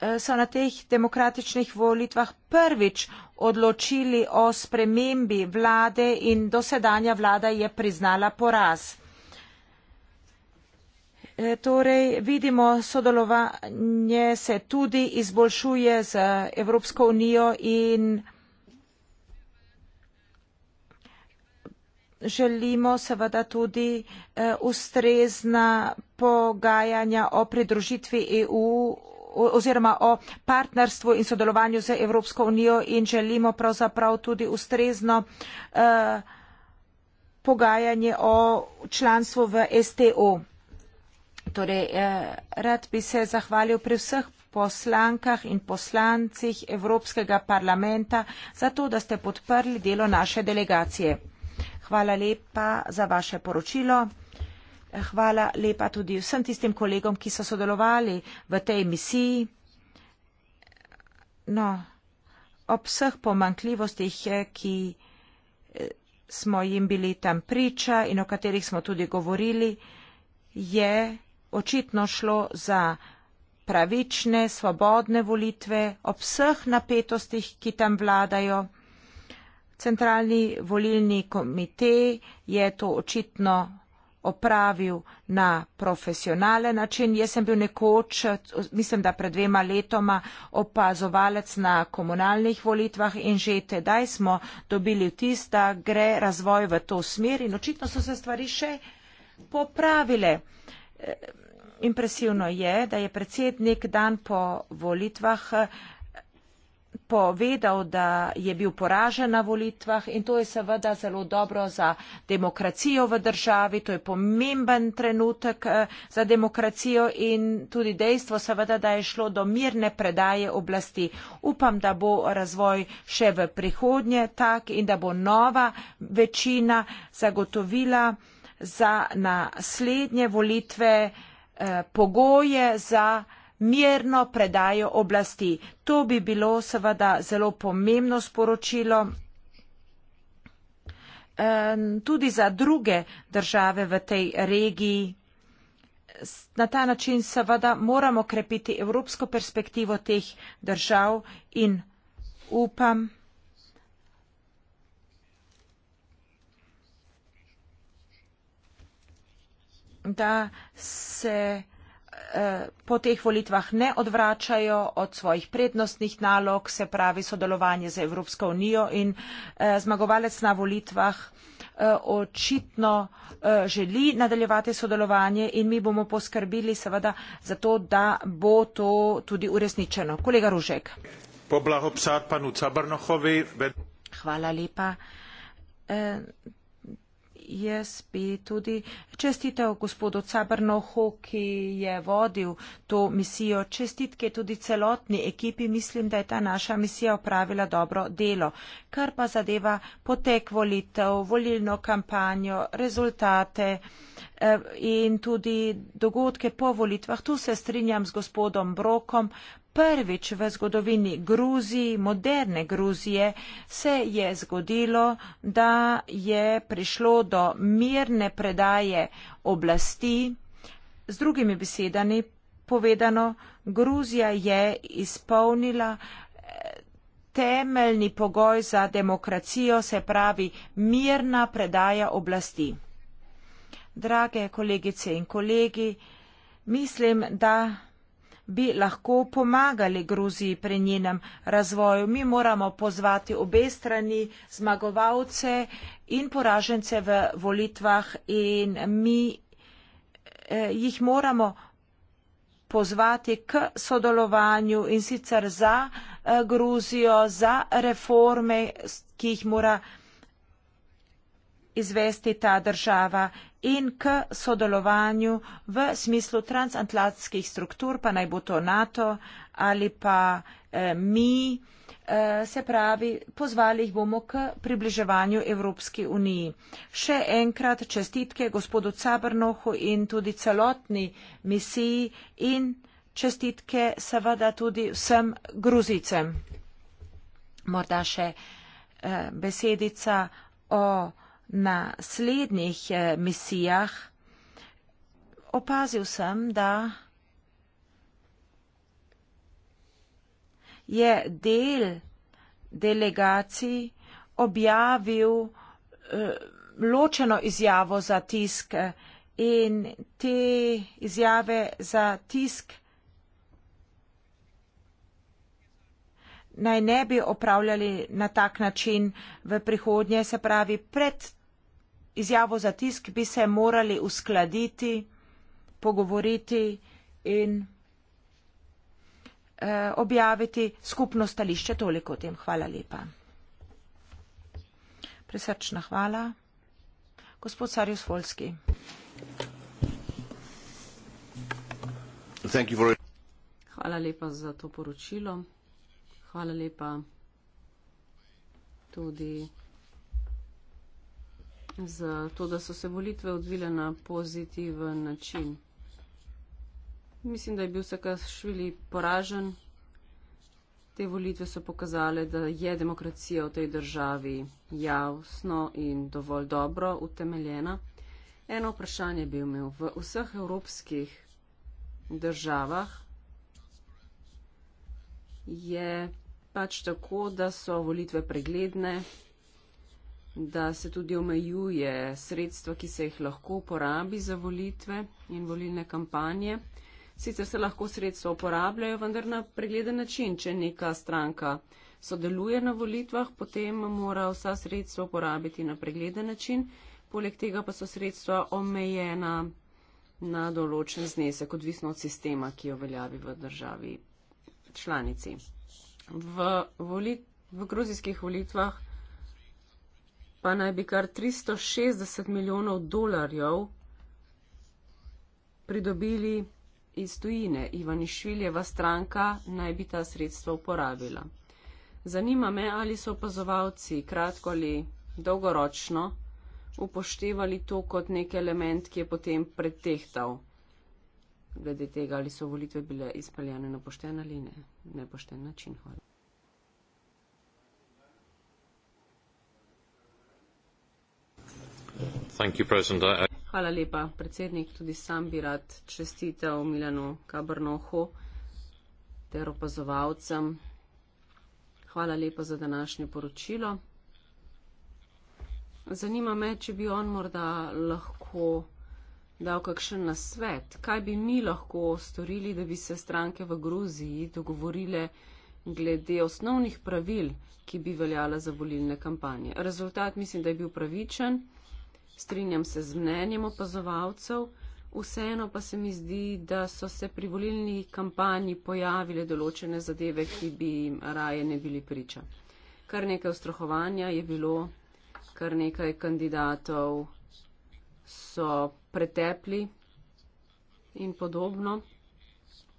eh, so na teh demokratičnih volitvah prvič odločili o spremembi vlade in dosedanja vlada je priznala poraz. Eh, torej vidimo sodelovanje se tudi izboljšuje z Evropsko unijo in želimo seveda tudi eh, ustrezna pogajanja o pridružitvi EU oziroma o partnerstvu in sodelovanju z Evropsko unijo in želimo pravzaprav tudi ustrezno eh, pogajanje o članstvu v STO. Torej, eh, rad bi se zahvalil pri vseh poslankah in poslancih Evropskega parlamenta za to, da ste podprli delo naše delegacije. Hvala lepa za vaše poročilo. Hvala lepa tudi vsem tistim kolegom, ki so sodelovali v tej misiji. No, ob vseh pomankljivostih, eh, ki eh, smo jim bili tam priča in o katerih smo tudi govorili, je očitno šlo za pravične, svobodne volitve, ob vseh napetostih, ki tam vladajo. Centralni volilni komite je to očitno opravil na profesionalen način. Jaz sem bil nekoč, mislim, da pred dvema letoma, opazovalec na komunalnih volitvah in že tedaj smo dobili vtis, da gre razvoj v to smer in očitno so se stvari še popravile. Uh, impresivno je, da je predsednik dan po volitvah eh, povedal, da je bil poražen na volitvah in to je seveda zelo dobro za demokracijo v državi, to je pomemben trenutek eh, za demokracijo in tudi dejstvo seveda, da je šlo do mirne predaje oblasti. Upam, da bo razvoj še v prihodnje tak in da bo nova večina zagotovila za naslednje volitve eh, pogoje za mirno predajo oblasti. To bi bilo seveda zelo pomembno sporočilo eh, tudi za druge države v tej regiji. Na ta način seveda moramo krepiti evropsko perspektivo teh držav in upam, da se eh, po teh volitvah ne odvračajo od svojih prednostnih nalog, se pravi sodelovanje z Evropsko unijo in eh, zmagovalec na volitvah eh, očitno želi nadaljevati sodelovanje in mi bomo poskrbili seveda za to, da bo to tudi uresničeno. Kolega Ružek. Poblahopsat panu Cabrnohovi. Hvala lepa jaz bi tudi čestitev gospodu Cabrnohu, ki je vodil to misijo. Čestitke tudi celotni ekipi. Mislim, da je ta naša misija opravila dobro delo. Kar pa zadeva potek volitev, volilno kampanjo, rezultate eh, in tudi dogodke po volitvah. Tu se strinjam z gospodom Brokom, prvič v zgodovini Gruziji, moderne Gruzije, se je zgodilo, da je prišlo do mirne predaje oblasti. Z drugimi besedami povedano, Gruzija je izpolnila eh, temeljni pogoj za demokracijo, se pravi mirna predaja oblasti. Drage kolegice in kolegi, mislim, da bi lahko pomagali Gruziji pri njenem razvoju. Mi moramo pozvati obe strani zmagovalce in poražence v volitvah in mi eh, jih moramo pozvati k sodelovanju in sicer za eh, Gruzijo, za reforme, ki jih mora eh, izvesti ta država in k sodelovanju v smislu transatlantskih struktur, pa naj bo to NATO ali pa eh, mi, eh, se pravi, pozvali jih bomo k približevanju Evropski uniji. Še enkrat čestitke gospodu Cabrnohu in tudi celotni misiji in čestitke seveda tudi vsem Gruzicem. Morda še eh, besedica o naslednjih eh, misijah opazil sem, da je del delegacij objavil eh, ločeno izjavo za tisk eh, in te izjave za tisk naj ne bi opravljali na tak način v prihodnje, se pravi pred izjavo za tisk bi se morali uskladiti, pogovoriti in eh, objaviti skupno stališče. Toliko o tem. Hvala lepa. Presrčna hvala. Gospod Sarjus Volski. Hvala lepa za to poročilo. Hvala lepa tudi za to, da so se volitve odvile na pozitiven način. Mislim, da je bil Sakašvili poražen. Te volitve so pokazale, da je demokracija v tej državi javno in dovolj dobro utemeljena. Eno vprašanje bi imel v vseh evropskih državah. Je pač tako, da so volitve pregledne, da se tudi omejuje sredstva, ki se jih lahko uporabi za volitve in volilne kampanje. Sicer se lahko sredstva uporabljajo, vendar na pregleden način. Če neka stranka sodeluje na volitvah, potem mora vsa sredstva uporabiti na pregleden način. Poleg tega pa so sredstva omejena na določen znesek, odvisno od sistema, ki jo veljavi v državi članici. V, volit v gruzijskih volitvah pa naj bi kar 360 milijonov dolarjev pridobili iz tujine. Ivanišviljeva stranka naj bi ta sredstva uporabila. Zanima me, ali so opazovalci kratko ali dolgoročno upoštevali to kot nek element, ki je potem pretehtal glede tega, ali so volitve bile izpeljane na pošten ali ne, nepošten način. Hvala. Hvala lepa, predsednik. Tudi sam bi rad čestitev Milanu Kabrnohu ter opazovalcem. Hvala lepa za današnje poročilo. Zanima me, če bi on morda lahko dal kakšen nasvet, kaj bi mi lahko storili, da bi se stranke v Gruziji dogovorile glede osnovnih pravil, ki bi veljala za volilne kampanje. Rezultat mislim, da je bil pravičen strinjam se z mnenjem opazovalcev, vseeno pa se mi zdi, da so se pri volilni kampanji pojavile določene zadeve, ki bi jim raje ne bili priča. Kar nekaj ustrahovanja je bilo, kar nekaj kandidatov so pretepli in podobno.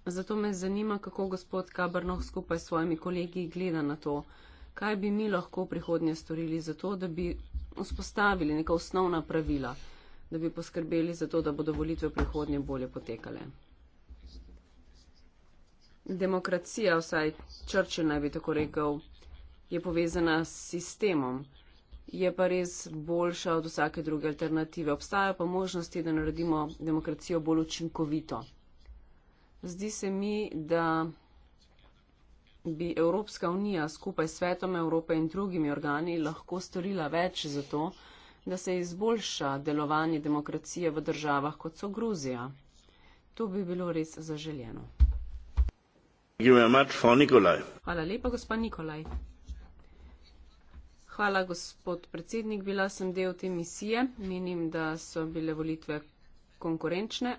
Zato me zanima, kako gospod Kabrnoh skupaj s svojimi kolegi gleda na to, kaj bi mi lahko v prihodnje storili za to, da bi vzpostavili neka osnovna pravila, da bi poskrbeli za to, da bodo volitve v prihodnje bolje potekale. Demokracija, vsaj črče naj bi tako rekel, je povezana s sistemom, je pa res boljša od vsake druge alternative. Obstajajo pa možnosti, da naredimo demokracijo bolj učinkovito. Zdi se mi, da bi Evropska unija skupaj s Svetom Evrope in drugimi organi lahko storila več za to, da se izboljša delovanje demokracije v državah kot so Gruzija. To bi bilo res zaželjeno. Hvala lepa, gospod Nikolaj. Hvala, gospod predsednik. Bila sem del te misije. Menim, da so bile volitve konkurenčne,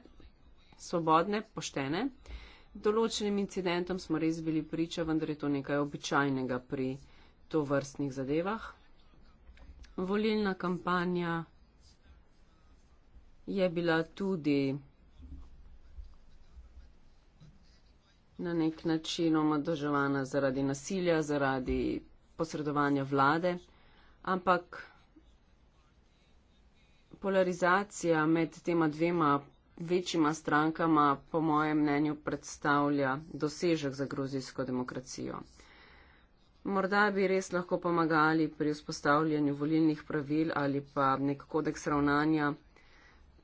svobodne, poštene določenim incidentom smo res bili priča, vendar je to nekaj običajnega pri to vrstnih zadevah. Volilna kampanja je bila tudi na nek način omadržavana zaradi nasilja, zaradi posredovanja vlade, ampak polarizacija med tema dvema večjima strankama, po mojem mnenju, predstavlja dosežek za gruzijsko demokracijo. Morda bi res lahko pomagali pri vzpostavljanju volilnih pravil ali pa nek kodeks ravnanja.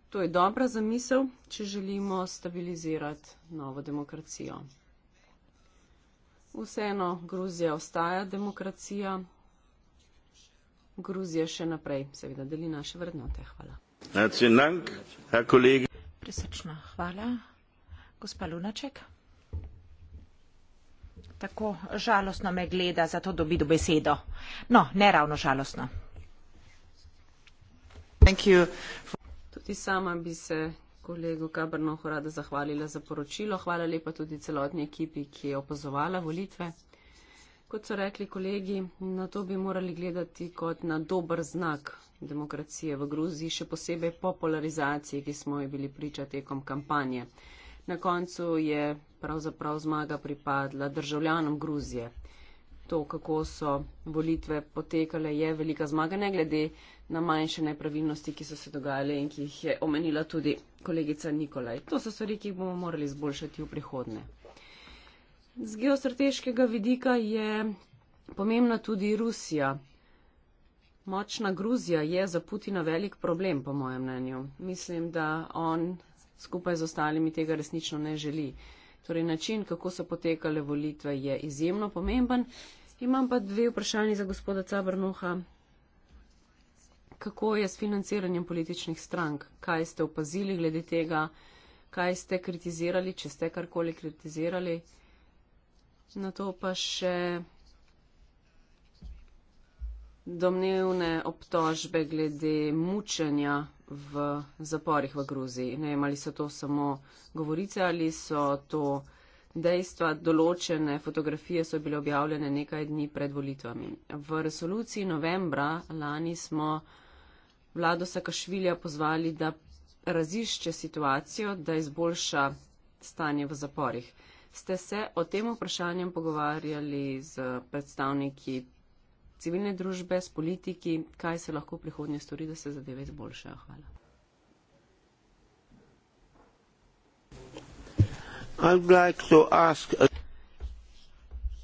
To je dobra zamisel, če želimo stabilizirati novo demokracijo. Vseeno, Gruzija ostaja demokracija. Gruzija še naprej, seveda, deli naše vrednote. Hvala. Nacionalk, herr Kollege. Prisrčna hvala. Gospa Lunaček. Tako žalostno me gleda, zato dobi do besedo. No, ne ravno žalostno. Tudi sama bi se kolegu Kabrnohu rada zahvalila za poročilo. Hvala lepa tudi celotni ekipi, ki je opazovala volitve. Kot so rekli kolegi, na to bi morali gledati kot na dober znak demokracije v Gruziji, še posebej po polarizaciji, ki smo jo bili priča tekom kampanje. Na koncu je pravzaprav zmaga pripadla državljanom Gruzije. To, kako so volitve potekale, je velika zmaga, ne glede na manjše nepravilnosti, ki so se dogajale in ki jih je omenila tudi kolegica Nikolaj. To so stvari, ki jih bomo morali izboljšati v prihodne. Z geostrateškega vidika je pomembna tudi Rusija. Močna Gruzija je za Putina velik problem, po mojem mnenju. Mislim, da on skupaj z ostalimi tega resnično ne želi. Torej, način, kako so potekale volitve, je izjemno pomemben. Imam pa dve vprašanje za gospoda Cabrnoha. Kako je s financiranjem političnih strank? Kaj ste opazili glede tega? Kaj ste kritizirali, če ste karkoli kritizirali? Na to pa še domnevne obtožbe glede mučenja v zaporih v Gruziji. Ne vem, ali so to samo govorice ali so to dejstva. Določene fotografije so bile objavljene nekaj dni pred volitvami. V resoluciji novembra lani smo vlado Sakašvilja pozvali, da razišče situacijo, da izboljša stanje v zaporih. Ste se o tem vprašanjem pogovarjali z predstavniki civilne družbe, s politiki, kaj se lahko v prihodnje stori, da se zadeve izboljšajo. Hvala.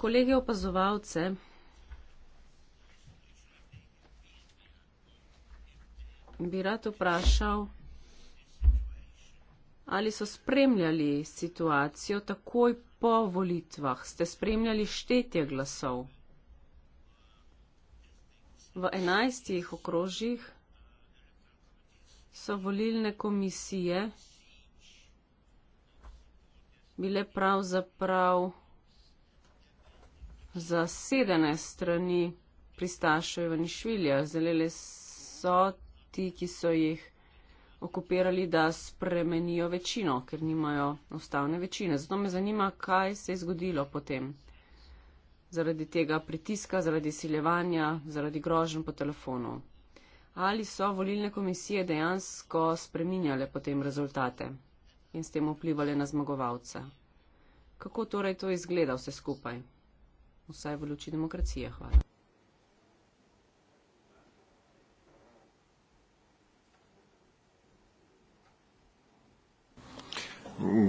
Kolege opazovalce. Bi rad vprašal, ali so spremljali situacijo takoj po volitvah? Ste spremljali štetje glasov? V enajstih okrožjih so volilne komisije bile pravzaprav zasedene strani pristašev Ivanišvilja. Zelele so ti, ki so jih okupirali, da spremenijo večino, ker nimajo ustavne večine. Zato me zanima, kaj se je zgodilo potem zaradi tega pritiska, zaradi siljevanja, zaradi grožen po telefonu. Ali so volilne komisije dejansko spreminjale potem rezultate in s tem vplivali na zmagovalce? Kako torej to izgleda vse skupaj? Vsaj v luči demokracije, hvala.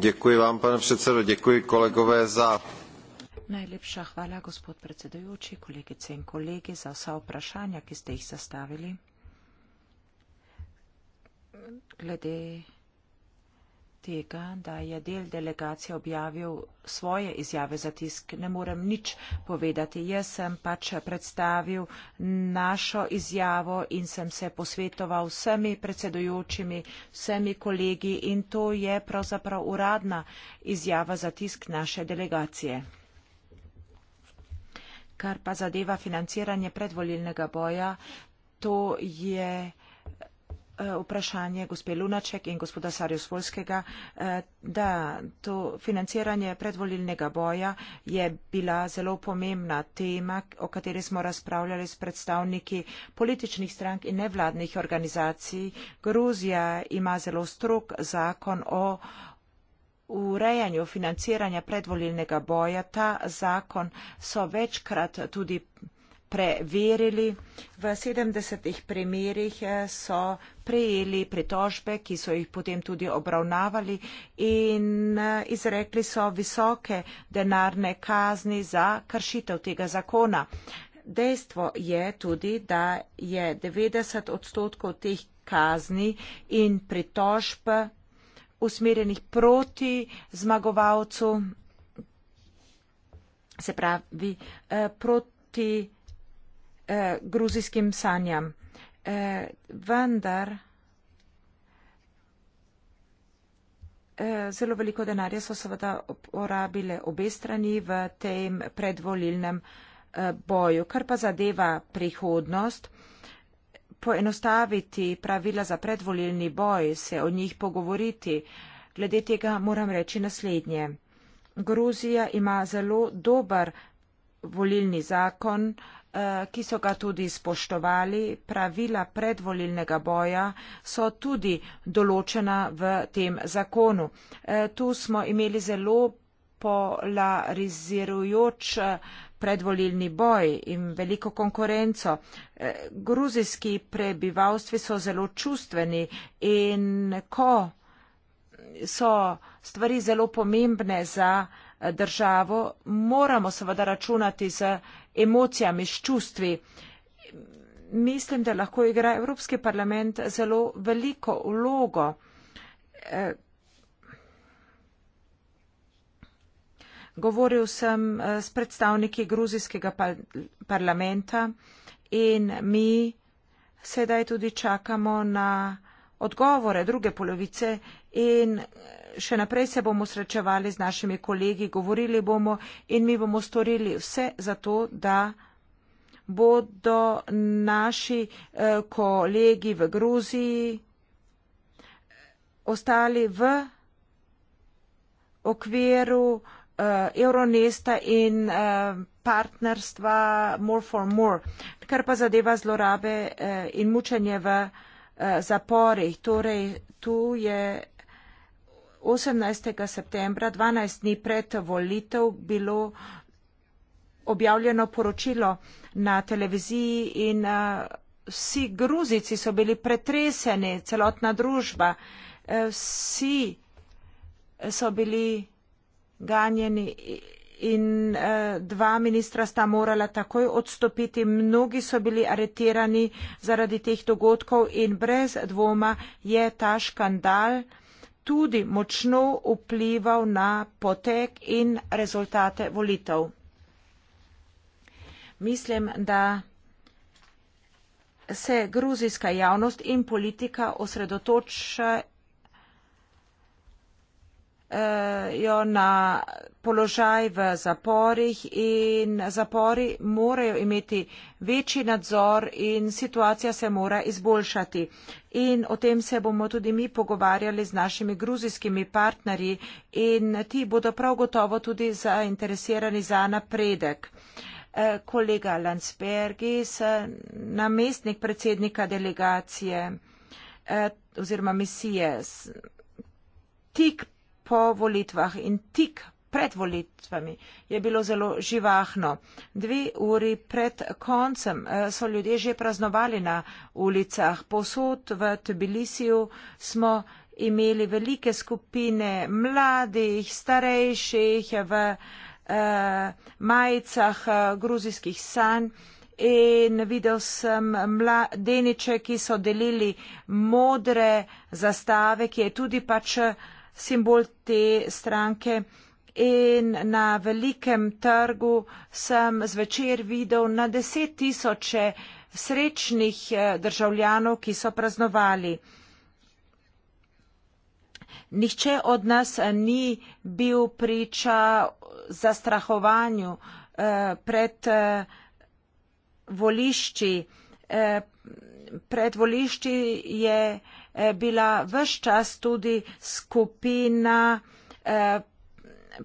Děkuji vám, pane předsedo, děkuji kolegové za Najlepša hvala, gospod predsedujoči, kolegice in kolegi, za vsa vprašanja, ki ste jih zastavili. Glede tega, da je del delegacije objavil svoje izjave za tisk, ne morem nič povedati. Jaz sem pač predstavil našo izjavo in sem se posvetoval vsemi predsedujočimi, vsemi kolegi in to je pravzaprav uradna izjava za tisk naše delegacije kar pa zadeva financiranje predvolilnega boja, to je eh, vprašanje gospe Lunaček in gospoda Sarjusvolskega, eh, da to financiranje predvolilnega boja je bila zelo pomembna tema, o kateri smo razpravljali s predstavniki političnih strank in nevladnih organizacij. Gruzija ima zelo strok zakon o U urejanju financiranja predvolilnega boja ta zakon so večkrat tudi preverili. V 70 primerih eh, so prejeli pritožbe, ki so jih potem tudi obravnavali in eh, izrekli so visoke denarne kazni za kršitev tega zakona. Dejstvo je tudi, da je 90 odstotkov teh kazni in pritožb usmerjenih proti zmagovalcu, se pravi eh, proti eh, gruzijskim sanjam. Eh, vendar zelo veliko denarja so seveda uporabile obe strani v tem predvolilnem boju. Kar pa zadeva prihodnost, poenostaviti pravila za predvolilni boj, se o njih pogovoriti. Glede tega moram reči naslednje. Gruzija ima zelo dober volilni zakon, eh, ki so ga tudi spoštovali. Pravila predvolilnega boja so tudi določena v tem zakonu. Eh, tu smo imeli zelo polarizirujoč eh, predvolilni boj in veliko konkurenco. E, gruzijski prebivalstvi so zelo čustveni in ko so stvari zelo pomembne za e, državo, moramo seveda računati z emocijami, s čustvi. Mislim, da lahko igra Evropski parlament zelo veliko vlogo. E, Govoril sem eh, s predstavniki gruzijskega parlamenta in mi sedaj tudi čakamo na odgovore druge polovice in eh, še naprej se bomo srečevali z našimi kolegi, govorili bomo in mi bomo storili vse za to, da bodo naši eh, kolegi v Gruziji ostali v okviru uh, Euronesta in uh, partnerstva More for More, kar pa zadeva zlorabe uh, in mučenje v uh, zaporih. Torej, tu je 18. septembra, 12 dni pred volitev, bilo objavljeno poročilo na televiziji in uh, vsi gruzici so bili pretreseni, celotna družba, uh, vsi so bili ganjeni in eh, dva ministra sta morala takoj odstopiti. Mnogi so bili aretirani zaradi teh dogodkov in brez dvoma je ta škandal tudi močno vplival na potek in rezultate volitev. Mislim, da se gruzijska javnost in politika osredotočajo Eh, jo na položaj v zaporih in zapori morajo imeti večji nadzor in situacija se mora izboljšati. In o tem se bomo tudi mi pogovarjali z našimi gruzijskimi partnerji in ti bodo prav gotovo tudi zainteresirani za napredek. Eh, kolega Landsbergis, namestnik predsednika delegacije eh, oziroma misije, tik po volitvah in tik pred volitvami je bilo zelo živahno. Dve uri pred koncem eh, so ljudje že praznovali na ulicah. Posod v Tbilisiju smo imeli velike skupine mladih, starejših v eh, majicah eh, gruzijskih sanj. In videl sem mladeniče, ki so delili modre zastave, ki je tudi pač simbol te stranke. In na velikem trgu sem zvečer videl na deset tisoče srečnih eh, državljanov, ki so praznovali. Nihče od nas eh, ni bil priča zastrahovanju eh, pred volišči. Pred volišči je Eh, bila vse čas tudi skupina eh,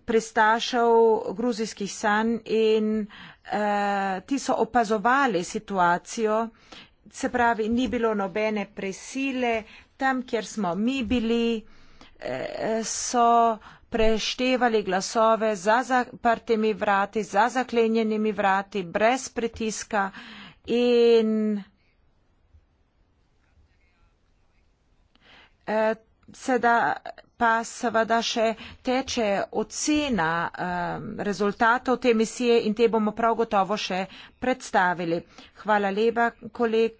prestašev gruzijskih sanj in eh, ti so opazovali situacijo, se pravi, ni bilo nobene presile, tam, kjer smo mi bili, so preštevali glasove za zaprtimi vrati, za zaklenjenimi vrati, brez pritiska in Seveda pa seveda še teče ocena rezultatov te misije in te bomo prav gotovo še predstavili. Hvala lepa, kolega,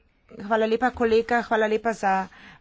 hvala lepa, kolega, hvala lepa za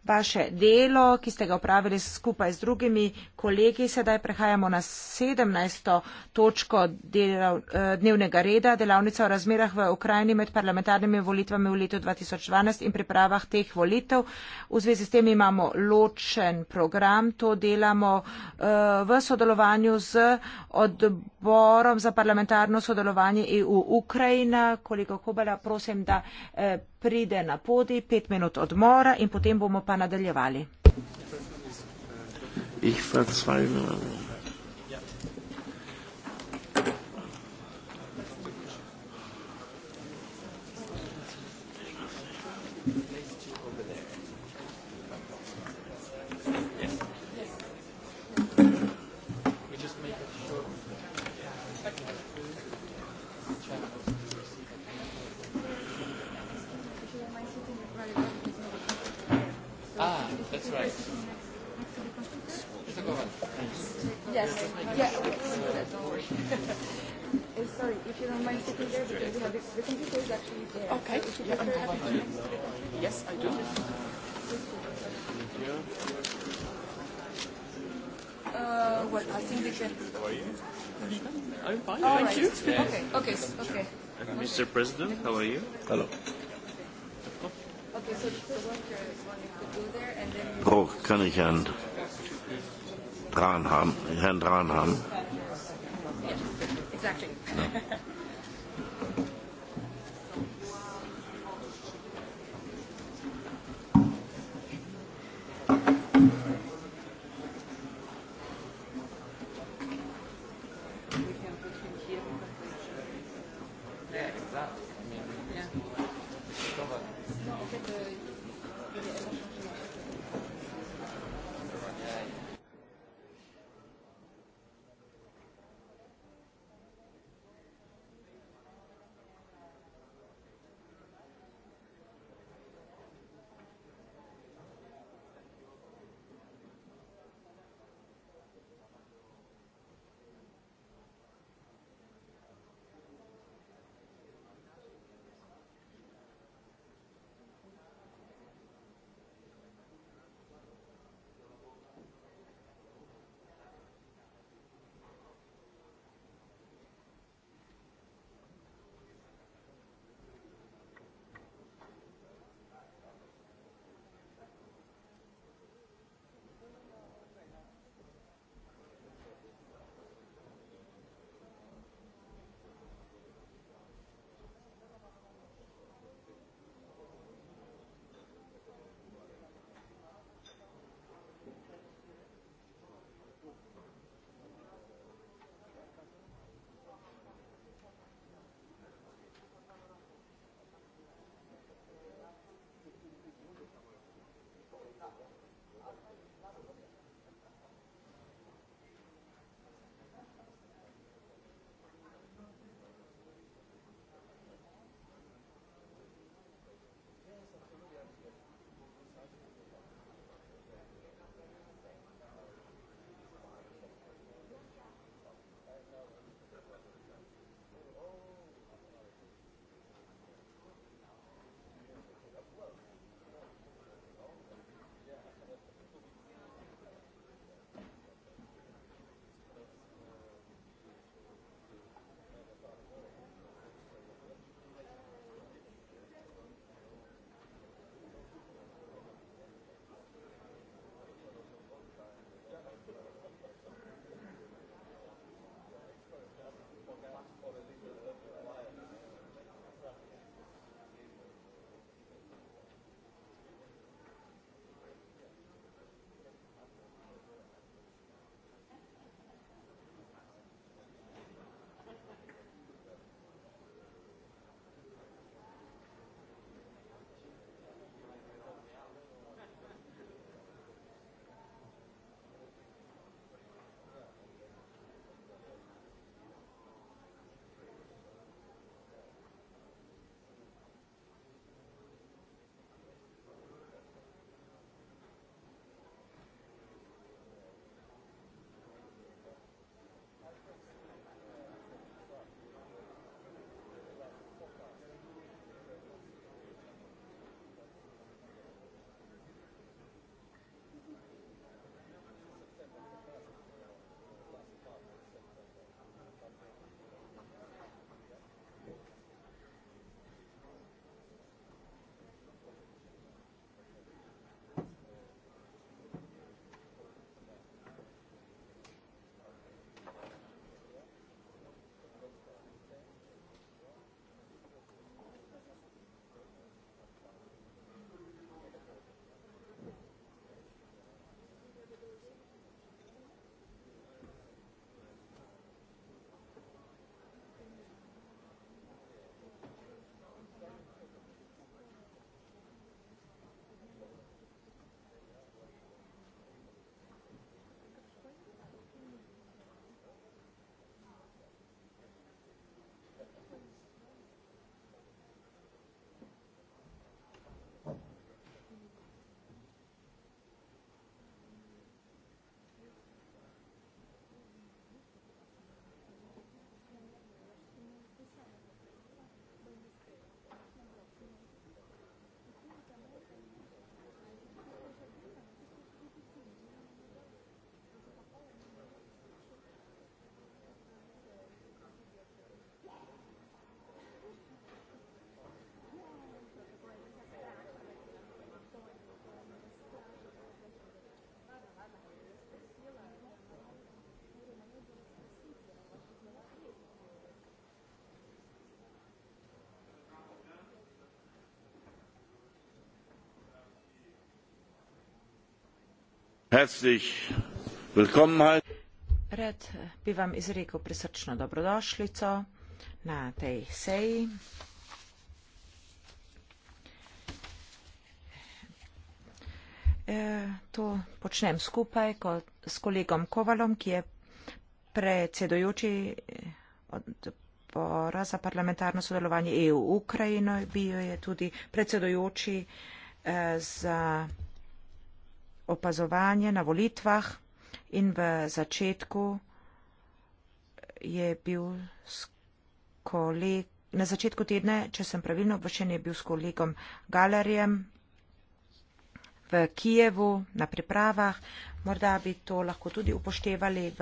vaše delo, ki ste ga upravili skupaj z drugimi kolegi. Sedaj prehajamo na 17. točko delav, eh, dnevnega reda, delavnica o razmerah v Ukrajini med parlamentarnimi volitvami v letu 2012 in pripravah teh volitev. V zvezi s tem imamo ločen program, to delamo eh, v sodelovanju z odborom za parlamentarno sodelovanje EU Ukrajina. Kolega Kobela, prosim, da eh, pride na podi, pet minut odmora in potem bomo pa nadaljevali. Ich verzweifle. yes. Yes. yes. Eh, sorry, if you don't mind sitting there, because we have the, the computer is actually there. Okay. So if you prefer, yeah, I yes, I do. Uh, what well, I think they can. I'm fine. Thank right. you. Yes. Okay. Okay. Okay. And Mr. President, how are you? Hello. Okay, so the worker is wanting to go there and then. Oh, can I hand? Dranham, Herrn Dranham. Yes, exactly. No. herzlich willkommen heißen. Rad bi vam izrekel prisrčno dobrodošlico na tej seji. E, to počnem skupaj s kolegom Kovalom, ki je predsedojoči e, odbora za parlamentarno sodelovanje EU-Ukrajino, bil je tudi predsedojoči e, za opazovanje na volitvah in v začetku je bil s koleg, na začetku tedne, če sem pravilno obvešen, je bil s kolegom Galerjem v Kijevu na pripravah. Morda bi to lahko tudi upoštevali v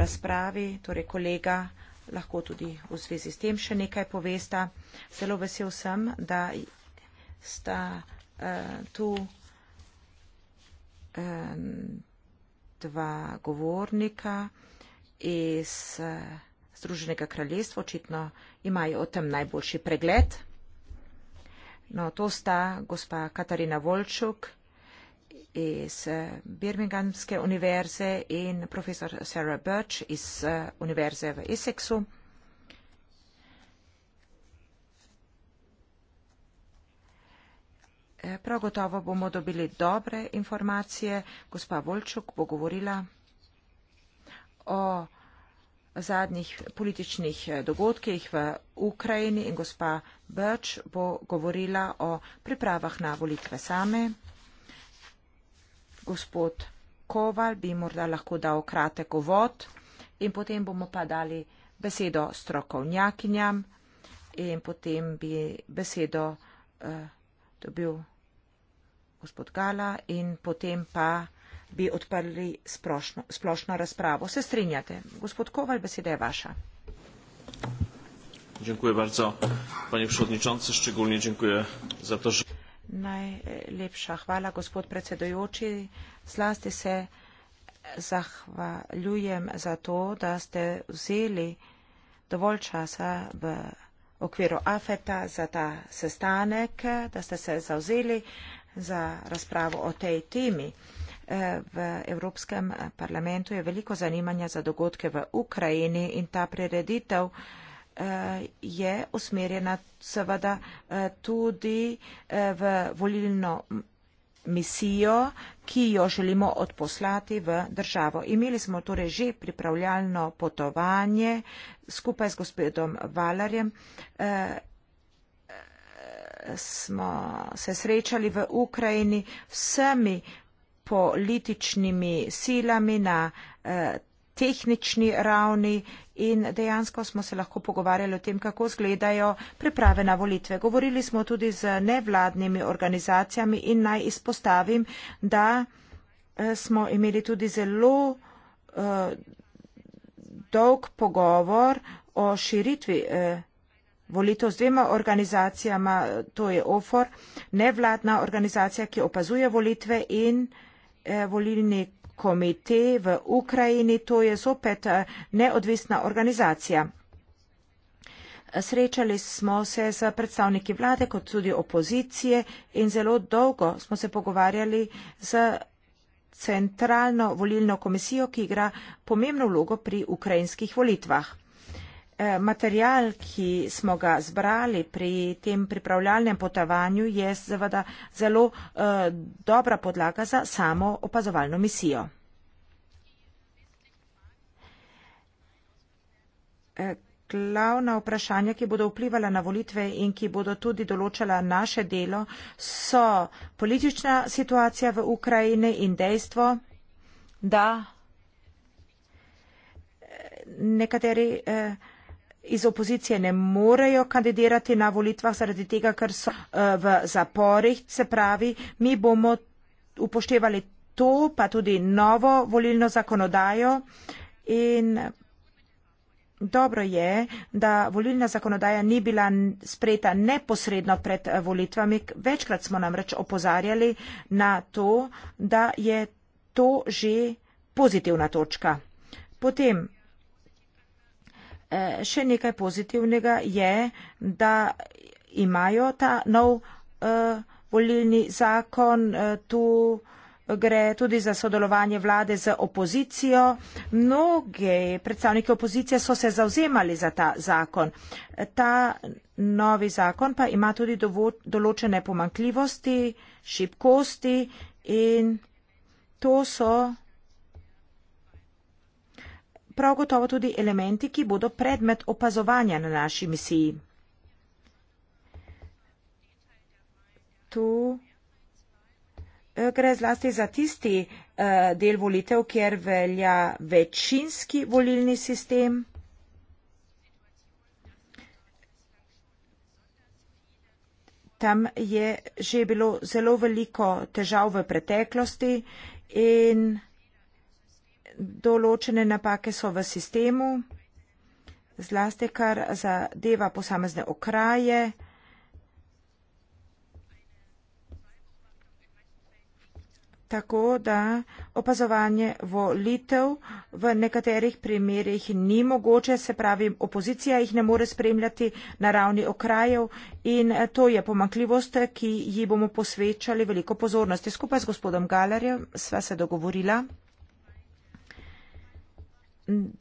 razpravi, torej kolega lahko tudi v zvezi s tem še nekaj povesta. Zelo vesel sem, da sta uh, tu dva govornika iz eh, Združenega kraljestva, očitno imajo o tem najboljši pregled. No, to sta gospa Katarina Volčuk iz eh, Birminghamske univerze in profesor Sarah Birch iz eh, univerze v Essexu. Eh, prav gotovo bomo dobili dobre informacije. Gospa Volčuk bo govorila o zadnjih političnih eh, dogodkih v Ukrajini in gospa Brč bo govorila o pripravah na volitve same. Gospod Koval bi morda lahko dal kratek uvod in potem bomo pa dali besedo strokovnjakinjam in potem bi besedo uh, dobil gospod Gala in potem pa bi odprli splošno, splošno razpravo. Se strinjate? Gospod Koval, beseda je vaša. Dziękuję bardzo, panie przewodniczący. Szczególnie dziękuję za to, że. Najlepsza chwała, gospod predsedujący. Zlasti se zachwaluję za to, że ste wzięli dovolj czasu w okviru AFETA za ta sestanek, da ste se zauzeli za razpravo o tej temi. Eh, v Evropskem parlamentu je veliko zanimanja za dogodke v Ukrajini in ta prireditev eh, je usmerjena seveda eh, tudi v volilno misijo, ki jo želimo odposlati v državo. Imeli smo torej že pripravljalno potovanje skupaj z gospodom Valarjem smo se srečali v Ukrajini vsemi političnimi silami na eh, tehnični ravni in dejansko smo se lahko pogovarjali o tem, kako zgledajo priprave na volitve. Govorili smo tudi z nevladnimi organizacijami in naj izpostavim, da eh, smo imeli tudi zelo eh, dolg pogovor o širitvi. Eh, volitev z dvema organizacijama, to je OFOR, nevladna organizacija, ki opazuje volitve in eh, volilni komite v Ukrajini, to je zopet eh, neodvisna organizacija. Srečali smo se z predstavniki vlade kot tudi opozicije in zelo dolgo smo se pogovarjali z centralno volilno komisijo, ki igra pomembno vlogo pri ukrajinskih volitvah. Eh, material, ki smo ga zbrali pri tem pripravljalnem potovanju, je seveda zelo eh, dobra podlaga za samo opazovalno misijo. Eh, glavna vprašanja, ki bodo vplivala na volitve in ki bodo tudi določala naše delo, so politična situacija v Ukrajini in dejstvo, da nekateri eh, iz opozicije ne morejo kandidirati na volitvah zaradi tega, ker so uh, v zaporih. Se pravi, mi bomo upoštevali to, pa tudi novo volilno zakonodajo. In dobro je, da volilna zakonodaja ni bila sprejeta neposredno pred eh, volitvami. Večkrat smo namreč opozarjali na to, da je to že pozitivna točka. Potem E, še nekaj pozitivnega je, da imajo ta nov e, volilni zakon. E, tu gre tudi za sodelovanje vlade z opozicijo. Mnogi predstavniki opozicije so se zauzemali za ta zakon. Ta novi zakon pa ima tudi določene pomankljivosti, šibkosti in to so prav gotovo tudi elementi, ki bodo predmet opazovanja na naši misiji. Tu eh, gre zlasti za tisti eh, del volitev, kjer velja večinski volilni sistem. Tam je že bilo zelo veliko težav v preteklosti in določene napake so v sistemu, zlasti kar zadeva posamezne okraje. Tako da opazovanje volitev v nekaterih primerjih ni mogoče, se pravi, opozicija jih ne more spremljati na ravni okrajev in to je pomakljivost, ki ji bomo posvečali veliko pozornosti. Skupaj z gospodom Galerjem sva se dogovorila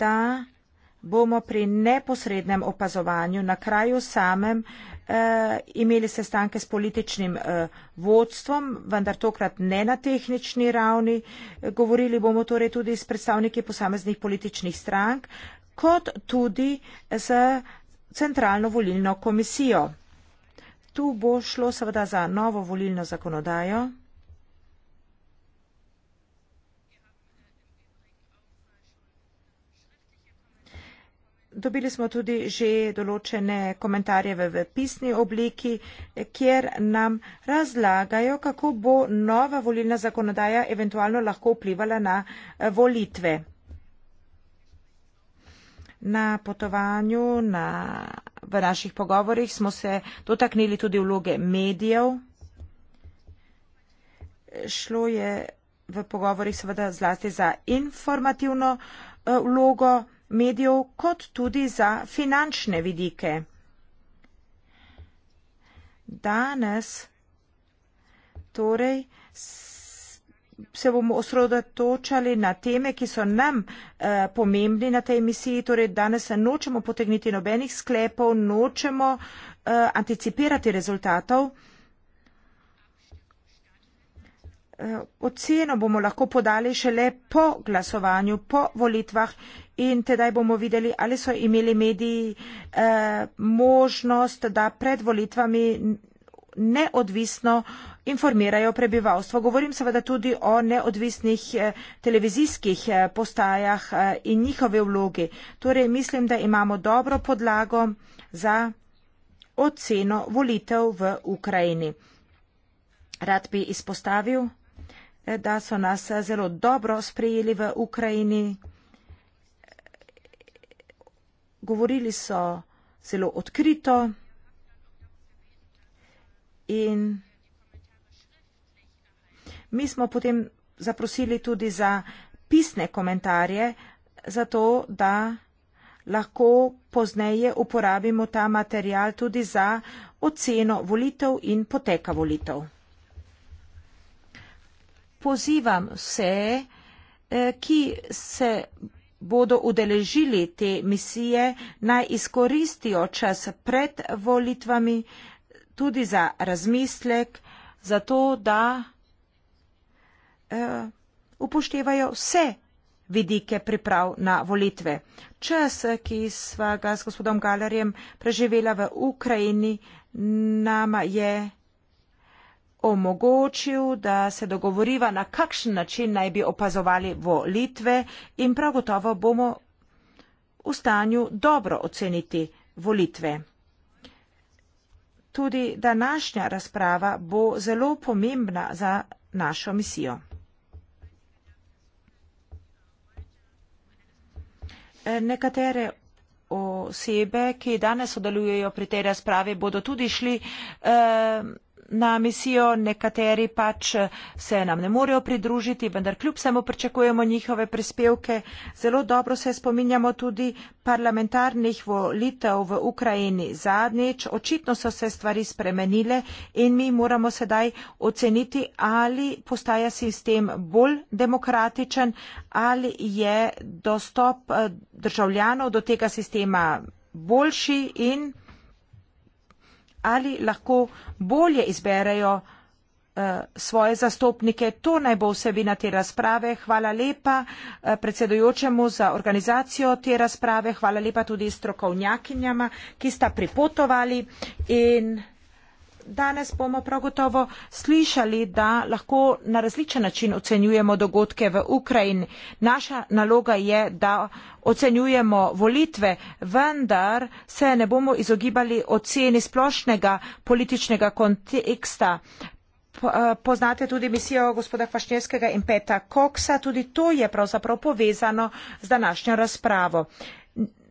da bomo pri neposrednem opazovanju na kraju samem eh, imeli sestanke s političnim eh, vodstvom, vendar tokrat ne na tehnični ravni. Govorili bomo torej tudi s predstavniki posameznih političnih strank, kot tudi z centralno volilno komisijo. Tu bo šlo seveda za novo volilno zakonodajo. dobili smo tudi že določene komentarje v pisni obliki, kjer nam razlagajo, kako bo nova volilna zakonodaja eventualno lahko vplivala na eh, volitve. Na potovanju, na, v naših pogovorih smo se dotaknili tudi vloge medijev. Šlo je v pogovorih seveda zlasti za informativno eh, vlogo. Uh, medijev kot tudi za finančne vidike. Danes torej se bomo osredotočali na teme, ki so nam eh, pomembni na tej misiji, torej danes se nočemo potegniti nobenih sklepov, nočemo eh, anticipirati rezultatov. Eh, oceno bomo lahko podali šele po glasovanju, po volitvah in tedaj bomo videli, ali so imeli mediji eh, možnost, da pred volitvami neodvisno informirajo prebivalstvo. Govorim seveda tudi o neodvisnih eh, televizijskih eh, postajah eh, in njihove vlogi. Torej mislim, da imamo dobro podlago za oceno volitev v Ukrajini. Rad bi izpostavil, da so nas zelo dobro sprejeli v Ukrajini govorili so zelo odkrito in mi smo potem zaprosili tudi za pisne komentarje, zato da lahko pozneje uporabimo ta material tudi za oceno volitev in poteka volitev. Pozivam vse, eh, ki se bodo udeležili te misije, naj izkoristijo čas pred volitvami tudi za razmislek, za to, da eh, upoštevajo vse vidike priprav na volitve. Čas, ki sva ga s gospodom Galerjem preživela v Ukrajini, nama je omogočil, da se dogovoriva, na kakšen način naj bi opazovali volitve in prav gotovo bomo v stanju dobro oceniti volitve. Tudi današnja razprava bo zelo pomembna za našo misijo. Nekatere osebe, ki danes sodelujejo pri tej razpravi, bodo tudi šli eh, na misijo, nekateri pač se nam ne morejo pridružiti, vendar kljub samo pričakujemo njihove prispevke. Zelo dobro se spominjamo tudi parlamentarnih volitev v Ukrajini zadnjič. Očitno so se stvari spremenile in mi moramo sedaj oceniti, ali postaja sistem bolj demokratičen, ali je dostop eh, državljanov do tega sistema boljši in ali lahko bolje izberejo eh, svoje zastopnike. To naj bo vsebina te razprave. Hvala lepa eh, predsedojočemu za organizacijo te razprave. Hvala lepa tudi strokovnjakinjama, ki sta pripotovali in danes bomo prav gotovo slišali, da lahko na različen način ocenjujemo dogodke v Ukrajini. Naša naloga je, da ocenjujemo volitve, vendar se ne bomo izogibali oceni splošnega političnega konteksta. Eh, poznate tudi misijo gospoda Kvašnjevskega in Peta Koksa, tudi to je pravzaprav povezano z današnjo razpravo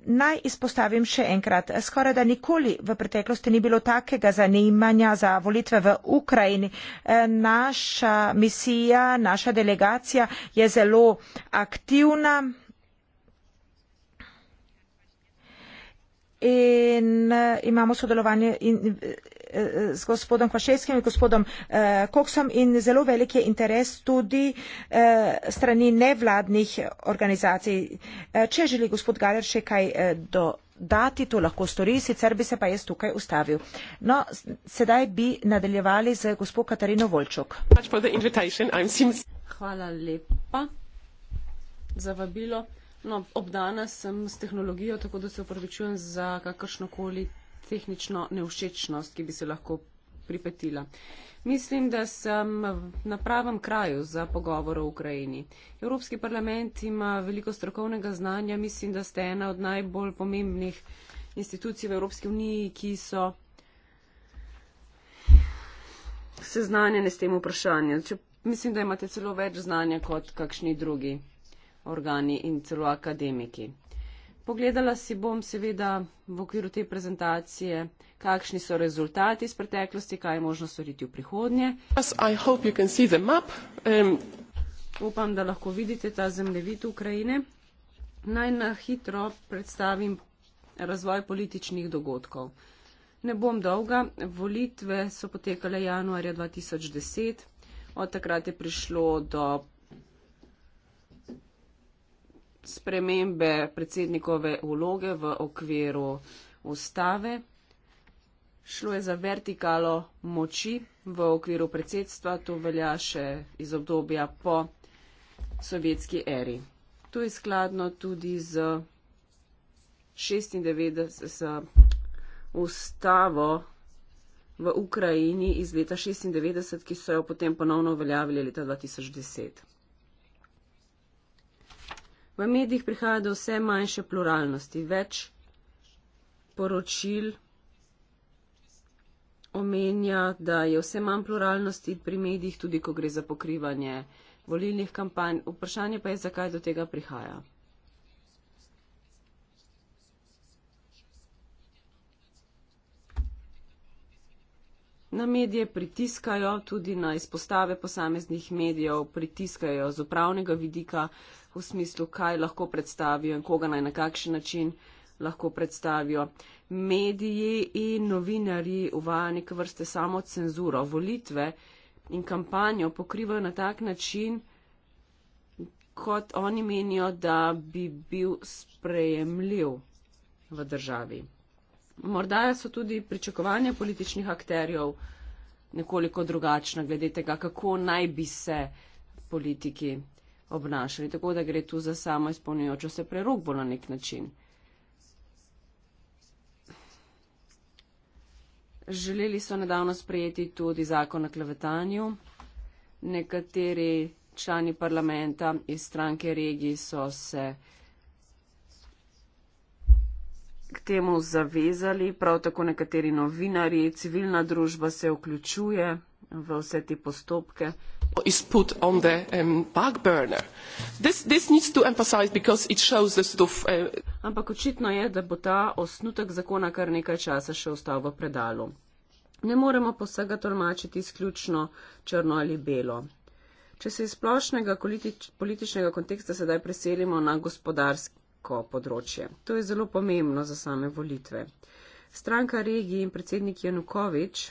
naj izpostavim še enkrat, skoraj da nikoli v preteklosti ni bilo takega zanimanja za volitve v Ukrajini. E, naša misija, naša delegacija je zelo aktivna. In e, imamo sodelovanje z gospodom Kvaševskim in gospodom eh, Koksom in zelo velik je interes tudi eh, strani nevladnih organizacij. Eh, če želi gospod Galer še kaj do dati, to lahko stori, sicer bi se pa jaz tukaj ustavil. No, sedaj bi nadaljevali z gospod Katarino Volčuk. Hvala lepa za vabilo. No, obdana sem s tehnologijo, tako da se upravičujem za kakršnokoli tehnično nevšečnost, ki bi se lahko pripetila. Mislim, da sem na pravem kraju za pogovor o Ukrajini. Evropski parlament ima veliko strokovnega znanja. Mislim, da ste ena od najbolj pomembnih institucij v Evropski uniji, ki so seznanjene s tem vprašanjem. Mislim, da imate celo več znanja kot kakšni drugi organi in celo akademiki. Pogledala si bom seveda v okviru te prezentacije, kakšni so rezultati iz preteklosti, kaj je možno storiti v prihodnje. Um... Upam, da lahko vidite ta zemljevid Ukrajine. Naj na hitro predstavim razvoj političnih dogodkov. Ne bom dolga. Volitve so potekale januarja 2010. Od takrat je prišlo do spremembe predsednikove vloge v okviru ustave. Šlo je za vertikalo moči v okviru predsedstva, to velja še iz obdobja po sovjetski eri. To je skladno tudi z 96. ustavo v Ukrajini iz leta 96, ki so jo potem ponovno uveljavili leta 2010. V medijih prihaja do vse manjše pluralnosti, več poročil omenja, da je vse manj pluralnosti pri medijih, tudi ko gre za pokrivanje volilnih kampanj. Vprašanje pa je, zakaj do tega prihaja. Na medije pritiskajo, tudi na izpostave posameznih medijev pritiskajo z upravnega vidika, v smislu, kaj lahko predstavijo in koga naj na kakšen način lahko predstavijo. Mediji in novinarji uvajajo neke vrste samo cenzuro. Volitve in kampanjo pokrivajo na tak način, kot oni menijo, da bi bil sprejemljiv v državi. Morda so tudi pričakovanja političnih akterjev nekoliko drugačna glede tega, kako naj bi se politiki obnašali. Tako da gre tu za samo izpolnjujočo se prerokbo na nek način. Želeli so nedavno sprejeti tudi zakon o klevetanju. Nekateri člani parlamenta iz stranke regiji so se k temu zavezali, prav tako nekateri novinari, civilna družba se vključuje v vse te postopke is put on the um, back burner. This, this needs to emphasize because it shows the sort of. Uh, Ampak očitno je, da bo ta osnutek zakona kar nekaj časa še ostal v predalu. Ne moremo pa vsega tolmačiti izključno črno ali belo. Če se iz splošnega politič, političnega konteksta sedaj preselimo na gospodarsko področje, to je zelo pomembno za same volitve. Stranka regiji in predsednik Janukovič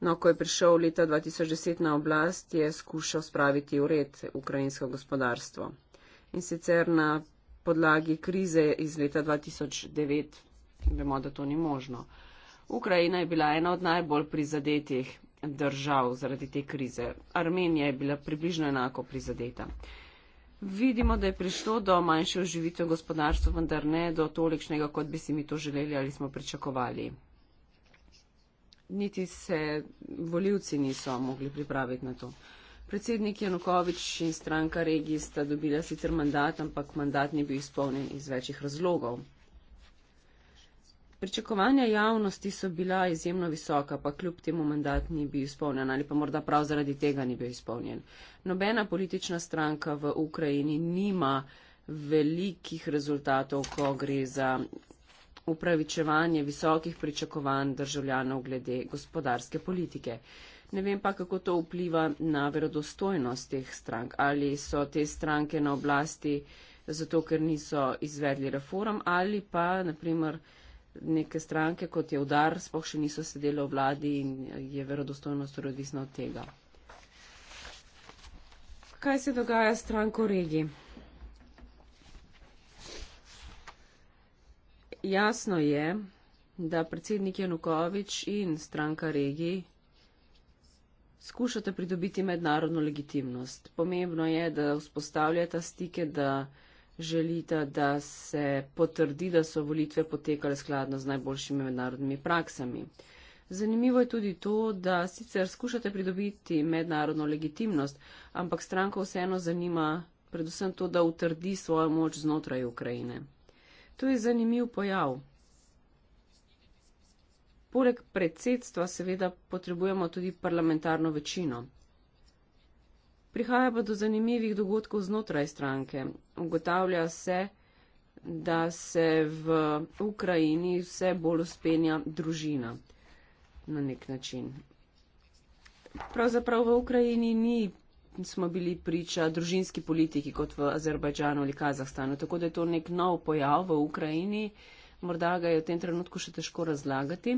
No, ko je prišel leta 2010 na oblast, je skušal spraviti v red ukrajinsko gospodarstvo. In sicer na podlagi krize iz leta 2009, vemo, da to ni možno. Ukrajina je bila ena od najbolj prizadetih držav zaradi te krize. Armenija je bila približno enako prizadeta. Vidimo, da je prišlo do manjše oživitve gospodarstva, vendar ne do tolikšnega, kot bi si mi to želeli ali smo pričakovali niti se voljivci niso mogli pripraviti na to. Predsednik Janukovič in stranka regij sta dobila sicer mandat, ampak mandat ni bil izpolnjen iz večjih razlogov. Pričakovanja javnosti so bila izjemno visoka, pa kljub temu mandat ni bil izpolnjen ali pa morda prav zaradi tega ni bil izpolnjen. Nobena politična stranka v Ukrajini nima velikih rezultatov, ko gre za upravičevanje visokih pričakovanj državljanov glede gospodarske politike. Ne vem pa, kako to vpliva na verodostojnost teh strank. Ali so te stranke na oblasti zato, ker niso izvedli reform ali pa, naprimer, neke stranke, kot je udar, spoh še niso sedele v vladi in je verodostojnost odvisna od tega. Kaj se dogaja s stranko regiji? jasno je, da predsednik Janukovič in stranka regiji skušate pridobiti mednarodno legitimnost. Pomembno je, da vzpostavljate stike, da želite, da se potrdi, da so volitve potekale skladno z najboljšimi mednarodnimi praksami. Zanimivo je tudi to, da sicer skušate pridobiti mednarodno legitimnost, ampak stranko vseeno zanima predvsem to, da utrdi svojo moč znotraj Ukrajine. To je zanimiv pojav. Poleg predsedstva seveda potrebujemo tudi parlamentarno večino. Prihaja pa do zanimivih dogodkov znotraj stranke. Ugotavlja se, da se v Ukrajini vse bolj uspenja družina na nek način. Pravzaprav v Ukrajini ni smo bili priča družinski politiki kot v Azerbajdžanu ali Kazahstanu. Tako da je to nek nov pojav v Ukrajini, morda ga je v tem trenutku še težko razlagati.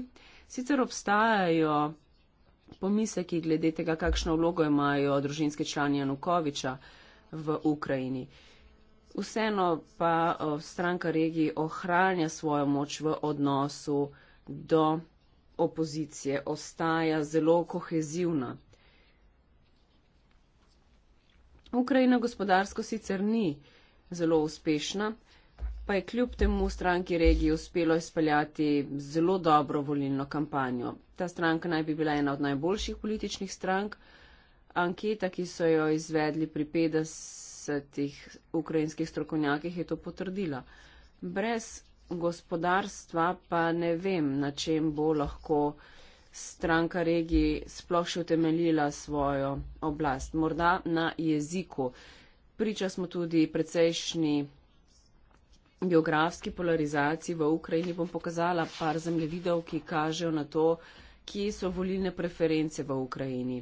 Sicer obstajajo pomisleki glede tega, kakšno vlogo imajo družinske člani Janukoviča v Ukrajini. Vseeno pa stranka regiji ohranja svojo moč v odnosu do opozicije, ostaja zelo kohezivna. Ukrajina gospodarsko sicer ni zelo uspešna, pa je kljub temu stranki regiji uspelo izpeljati zelo dobro volilno kampanjo. Ta stranka naj bi bila ena od najboljših političnih strank. Anketa, ki so jo izvedli pri 50 ukrajinskih strokovnjakih, je to potrdila. Brez gospodarstva pa ne vem, na čem bo lahko uh, stranka regiji sploh še utemeljila svojo oblast, morda na jeziku. Priča smo tudi precejšnji geografski polarizaciji v Ukrajini. Bom pokazala par zemljevidov, ki kažejo na to, kje so volilne preference v Ukrajini.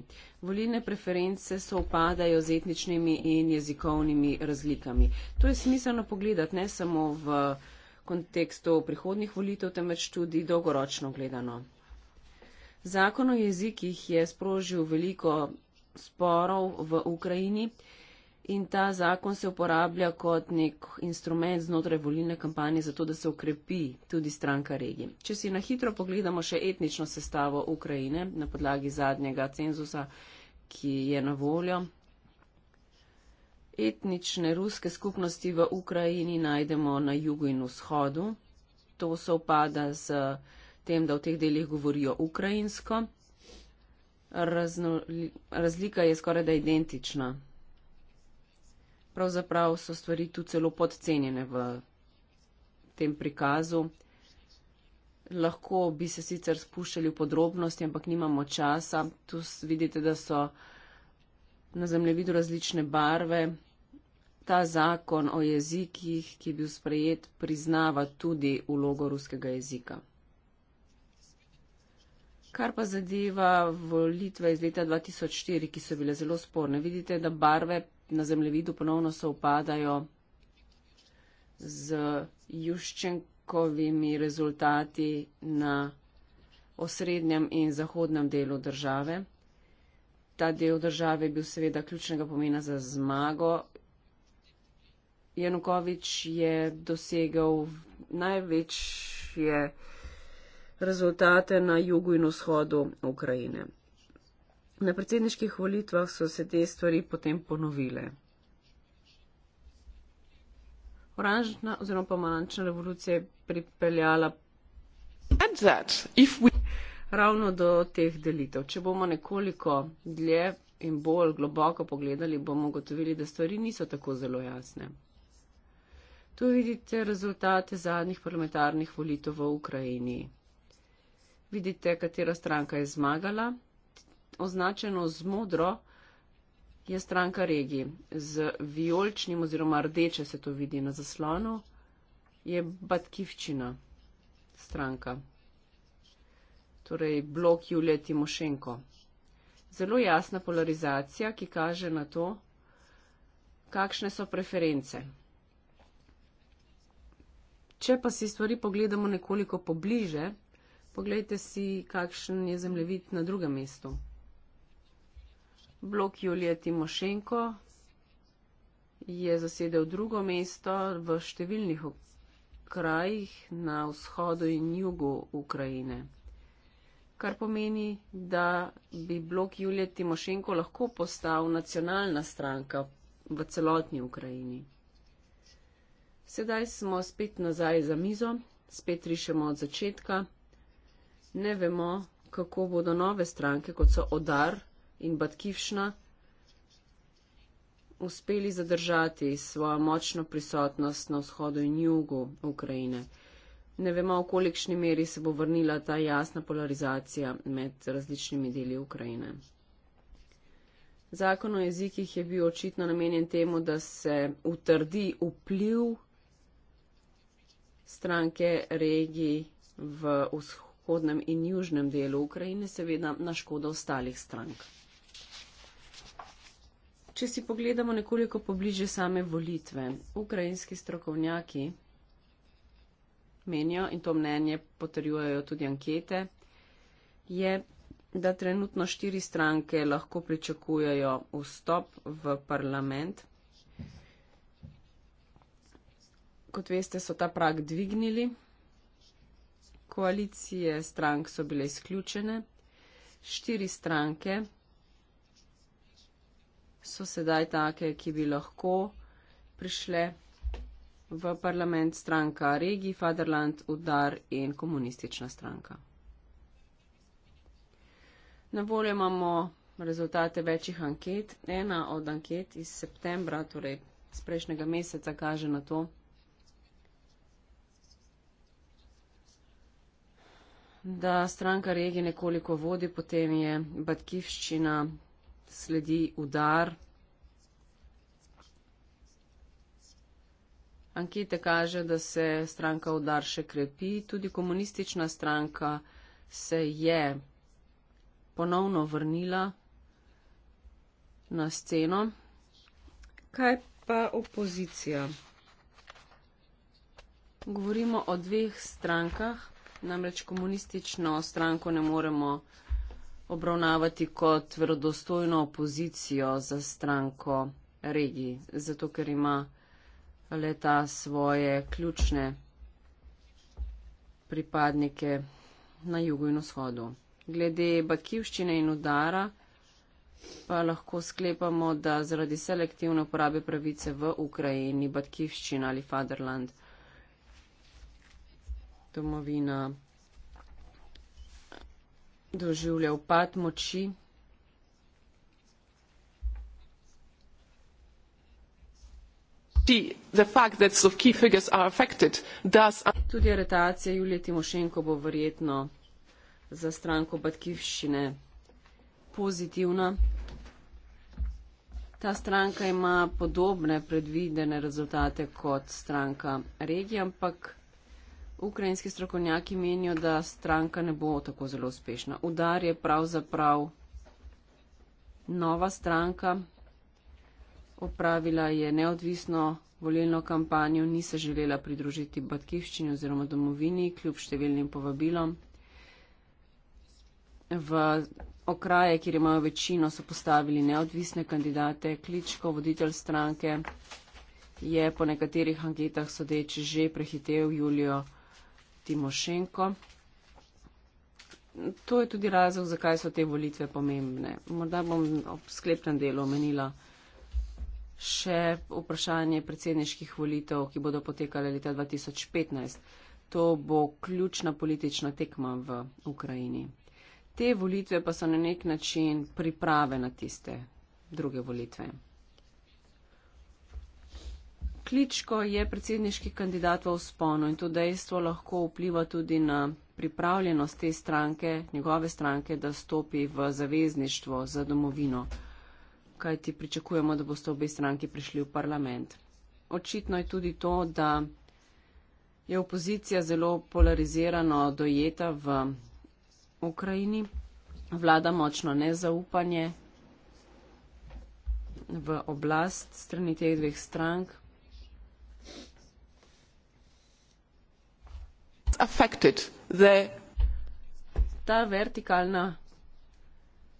Volilne preference se upadajo z etničnimi in jezikovnimi razlikami. To je smiselno pogledati ne samo v kontekstu prihodnih volitev, temveč tudi dolgoročno gledano. Zakon o jezikih je sprožil veliko sporov v Ukrajini in ta zakon se uporablja kot nek instrument znotraj volilne kampanje za to, da se ukrepi tudi stranka regije. Če si na hitro pogledamo še etnično sestavo Ukrajine na podlagi zadnjega cenzusa, ki je na voljo. Etnične ruske skupnosti v Ukrajini najdemo na jugu in vzhodu. To se upada z tem, da v teh delih govorijo ukrajinsko. Razno, razlika je skoraj da identična. Pravzaprav so stvari tu celo podcenjene v tem prikazu. Lahko bi se sicer spuščali v podrobnosti, ampak nimamo časa. Tu vidite, da so na zemljevidu različne barve. Ta zakon o jezikih, ki je bil sprejet, priznava tudi ulogo ruskega jezika. Kar pa zadeva volitve iz leta 2004, ki so bile zelo sporne. Vidite, da barve na zemljevidu ponovno se upadajo z Juščenkovimi rezultati na osrednjem in zahodnem delu države. Ta del države je bil seveda ključnega pomena za zmago. Janukovič je dosegel največje rezultate na jugu in vzhodu Ukrajine. Na predsedniških volitvah so se te stvari potem ponovile. Oranžna oziroma pomarančna revolucija je pripeljala that, we... ravno do teh delitev. Če bomo nekoliko dlje in bolj globoko pogledali, bomo gotovili, da stvari niso tako zelo jasne. Tu vidite rezultate zadnjih parlamentarnih volitev v Ukrajini vidite, katera stranka je zmagala. Označeno z modro je stranka regi. Z vijoličnim oziroma rdeče se to vidi na zaslonu, je Batkivčina stranka. Torej blok Julije Timošenko. Zelo jasna polarizacija, ki kaže na to, kakšne so preference. Če pa si stvari pogledamo nekoliko pobliže, Poglejte si, kakšen je zemljevid na drugem mestu. Blok Julije Timošenko je zasedel drugo mesto v številnih krajih na vzhodu in jugu Ukrajine. Kar pomeni, da bi blok Julije Timošenko lahko postal nacionalna stranka v celotni Ukrajini. Sedaj smo spet nazaj za mizo, spet rišemo od začetka ne vemo, kako bodo nove stranke, kot so Odar in Batkivšna, uspeli zadržati svojo močno prisotnost na vzhodu in jugu Ukrajine. Ne vemo, v kolikšni meri se bo vrnila ta jasna polarizacija med različnimi deli Ukrajine. Zakon o jezikih je bil očitno namenjen temu, da se utrdi vpliv stranke regij v vzhodu vzhodnem in južnem delu Ukrajine, seveda na škodo ostalih strank. Če si pogledamo nekoliko pobliže same volitve, ukrajinski strokovnjaki menijo in to mnenje potrjujejo tudi ankete, je, da trenutno štiri stranke lahko pričakujejo vstop v parlament. Kot veste, so ta prag dvignili koalicije strank so bile izključene, štiri stranke so sedaj take, ki bi lahko prišle v parlament stranka Regi, Faderland, Udar in komunistična stranka. Na voljo imamo rezultate večjih anket. Ena od anket iz septembra, torej iz prejšnjega meseca, kaže na to, da stranka regije nekoliko vodi, potem je Batkivščina, sledi udar. Ankete kaže, da se stranka udar še krepi, tudi komunistična stranka se je ponovno vrnila na sceno. Kaj pa opozicija? Govorimo o dveh strankah, namreč komunistično stranko ne moremo obravnavati kot verodostojno opozicijo za stranko regiji, zato ker ima leta svoje ključne pripadnike na jugu in vzhodu. Glede bakivščine in udara pa lahko sklepamo, da zaradi selektivne uporabe pravice v Ukrajini bakivščina ali Faderland domovina doživlja upad moči. The fact that so key figures are affected does. Uh, Tudi aretacija Julije Timošenko bo verjetno za stranko Batkivšine pozitivna. Ta stranka ima podobne predvidene rezultate kot stranka regije, ampak. Ukrajinski strokovnjaki menijo, da stranka ne bo tako zelo uspešna. Udar je pravzaprav nova stranka, opravila je neodvisno volilno kampanjo, ni se želela pridružiti Batkivščini oziroma domovini, kljub številnim povabilom. V okraje, kjer imajo večino, so postavili neodvisne kandidate, kličko voditelj stranke je po nekaterih anketah sodeč že prehitev Julijo. Timošenko. To je tudi razlog, zakaj so te volitve pomembne. Morda bom ob sklepnem delu omenila še vprašanje predsedniških volitev, ki bodo potekale leta 2015. To bo ključna politična tekma v Ukrajini. Te volitve pa so na nek način priprave na tiste druge volitve. Kličko je predsedniški kandidat v usponu in to dejstvo lahko vpliva tudi na pripravljenost te stranke, njegove stranke, da stopi v zavezništvo za domovino, kaj ti pričakujemo, da boste obe stranki prišli v parlament. Očitno je tudi to, da je opozicija zelo polarizirano dojeta v Ukrajini, vlada močno nezaupanje v oblast strani teh dveh strank. affected the ta vertikalna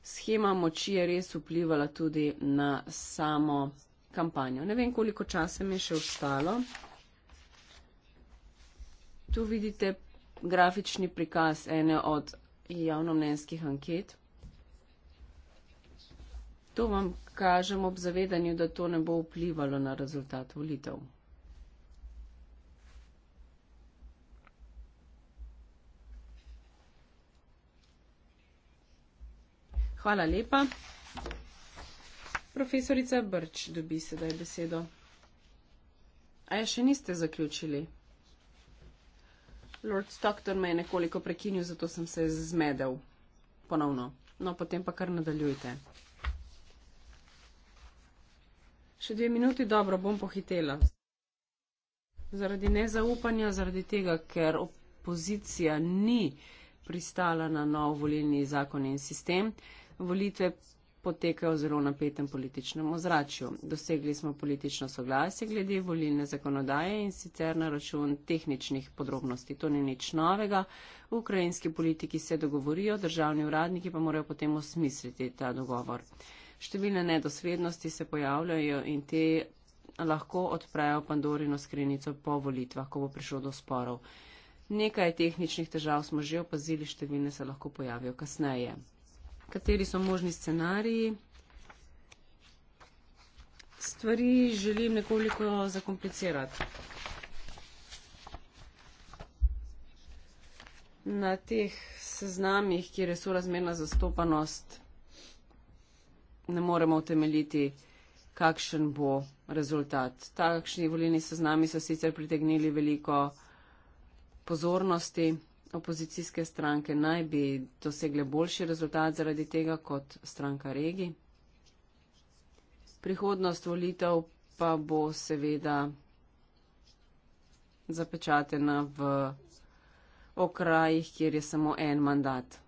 schema moči je res vplivala tudi na samo kampanjo. Ne vem, koliko časa mi je še ostalo. Tu vidite grafični prikaz ene od javnomnenjskih anket. To vam kažem ob zavedanju, da to ne bo vplivalo na rezultat volitev. Hvala lepa. Profesorica Brč dobi sedaj besedo. A je še niste zaključili? Lord Stockton me je nekoliko prekinil, zato sem se zmedel ponovno. No, potem pa kar nadaljujte. Še dve minuti, dobro, bom pohitela. Zaradi nezaupanja, zaradi tega, ker opozicija ni pristala na nov volilni zakon in sistem, Volitve potekajo v zelo napetem političnem ozračju. Dosegli smo politično soglasje glede volilne zakonodaje in sicer na račun tehničnih podrobnosti. To ni nič novega. Ukrajinski politiki se dogovorijo, državni uradniki pa morajo potem osmisliti ta dogovor. Številne nedoslednosti se pojavljajo in te lahko odprejo Pandorino skrinico po volitvah, ko bo prišlo do sporov. Nekaj tehničnih težav smo že opazili, številne se lahko pojavijo kasneje kateri so možni scenariji. Stvari želim nekoliko zakomplicirati. Na teh seznamih, kjer je sorazmerna zastopanost, ne moremo utemeljiti, kakšen bo rezultat. Takšni volilni seznami so sicer pritegnili veliko pozornosti opozicijske stranke naj bi dosegle boljši rezultat zaradi tega kot stranka regi. Prihodnost volitev pa bo seveda zapečatena v okrajih, kjer je samo en mandat.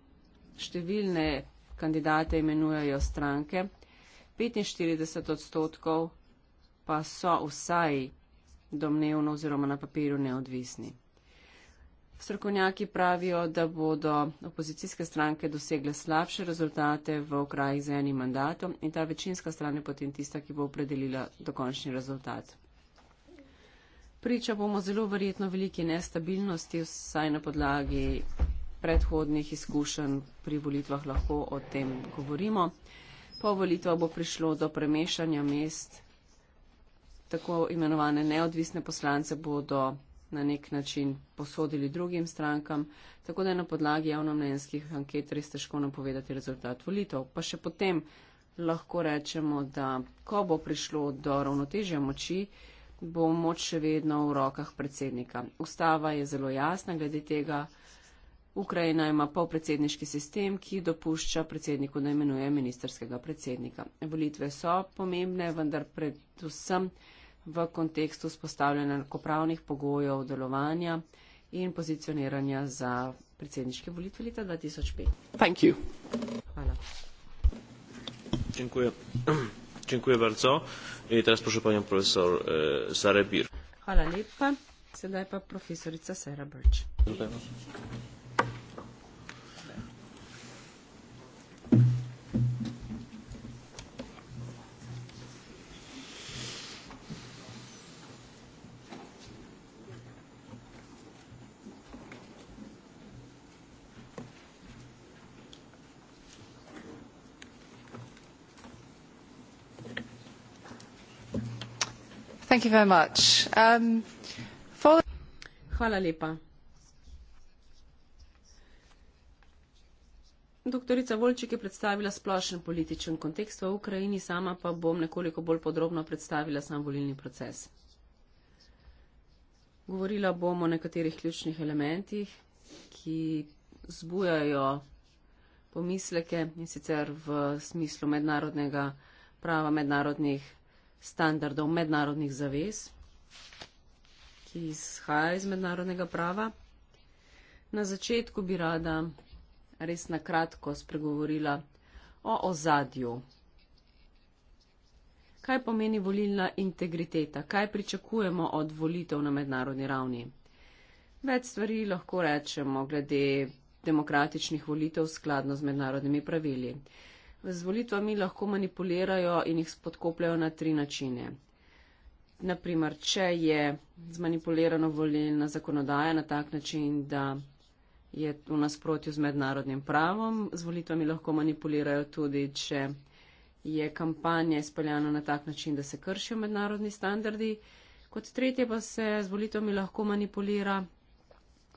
Številne kandidate imenujejo stranke, 45 odstotkov pa so vsaj domnevno oziroma na papirju neodvisni. Strokovnjaki pravijo, da bodo opozicijske stranke dosegle slabše rezultate v okrajih z enim mandatom in ta večinska stran je potem tista, ki bo opredelila dokončni rezultat. Priča bomo zelo verjetno veliki nestabilnosti, vsaj na podlagi predhodnih izkušenj pri volitvah lahko o tem govorimo. Po volitvah bo prišlo do premešanja mest, tako imenovane neodvisne poslance bodo na nek način posodili drugim strankam, tako da je na podlagi javnomnenjskih anket res težko napovedati rezultat volitev. Pa še potem lahko rečemo, da ko bo prišlo do ravnotežja moči, bo moč še vedno v rokah predsednika. Ustava je zelo jasna glede tega. Ukrajina ima polpredsedniški sistem, ki dopušča predsedniku, da imenuje ministerskega predsednika. Volitve so pomembne, vendar predvsem v kontekstu spostavljanja enakopravnih pogojev delovanja in pozicioniranja za predsedniške volitve leta 2005. Hvala. Dziękuję. Dziękuję bardzo. I teraz proszę panią profesor e, Sarę Bir. Hvala lepa. Sedaj pa profesorica Sarah Birch. Dziękuję. Um, Doktorica Volček je predstavila splošen političen kontekst v Ukrajini, sama pa bom nekoliko bolj podrobno predstavila sam volilni proces. Govorila bom o nekaterih ključnih elementih, ki zbujajo pomisleke in sicer v smislu mednarodnega prava, mednarodnih standardov mednarodnih zavez, ki izhaja iz mednarodnega prava. Na začetku bi rada res na kratko spregovorila o ozadju. Kaj pomeni volilna integriteta? Kaj pričakujemo od volitev na mednarodni ravni? Več stvari lahko rečemo glede demokratičnih volitev skladno z mednarodnimi pravili z volitvami lahko manipulirajo in jih spodkopljajo na tri načine. Naprimer, če je zmanipulirano volilna zakonodaja na tak način, da je v nasprotju z mednarodnim pravom, z volitvami lahko manipulirajo tudi, če je kampanja izpeljana na tak način, da se kršijo mednarodni standardi. Kot tretje pa se z volitvami lahko manipulira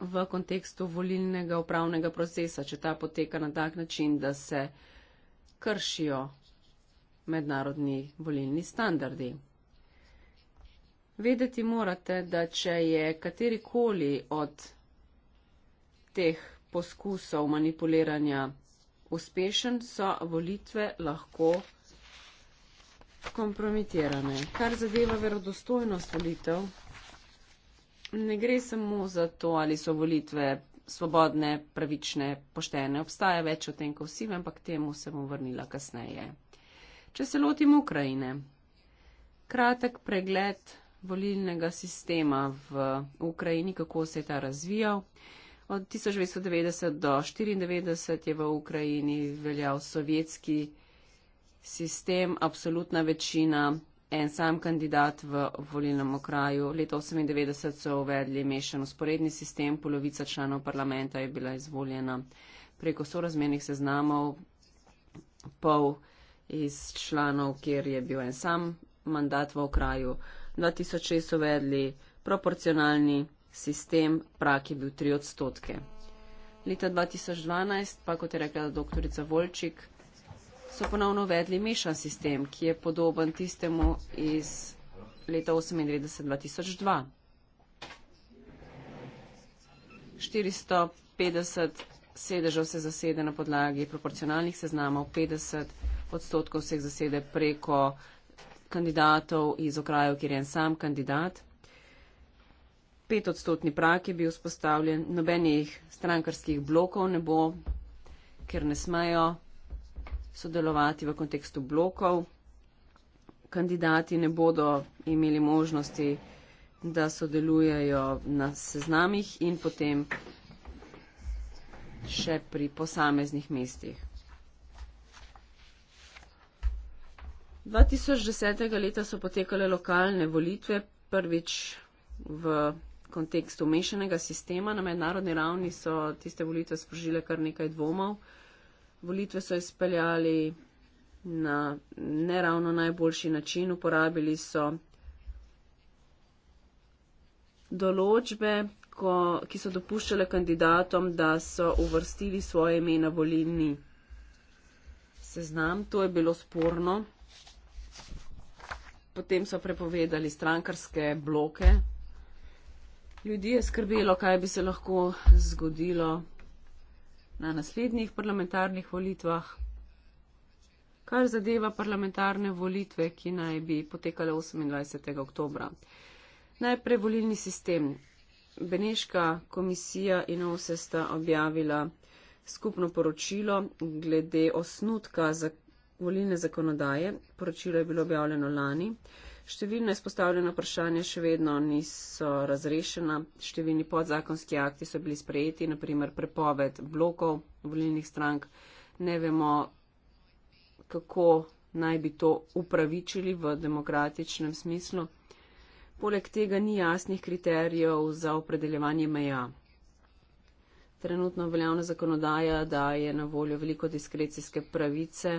v kontekstu volilnega upravnega procesa, če ta poteka na tak način, da se kršijo mednarodni volilni standardi. Vedeti morate, da če je katerikoli od teh poskusov manipuliranja uspešen, so volitve lahko kompromitirane. Kar zadeva verodostojnost volitev, ne gre samo za to, ali so volitve svobodne, pravične, poštene. Obstaja več o tem, ko vsi, ampak temu se bom vrnila kasneje. Če se lotim Ukrajine. Kratek pregled volilnega sistema v Ukrajini, kako se je ta razvijal. Od 1990 do 1994 je v Ukrajini veljal sovjetski sistem, absolutna večina en sam kandidat v volilnem okraju. Leta 1998 so uvedli mešan usporedni sistem, polovica članov parlamenta je bila izvoljena preko sorazmernih seznamov, pol iz članov, kjer je bil en sam mandat v okraju. 2006 so uvedli proporcionalni sistem, prak je bil 3 odstotke. Leta 2012 pa, kot je rekla doktorica Volčik, so ponovno uvedli mešan sistem, ki je podoben tistemu iz leta 1998-2002. 450 sedežev se zasede na podlagi proporcionalnih seznamov, 50 odstotkov se zasede preko kandidatov iz okrajev, kjer je en sam kandidat. Petodstotni prak je bil spostavljen, nobenih strankarskih blokov ne bo, ker ne smejo sodelovati v kontekstu blokov. Kandidati ne bodo imeli možnosti, da sodelujejo na seznamih in potem še pri posameznih mestih. 2010. leta so potekale lokalne volitve, prvič v kontekstu mešanega sistema. Na mednarodni ravni so tiste volitve sprožile kar nekaj dvomov. Volitve so izpeljali na neravno najboljši način, uporabili so določbe, ko, ki so dopuščale kandidatom, da so uvrstili svoje ime na volilni seznam. To je bilo sporno. Potem so prepovedali strankarske bloke. Ljudje je skrbelo, kaj bi se lahko zgodilo na naslednjih parlamentarnih volitvah. Kar zadeva parlamentarne volitve, ki naj bi potekale 28. oktober. Najprej volilni sistem. Beneška komisija in OSESTA objavila skupno poročilo glede osnutka za volilne zakonodaje. Poročilo je bilo objavljeno lani. Številne izpostavljene vprašanja še vedno niso razrešena, številni podzakonski akti so bili sprejeti, naprimer prepoved blokov volilnih strank. Ne vemo, kako naj bi to upravičili v demokratičnem smislu. Poleg tega ni jasnih kriterijev za opredeljevanje meja. Trenutno veljavna zakonodaja daje na voljo veliko diskrecijske pravice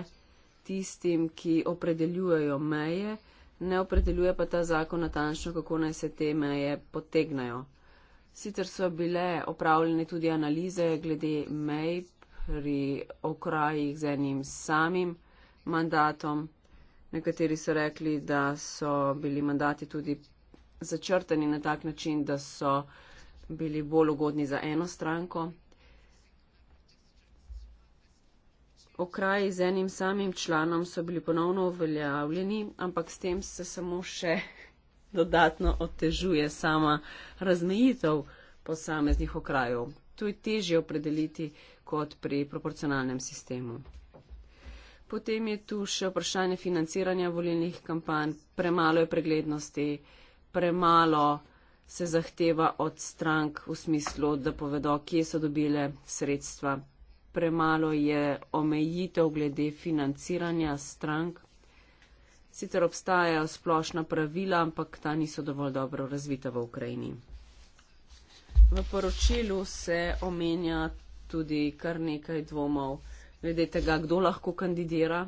tistim, ki opredeljujejo meje ne opredeljuje pa ta zakon natančno, kako naj se te meje potegnajo. Sicer so bile opravljene tudi analize glede mej pri okrajih z enim samim mandatom. Nekateri so rekli, da so bili mandati tudi začrtani na tak način, da so bili bolj ugodni za eno stranko. okraji z enim samim članom so bili ponovno uveljavljeni, ampak s tem se samo še dodatno otežuje sama razmejitev posameznih okrajev. To je težje opredeliti kot pri proporcionalnem sistemu. Potem je tu še vprašanje financiranja volilnih kampanj, premalo je preglednosti, premalo se zahteva od strank v smislu, da povedo, kje so dobile sredstva, premalo je omejitev glede financiranja strank. Sicer obstajajo splošna pravila, ampak ta niso dovolj dobro razvita v Ukrajini. V poročilu se omenja tudi kar nekaj dvomov glede tega, kdo lahko kandidira.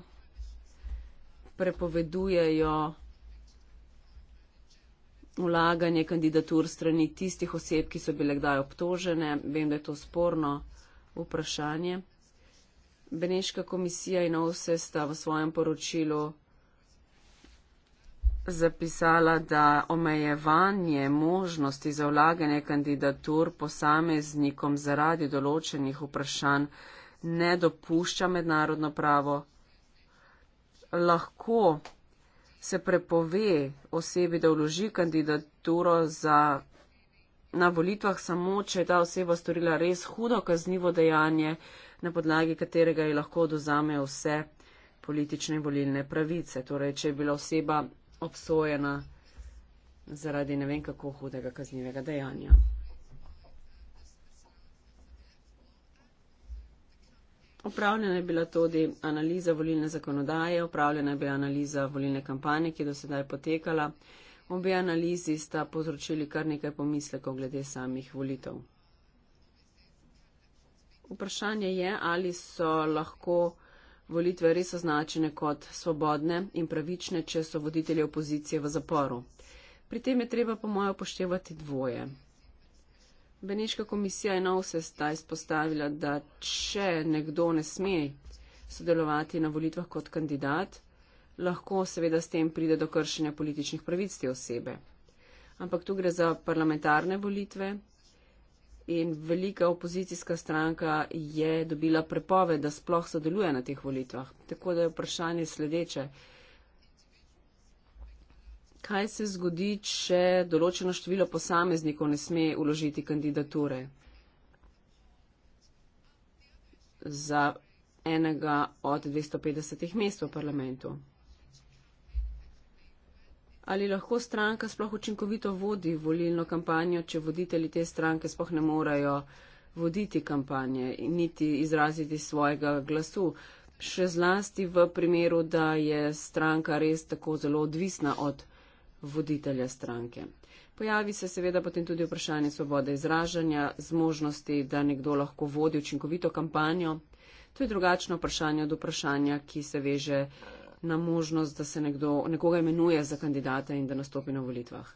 Prepovedujejo vlaganje kandidatur strani tistih oseb, ki so bile kdaj obtožene. Vem, da je to sporno vprašanje. Beneška komisija in OVSE sta v svojem poročilu zapisala, da omejevanje možnosti za vlaganje kandidatur posameznikom zaradi določenih vprašanj ne dopušča mednarodno pravo. Lahko se prepove osebi, da vloži kandidaturo za na volitvah samo, če je ta oseba storila res hudo kaznivo dejanje, na podlagi katerega ji lahko oduzamejo vse politične in volilne pravice. Torej, če je bila oseba obsojena zaradi ne vem kako hudega kaznivega dejanja. Upravljena je bila tudi analiza volilne zakonodaje, upravljena je bila analiza volilne kampanje, ki je do sedaj potekala. Obe analizi sta povzročili kar nekaj pomislekov glede samih volitev. Vprašanje je, ali so lahko volitve res označene kot svobodne in pravične, če so voditelji opozicije v zaporu. Pri tem je treba, po mojem, upoštevati dvoje. Beneška komisija je na vse staj spostavila, da če nekdo ne sme sodelovati na volitvah kot kandidat, lahko seveda s tem pride do kršenja političnih pravic te osebe. Ampak tu gre za parlamentarne volitve in velika opozicijska stranka je dobila prepove, da sploh sodeluje na teh volitvah. Tako da je vprašanje sledeče. Kaj se zgodi, če določeno število posameznikov ne sme uložiti kandidature za enega od 250 mest v parlamentu? ali lahko stranka sploh učinkovito vodi volilno kampanjo, če voditelji te stranke sploh ne morajo voditi kampanje in niti izraziti svojega glasu. Še zlasti v primeru, da je stranka res tako zelo odvisna od voditelja stranke. Pojavi se seveda potem tudi vprašanje svobode izražanja, zmožnosti, da nekdo lahko vodi učinkovito kampanjo. To je drugačno vprašanje od vprašanja, ki se veže na možnost, da se nekdo, nekoga imenuje za kandidata in da nastopi na volitvah?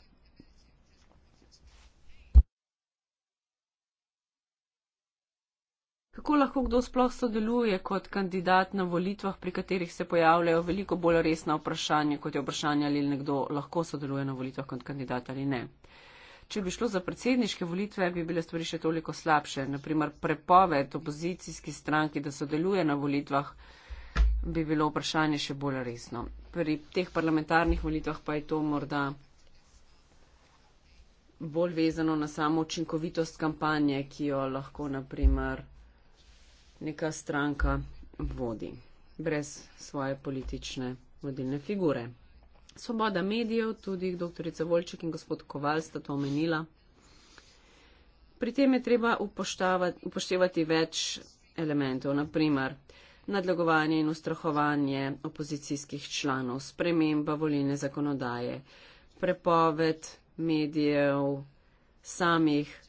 Kako lahko kdo sploh sodeluje kot kandidat na volitvah, pri katerih se pojavljajo veliko bolj resna vprašanja, kot je vprašanje, ali nekdo lahko sodeluje na volitvah kot kandidat ali ne? Če bi šlo za predsedniške volitve, bi bile stvari še toliko slabše. Naprimer, prepoved opozicijski stranki, da sodeluje na volitvah, bi bilo vprašanje še bolj resno. Pri teh parlamentarnih volitvah pa je to morda bolj vezano na samo učinkovitost kampanje, ki jo lahko naprimer neka stranka vodi brez svoje politične vodilne figure. Svoboda medijev, tudi dr. Volček in gospod Koval sta to omenila. Pri tem je treba upoštevati več elementov. Naprimer, nadlegovanje in ustrahovanje opozicijskih članov, sprememba volilne zakonodaje, prepoved medijev samih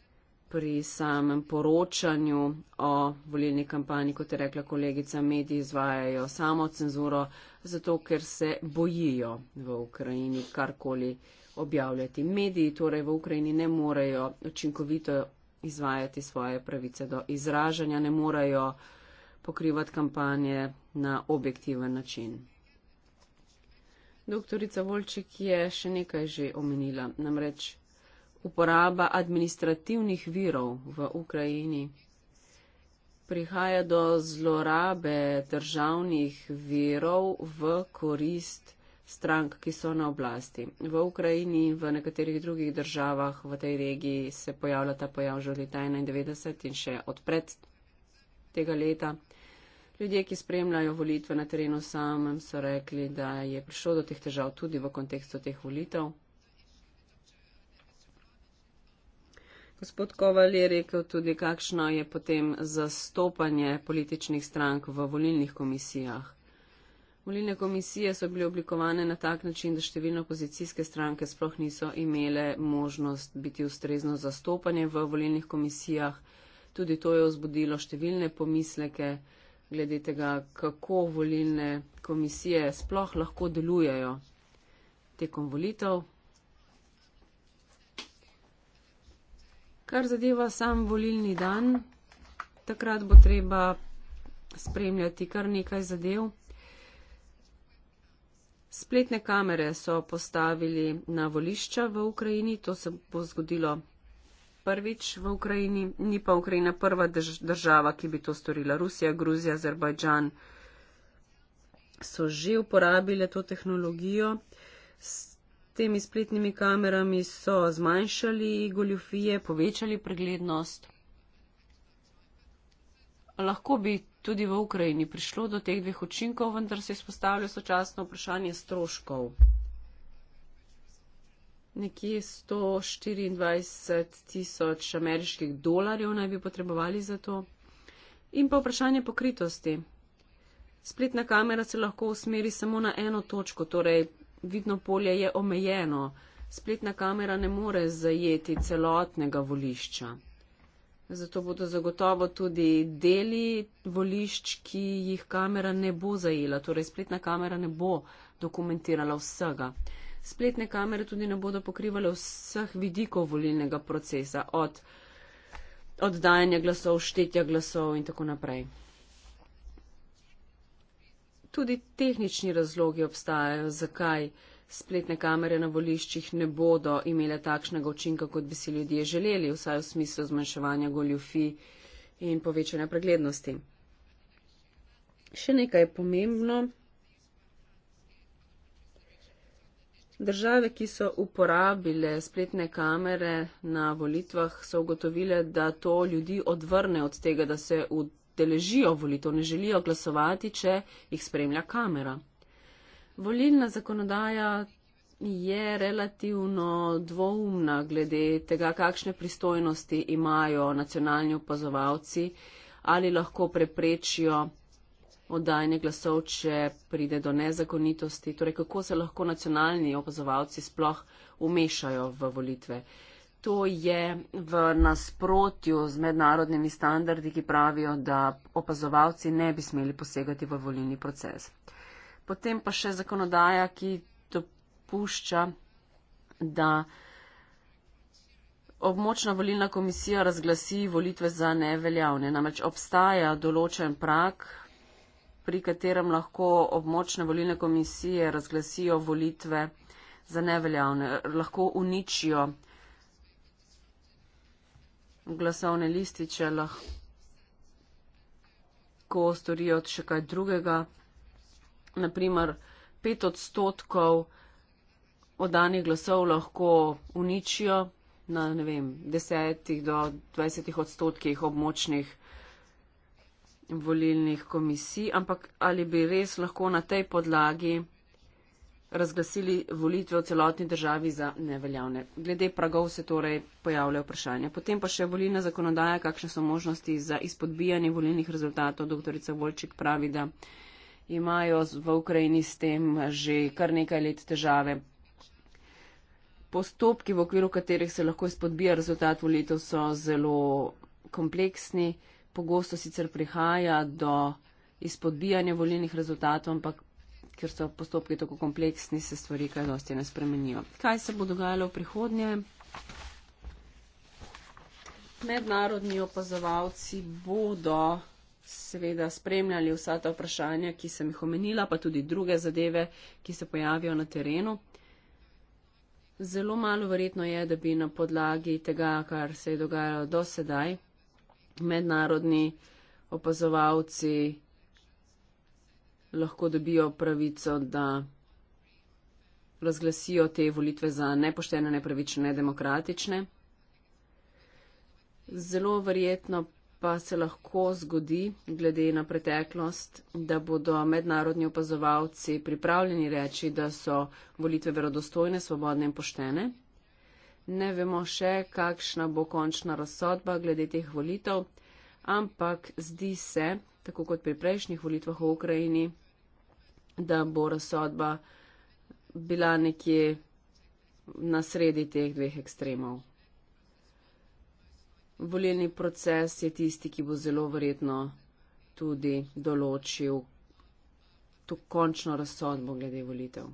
pri samem poročanju o volilni kampanji, kot je rekla kolegica, mediji izvajajo samo cenzuro, zato ker se bojijo v Ukrajini karkoli objavljati. Mediji torej v Ukrajini ne morejo učinkovito izvajati svoje pravice do izražanja, ne morejo uh, pokrivati kampanje na objektiven način. Doktorica Volček je še nekaj že omenila, namreč uporaba administrativnih virov v Ukrajini prihaja do zlorabe državnih virov v korist strank, ki so na oblasti. V Ukrajini in v nekaterih drugih državah v tej regiji se pojavlja ta pojav že od leta 1991 in še od pred tega leta. Ljudje, ki spremljajo volitve na terenu samem, so rekli, da je prišlo do teh težav tudi v kontekstu teh volitev. Gospod Koval je rekel tudi, kakšno je potem zastopanje političnih strank v volilnih komisijah. Volilne komisije so bile oblikovane na tak način, da številne opozicijske stranke sploh niso imele možnost biti ustrezno zastopanje v volilnih komisijah. Tudi to je vzbudilo številne pomisleke glede tega, kako volilne komisije sploh lahko delujejo tekom volitev. Kar zadeva sam volilni dan, takrat bo treba spremljati kar nekaj zadev. Spletne kamere so postavili na volišča v Ukrajini, to se bo zgodilo prvič v Ukrajini, ni pa Ukrajina prva drž država, ki bi to storila. Rusija, Gruzija, Azerbajdžan so že uporabile to tehnologijo. S temi spletnimi kamerami so zmanjšali goljufije, povečali preglednost. Lahko bi tudi v Ukrajini prišlo do teh dveh učinkov, vendar se izpostavlja sočasno vprašanje stroškov nekje 124 tisoč ameriških dolarjev naj bi potrebovali za to. In pa vprašanje pokritosti. Spletna kamera se lahko usmeri samo na eno točko, torej vidno polje je omejeno. Spletna kamera ne more zajeti celotnega volišča. Zato bodo zagotovo tudi deli volišč, ki jih kamera ne bo zajela, torej spletna kamera ne bo dokumentirala vsega spletne kamere tudi ne bodo pokrivale vseh vidikov volilnega procesa, od oddajanja glasov, štetja glasov in tako naprej. Tudi tehnični razlogi obstajajo, zakaj spletne kamere na voliščih ne bodo imele takšnega učinka, kot bi si ljudje želeli, vsaj v smislu zmanjševanja goljufij in povečanja preglednosti. Še nekaj je pomembno. Države, ki so uporabile spletne kamere na volitvah, so ugotovile, da to ljudi odvrne od tega, da se udeležijo volitev, ne želijo glasovati, če jih spremlja kamera. Volilna zakonodaja je relativno dvoumna glede tega, kakšne pristojnosti imajo nacionalni opazovalci ali lahko preprečijo oddajanje glasov, če pride do nezakonitosti. Torej, kako se lahko nacionalni opazovalci sploh umešajo v volitve. To je v nasprotju z mednarodnimi standardi, ki pravijo, da opazovalci ne bi smeli posegati v volilni proces. Potem pa še zakonodaja, ki dopušča, da območna volilna komisija razglasi volitve za neveljavne. Namreč obstaja določen prak pri katerem lahko območne volilne komisije razglasijo volitve za neveljavne, lahko uničijo glasovne lističe, lahko storijo še kaj drugega. Naprimer, pet odstotkov oddanih glasov lahko uničijo na, ne vem, desetih do dvajsetih odstotkih območnih volilnih komisij, ampak ali bi res lahko na tej podlagi razglasili volitve v celotni državi za neveljavne. Glede pragov se torej pojavlja vprašanje. Potem pa še volilna zakonodaja, kakšne so možnosti za izpodbijanje volilnih rezultatov. Doktorica Volčik pravi, da imajo v Ukrajini s tem že kar nekaj let težave. Postopki, v okviru katerih se lahko izpodbija rezultat volitev, so zelo kompleksni pogosto sicer prihaja do izpodbijanja volilnih rezultatov, ampak ker so postopki tako kompleksni, se stvari kaj dosti ne spremenijo. Kaj se bo dogajalo v prihodnje? Mednarodni opazovalci bodo seveda spremljali vsa ta vprašanja, ki sem jih omenila, pa tudi druge zadeve, ki se pojavijo na terenu. Zelo malo verjetno je, da bi na podlagi tega, kar se je dogajalo do sedaj, mednarodni opazovalci lahko dobijo pravico, da razglasijo te volitve za nepoštene, nepravične, nedemokratične. Zelo verjetno pa se lahko zgodi, glede na preteklost, da bodo mednarodni opazovalci pripravljeni reči, da so volitve verodostojne, svobodne in poštene ne vemo še, kakšna bo končna razsodba glede teh volitev, ampak zdi se, tako kot pri prejšnjih volitvah v Ukrajini, da bo razsodba bila nekje na sredi teh dveh ekstremov. Volilni proces je tisti, ki bo zelo verjetno tudi določil to končno razsodbo glede volitev.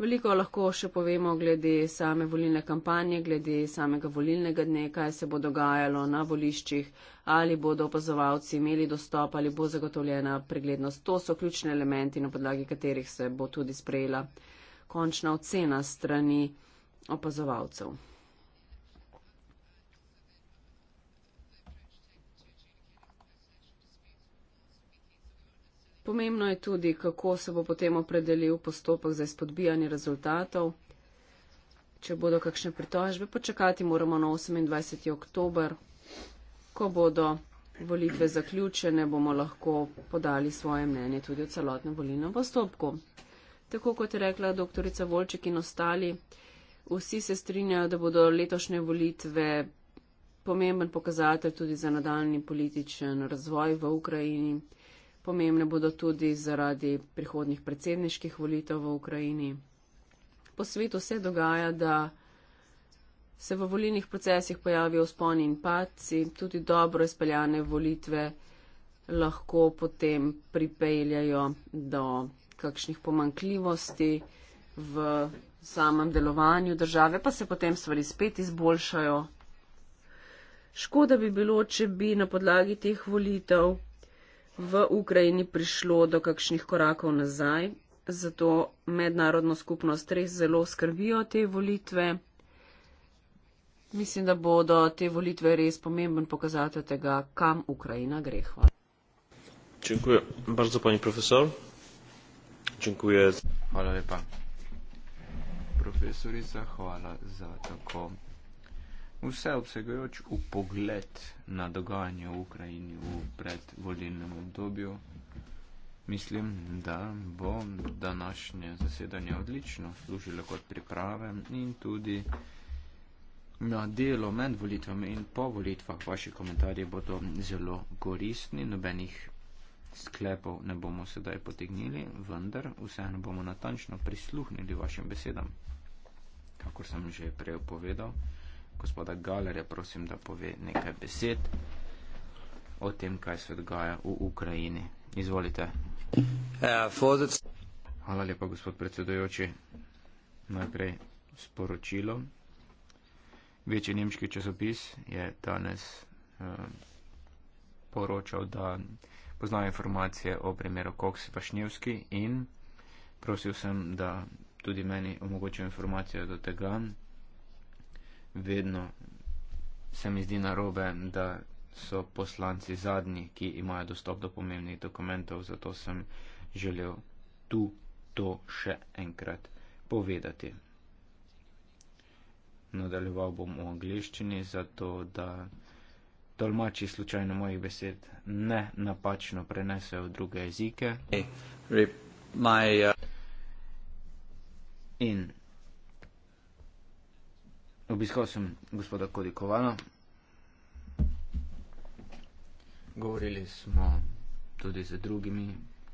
Veliko lahko še povemo glede same volilne kampanje, glede samega volilnega dne, kaj se bo dogajalo na voliščih, ali bodo opazovalci imeli dostop, ali bo zagotovljena preglednost. To so ključni elementi, na podlagi katerih se bo tudi sprejela končna ocena strani opazovalcev. Pomembno je tudi, kako se bo potem opredelil postopek za izpodbijanje rezultatov. Če bodo kakšne pritožbe, počakati moramo na 28. oktober, ko bodo volitve zaključene, bomo lahko podali svoje mnenje tudi o celotnem volilnem postopku. Tako kot je rekla doktorica Volček in ostali, vsi se strinjajo, da bodo letošnje volitve pomemben pokazatelj tudi za nadaljni političen razvoj v Ukrajini pomembne bodo tudi zaradi prihodnih predsedniških volitev v Ukrajini. Po svetu se dogaja, da se v volilnih procesih pojavijo sponi in paci, tudi dobro izpeljane volitve lahko potem pripeljajo do kakšnih pomankljivosti v samem delovanju države, pa se potem stvari spet izboljšajo. Škoda bi bilo, če bi na podlagi teh volitev v Ukrajini prišlo do kakšnih korakov nazaj, zato mednarodno skupnost res zelo skrbijo te volitve. Mislim, da bodo te volitve res pomemben pokazatelj tega, kam Ukrajina gre. Hvala. Čekuje. Bardzo pani profesor. Dziękuję. Hvala lepa. Profesorica, hvala za tako vse obsegajoč v pogled na dogajanje v Ukrajini v predvoljenem obdobju. Mislim, da bo današnje zasedanje odlično služilo kot priprave in tudi na delo med volitvami in po volitvah. Vaši komentarji bodo zelo koristni, nobenih sklepov ne bomo sedaj potegnili, vendar vseeno bomo natančno prisluhnili vašim besedam. Kakor sem že prej povedal, gospoda Galerja, prosim, da pove nekaj besed o tem, kaj se dogaja v Ukrajini. Izvolite. Ja, Hvala lepa, gospod predsedujoči. Najprej sporočilo. Večji nemški časopis je danes eh, poročal, da poznajo informacije o primeru Koks Vašnjevski in prosil sem, da tudi meni omogočijo informacije do tega, vedno se mi zdi narobe, da so poslanci zadnji, ki imajo dostop do pomembnih dokumentov, zato sem želel tu to še enkrat povedati. Nadaljeval bom v angliščini, zato da tolmači slučajno mojih besed ne napačno prenesejo v druge jezike. Hey, rip, my, uh... In Obiskal sem gospoda Kodikovana. Govorili smo tudi z drugimi,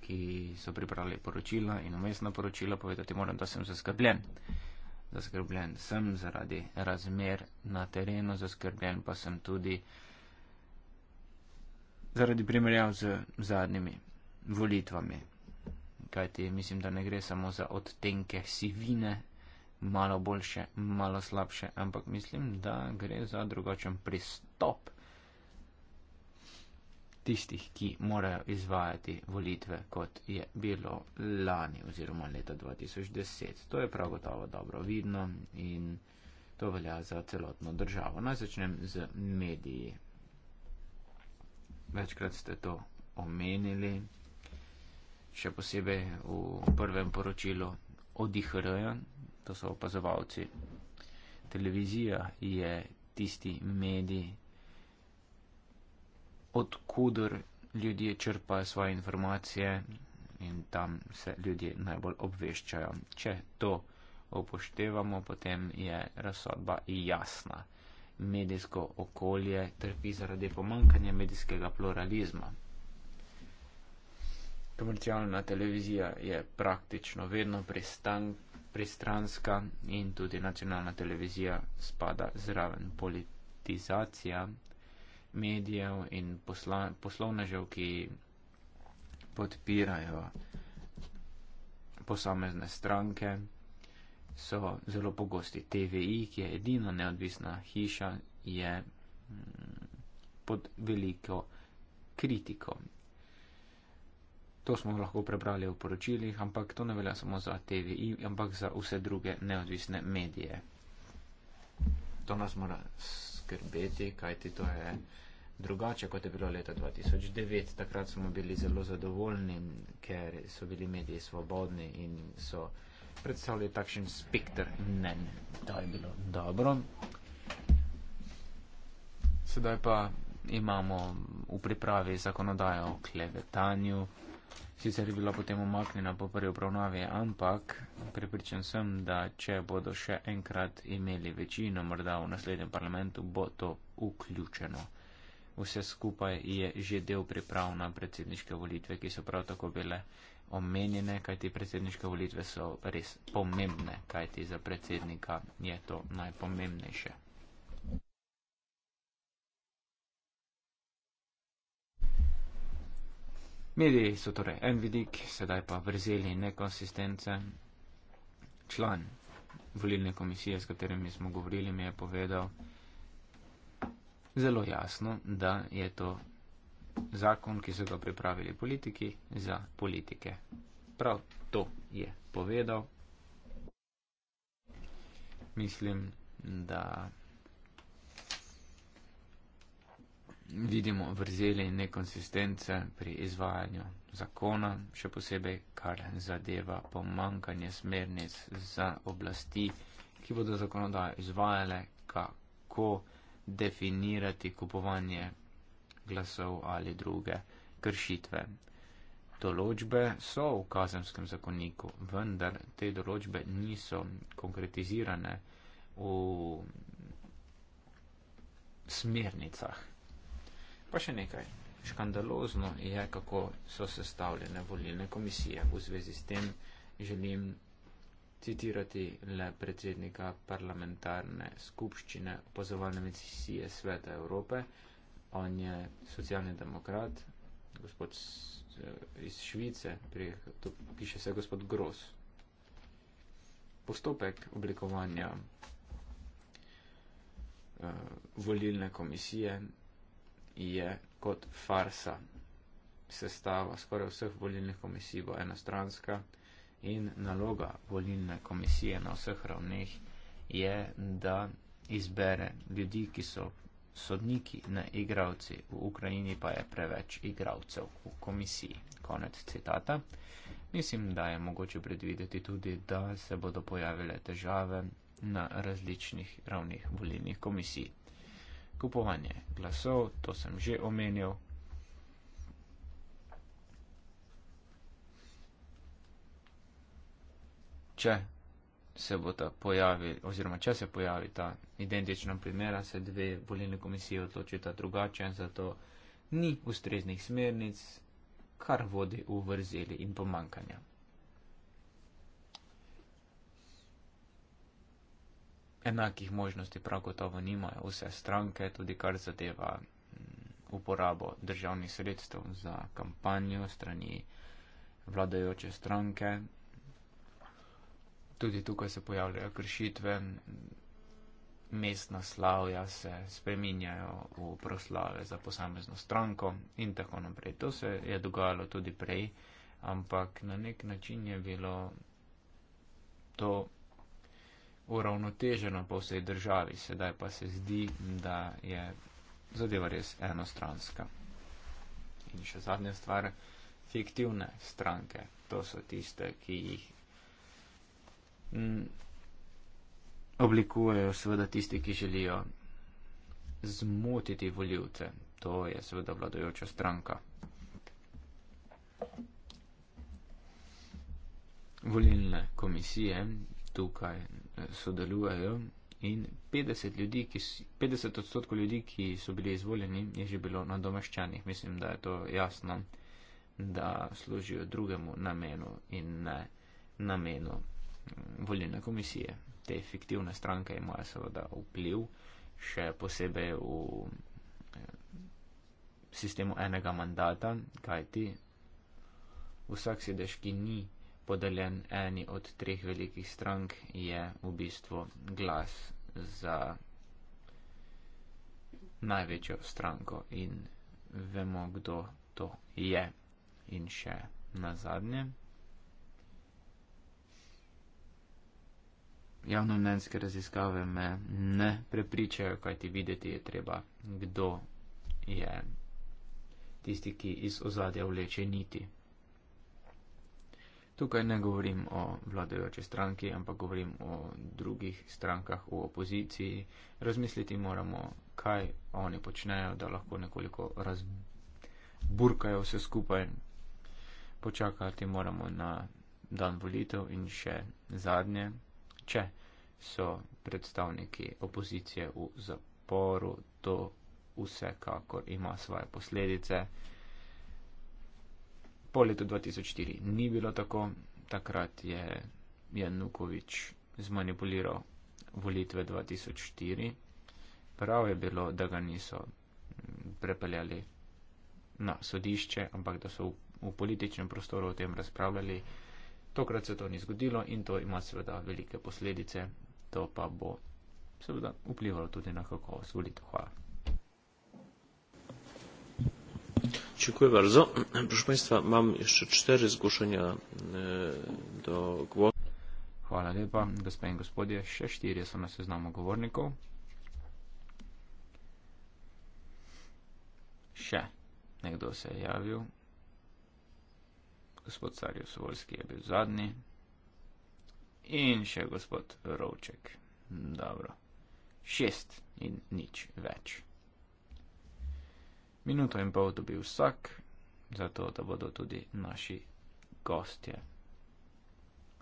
ki so pripravili poročila in umestna poročila. Povedati moram, da sem zaskrbljen. Zaskrbljen sem zaradi razmer na terenu, zaskrbljen pa sem tudi zaradi primerjav z zadnjimi volitvami. Kajti mislim, da ne gre samo za odtenke sivine malo boljše, malo slabše, ampak mislim, da gre za drugačen pristop tistih, ki morajo izvajati volitve, kot je bilo lani oziroma leta 2010. To je prav gotovo dobro vidno in to velja za celotno državo. Naj začnem z mediji. Večkrat ste to omenili, še posebej v prvem poročilu odihrajan, to so opazovalci. Televizija je tisti medij, odkudr ljudje črpajo svoje informacije in tam se ljudje najbolj obveščajo. Če to upoštevamo, potem je razsodba jasna. Medijsko okolje trpi zaradi pomankanja medijskega pluralizma. Komercialna televizija je praktično vedno pristank pristranska in tudi nacionalna televizija spada zraven politizacija medijev in posla, poslovnežev, ki podpirajo posamezne stranke, so zelo pogosti. TVI, ki je edina neodvisna hiša, je mm, pod veliko kritiko To smo lahko prebrali v poročilih, ampak to ne velja samo za TVI, ampak za vse druge neodvisne medije. To nas mora skrbeti, kajti to je drugače, kot je bilo leta 2009. Takrat smo bili zelo zadovoljni, ker so bili mediji svobodni in so predstavljali takšen spektr mnen. To je bilo dobro. Sedaj pa imamo v pripravi zakonodajo o klevetanju sicer bila potem umaknjena po prvi obravnavi, ampak prepričan sem, da če bodo še enkrat imeli večino, morda v naslednjem parlamentu, bo to vključeno. Vse skupaj je že del priprav na predsedniške volitve, ki so prav tako bile omenjene, kajti predsedniške volitve so res pomembne, kajti za predsednika je to najpomembnejše. Mediji so torej en vidik, sedaj pa vrzeli nekonsistence. Član volilne komisije, s katerimi smo govorili, mi je povedal zelo jasno, da je to zakon, ki so ga pripravili politiki za politike. Prav to je povedal. Mislim, da. vidimo vrzeli in nekonsistence pri izvajanju zakona, še posebej, kar zadeva pomankanje smernic za oblasti, ki bodo zakonodajo izvajale, kako definirati kupovanje glasov ali druge kršitve. Določbe so v kazenskem zakoniku, vendar te določbe niso konkretizirane v smernicah. Pa še nekaj. Škandalozno je, kako so sestavljene volilne komisije. V zvezi s tem želim citirati le predsednika parlamentarne skupščine opozovalne medicije Sveta Evrope. On je socialni demokrat, gospod eh, iz Švice, piše se gospod Gross. Postopek oblikovanja uh, volilne komisije je kot farsa sestava skoraj vseh volilnih komisij bo enostranska in naloga volilne komisije na vseh ravneh je, da izbere ljudi, ki so sodniki, ne igravci. V Ukrajini pa je preveč igravcev v komisiji. Konec citata. Mislim, da je mogoče predvideti tudi, da se bodo pojavile težave na različnih ravnih volilnih komisij kupovanje glasov, to sem že omenil. Če se bo ta pojavi, oziroma če se pojavi ta identična primera, se dve volilne komisije odločita drugače in zato ni ustreznih smernic, kar vodi v vrzeli in pomankanja. enakih možnosti prav gotovo nimajo vse stranke, tudi kar zadeva mm, uporabo državnih sredstev za kampanjo strani vladajoče stranke. Tudi tukaj se pojavljajo kršitve, mm, mestna slavja se spreminjajo v proslave za posamezno stranko in tako naprej. To se je dogajalo tudi prej, ampak na nek način je bilo to uravnoteženo po vsej državi, sedaj pa se zdi, da je zadeva res enostranska. In še zadnja stvar, fiktivne stranke, to so tiste, ki jih m, mm, oblikujejo seveda tisti, ki želijo zmotiti voljivce, to je seveda vladajoča stranka. Volilne komisije tukaj sodelujejo in 50, ljudi, ki, 50 odstotkov ljudi, ki so bili izvoljeni, je že bilo nadomeščanih. Mislim, da je to jasno, da služijo drugemu namenu in ne namenu mm, voljene komisije. Te fiktivne stranke imajo seveda vpliv, še posebej v eh, sistemu enega mandata, kajti vsak sedež, ki ni podeljen eni od treh velikih strank, je v bistvu glas za največjo stranko in vemo, kdo to je. In še na zadnje. Javnomnenjske raziskave me ne prepričajo, kajti videti je treba, kdo je tisti, ki iz ozadja vleče niti. Tukaj ne govorim o vladajoče stranki, ampak govorim o drugih strankah v opoziciji. Razmisliti moramo, kaj oni počnejo, da lahko nekoliko razburkajo vse skupaj. Počakati moramo na dan volitev in še zadnje, če so predstavniki opozicije v zaporu, to vsekakor ima svoje posledice po letu 2004 ni bilo tako. Takrat je Janukovič zmanipuliral volitve 2004. Prav je bilo, da ga niso mm, prepeljali na sodišče, ampak da so v, v političnem prostoru o tem razpravljali. Tokrat se to ni zgodilo in to ima seveda velike posledice. To pa bo seveda vplivalo tudi na kakovost volitev. Hvala. Dziękuję bardzo. Proszę Państwa, mam jeszcze cztery zgłoszenia e, do głosu. Hvala lepa, gospe in gospodje, še štiri so na seznamu govornikov. Še nekdo se je javil. Gospod Carjev Svoljski je bil zadnji. In še gospod Rovček. Dobro. Šest in nič več minuto in pol dobi vsak, zato da bodo tudi naši gostje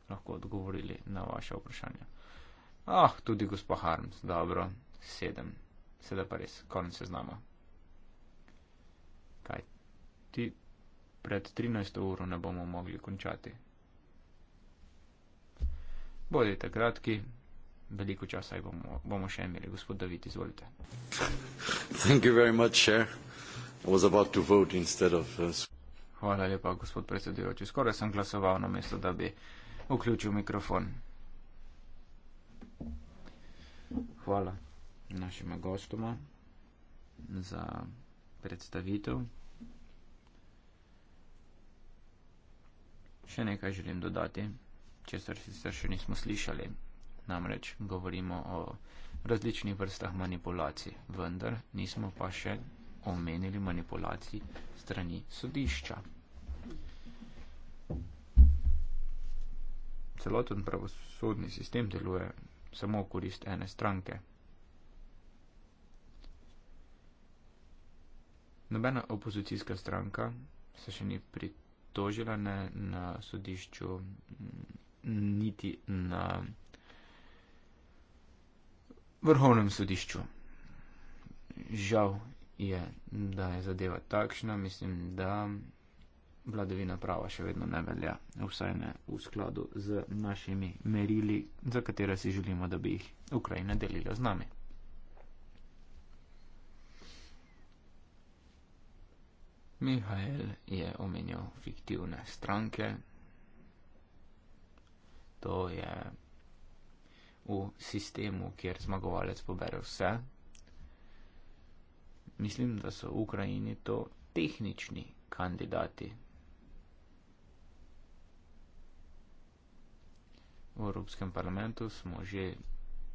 lahko odgovorili na vaše vprašanje. Ah, tudi gospod Harms, dobro, sedem, sedaj pa res, konec se znamo. Kaj ti pred 13. uro ne bomo mogli končati? Bodite kratki, veliko časa bomo, bomo še imeli. Gospod David, izvolite. Hvala lepa, šef. Uh, Hvala lepa, gospod predsedujoči. Skoraj sem glasoval na mesto, da bi vključil mikrofon. Hvala našima gostoma za predstavitev. Še nekaj želim dodati, česar sicer še nismo slišali. Namreč govorimo o različnih vrstah manipulacij, vendar nismo pa še omenili manipulaciji strani sodišča. Celoten pravosodni sistem deluje samo v korist ene stranke. Nobena opozicijska stranka se še ni pritožila ne na sodišču, niti na vrhovnem sodišču. Žal je, da je zadeva takšna, mislim, da vladavina prava še vedno ne velja, vsaj ne v skladu z našimi merili, za katere si želimo, da bi jih Ukrajina delila z nami. Mihajl je omenjal fiktivne stranke. To je v sistemu, kjer zmagovalec pobere vse, mislim, da so v Ukrajini to tehnični kandidati. V Evropskem parlamentu smo že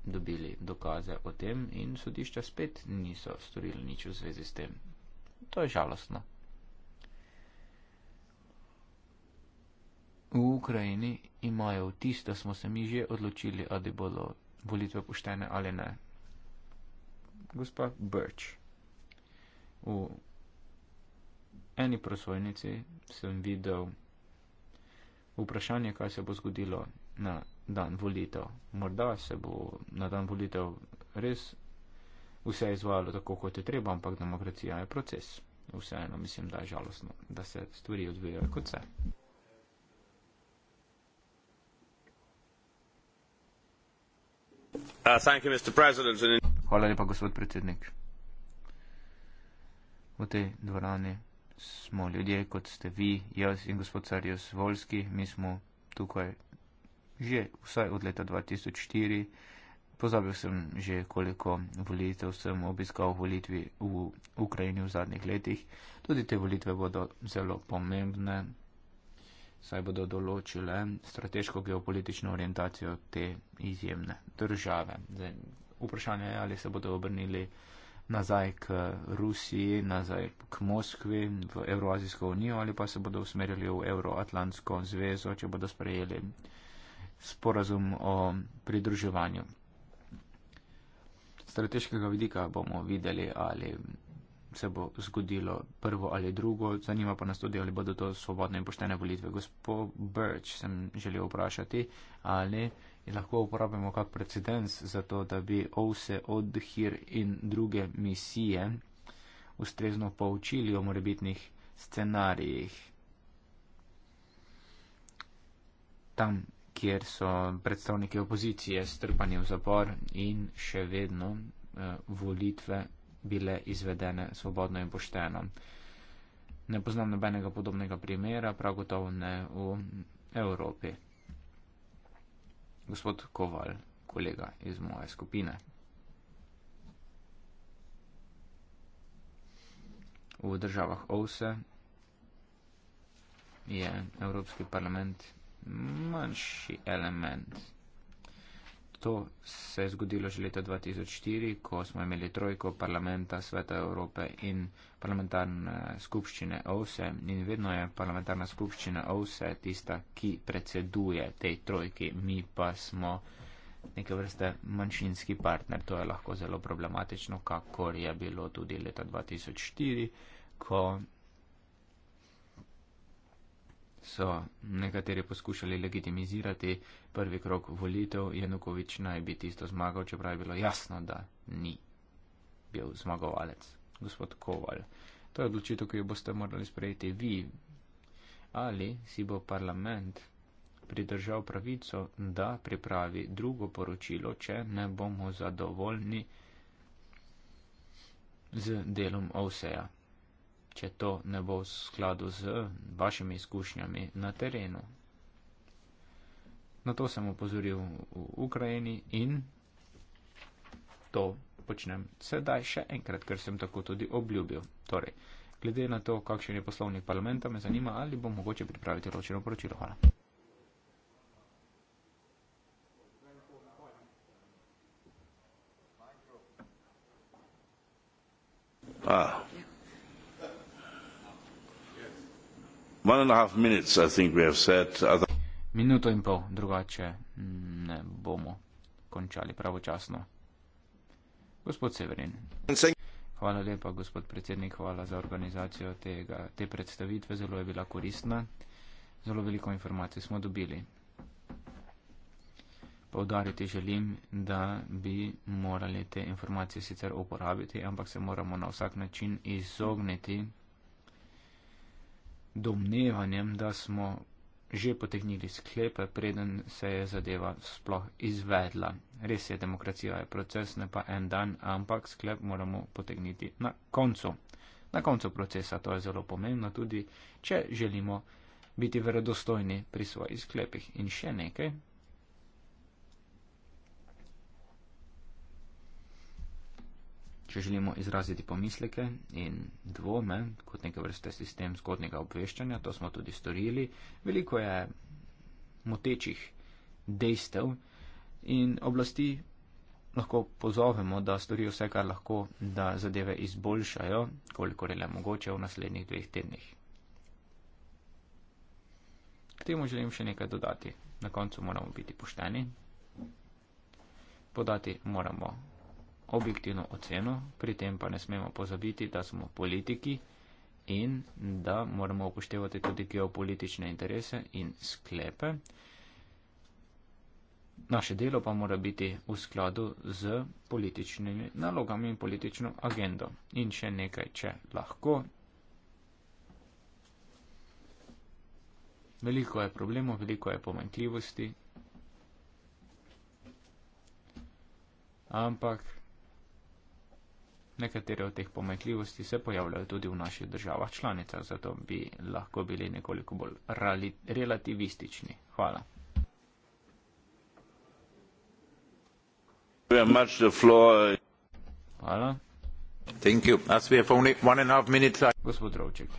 dobili dokaze o tem in sodišča spet niso storili nič v zvezi s tem. To je žalostno. V Ukrajini imajo vtis, da smo se mi že odločili, ali bodo volitve poštene ali ne. Gospa Birch. V eni prosojnici sem videl vprašanje, kaj se bo zgodilo na dan volitev. Morda se bo na dan volitev res vse izvajalo tako, kot je treba, ampak demokracija je proces. Vseeno mislim, da je žalostno, da se stvari odvijajo kot se. Uh, thank you, Mr. President. Hvala lepa, gospod predsednik v tej dvorani smo ljudje, kot ste vi, jaz in gospod Carjus Volski, mi smo tukaj že vsaj od leta 2004. Pozabil sem že, koliko volitev sem obiskal v volitvi v Ukrajini v zadnjih letih. Tudi te volitve bodo zelo pomembne, saj bodo določile strateško geopolitično orientacijo te izjemne države. Zdaj, vprašanje je, ali se bodo obrnili nazaj k Rusiji, nazaj k Moskvi, v Evroazijsko unijo ali pa se bodo usmerili v Euroatlantsko zvezo, če bodo sprejeli sporazum o pridruževanju. Strateškega vidika bomo videli, ali se bo zgodilo prvo ali drugo, zanima pa nas tudi, ali bodo to svobodne in poštene volitve. Gospod Birč sem želel vprašati, ali in lahko uporabimo kak precedens za to, da bi ovse od hir in druge misije ustrezno poučili o morebitnih scenarijih. Tam, kjer so predstavniki opozicije strpani v zapor in še vedno eh, volitve bile izvedene svobodno in pošteno. Ne poznam nobenega podobnega primera, prav gotovo ne v Evropi gospod Koval, kolega iz moje skupine. V državah OVSE je Evropski parlament manjši element. To se je zgodilo že leta 2004, ko smo imeli trojko parlamenta Sveta Evrope in parlamentarne skupščine OVSE in vedno je parlamentarna skupščina OVSE tista, ki predseduje tej trojki, mi pa smo neke vrste manjšinski partner. To je lahko zelo problematično, kakor je bilo tudi leta 2004, ko so nekateri poskušali legitimizirati prvi krok volitev. Janukovič naj bi tisto zmagal, čeprav je bilo jasno, da ni bil zmagovalec gospod Koval. To je odločitev, ki jo boste morali sprejeti vi. Ali si bo parlament pridržal pravico, da pripravi drugo poročilo, če ne bomo zadovoljni z delom OVSEA, če to ne bo v skladu z vašimi izkušnjami na terenu. Na to sem opozoril v Ukrajini in to počnem sedaj še enkrat, ker sem tako tudi obljubil. Torej, glede na to, kakšen je poslovnik parlamenta, me zanima, ali bom mogoče pripraviti ročno poročilo. Hvala. Ah. One and a half minutes, I think we have said. Minuto in pol, drugače ne bomo končali pravočasno. Gospod Severin. Hvala lepa, gospod predsednik, hvala za organizacijo tega, te predstavitve. Zelo je bila koristna. Zelo veliko informacij smo dobili. Povdariti želim, da bi morali te informacije sicer uporabiti, ampak se moramo na vsak način izogniti domnevanjem, da smo že potegnili sklepe, preden se je zadeva sploh izvedla. Res je, demokracija je proces, ne pa en dan, ampak sklep moramo potegniti na koncu. Na koncu procesa to je zelo pomembno tudi, če želimo biti verodostojni pri svojih sklepih. In še nekaj, če želimo izraziti pomisleke in dvome kot neke vrste sistem zgodnega obveščanja, to smo tudi storili, veliko je motečih dejstev in oblasti lahko pozovemo, da storijo vse, kar lahko, da zadeve izboljšajo, koliko je le mogoče v naslednjih dveh tednih. K temu želim še nekaj dodati. Na koncu moramo biti pošteni. Podati moramo objektivno oceno, pri tem pa ne smemo pozabiti, da smo politiki in da moramo upoštevati tudi geopolitične interese in sklepe. Naše delo pa mora biti v skladu z političnimi nalogami in politično agendo. In še nekaj, če lahko. Veliko je problemov, veliko je pomankljivosti. Ampak Nekatere od teh pomekljivosti se pojavljajo tudi v naših državah članicah, zato bi lahko bili nekoliko bolj relativistični. Hvala. Uh, Hvala. Gospod Rovček.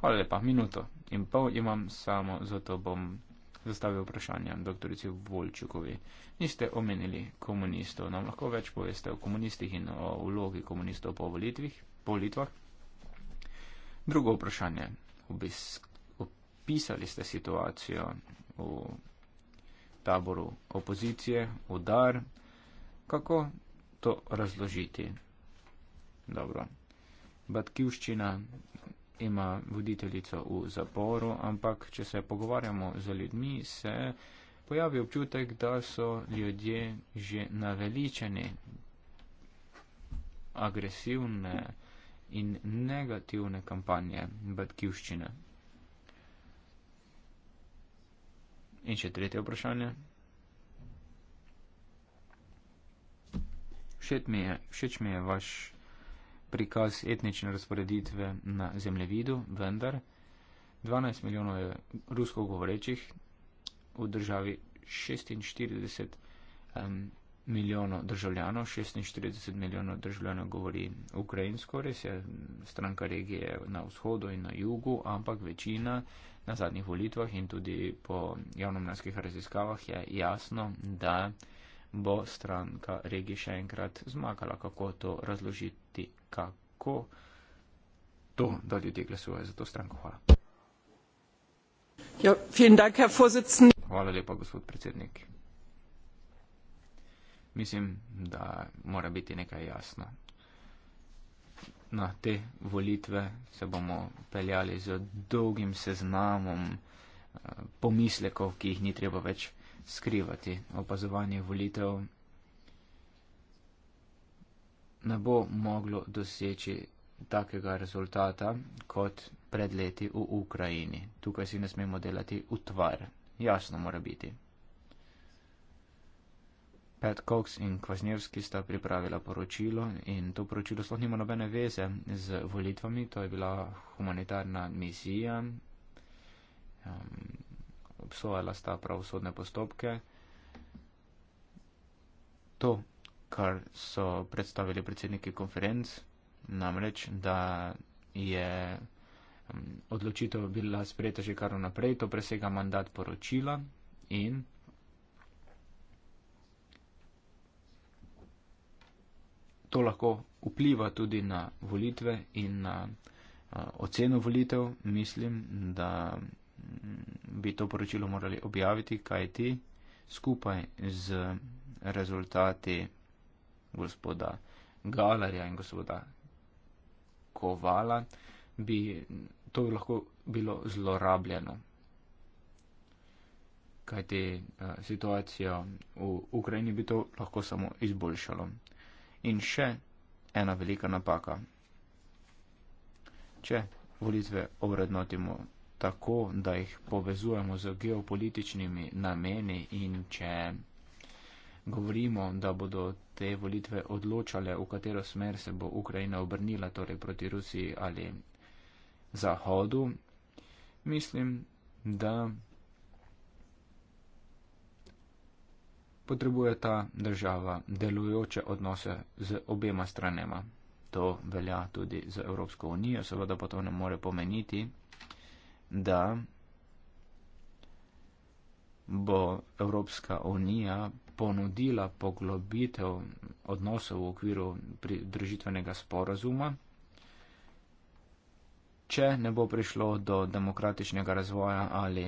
Hvala lepa. Minuto in pol imam samo, zato bom zastavil vprašanje dr. Volčukovi. Niste omenili komunistov, nam lahko več poveste o komunistih in o vlogi komunistov po, volitvih, po volitvah. Drugo vprašanje. Obisk, opisali ste situacijo v taboru opozicije, udar. Kako to razložiti? Dobro. Batkivščina, ima voditeljico v zaporu, ampak če se pogovarjamo z ljudmi, se pojavi občutek, da so ljudje že naveličeni agresivne in negativne kampanje Batkivščine. In še tretje vprašanje. Všeč mi je, všeč mi je vaš prikaz etnične razporeditve na zemljevidu, vendar 12 milijonov je rusko govorečih v državi 46 um, milijonov državljanov, 46 milijonov državljanov govori ukrajinsko, res je stranka regije na vzhodu in na jugu, ampak večina na zadnjih volitvah in tudi po javnomnanskih raziskavah je jasno, da bo stranka regije še enkrat zmagala. Kako to razložiti nekako to, da ljudje glasujejo za to stranko. Hvala. Ja, Hvala lepa, gospod predsednik. Mislim, da mora biti nekaj jasno. Na te volitve se bomo peljali z dolgim seznamom eh, pomislekov, ki jih ni treba več skrivati. Opazovanje volitev ne bo moglo doseči takega rezultata kot pred leti v Ukrajini. Tukaj si ne smemo delati utvar. Jasno mora biti. Pat Cox in Kvasnjevski sta pripravila poročilo in to poročilo sploh nima nobene veze z volitvami. To je bila humanitarna misija. Um, obsojala sta pravosodne postopke. To kar so predstavili predsedniki konferenc, namreč, da je mm, odločitev bila sprejeta že kar naprej, to presega mandat poročila in to lahko vpliva tudi na volitve in na oceno volitev. Mislim, da mm, bi to poročilo morali objaviti, kaj ti skupaj z rezultati gospoda Galarja in gospoda Kovala, bi to lahko bilo zlorabljeno. Kajti uh, situacijo v Ukrajini bi to lahko samo izboljšalo. In še ena velika napaka. Če volitve obrednotimo tako, da jih povezujemo z geopolitičnimi nameni in če govorimo, da bodo te volitve odločale, v katero smer se bo Ukrajina obrnila, torej proti Rusiji ali Zahodu, mislim, da potrebuje ta država delujoče odnose z obema stranema. To velja tudi za Evropsko unijo, seveda pa to ne more pomeniti, da bo Evropska unija ponudila poglobitev odnosov v okviru pridružitvenega sporazuma, če ne bo prišlo do demokratičnega razvoja ali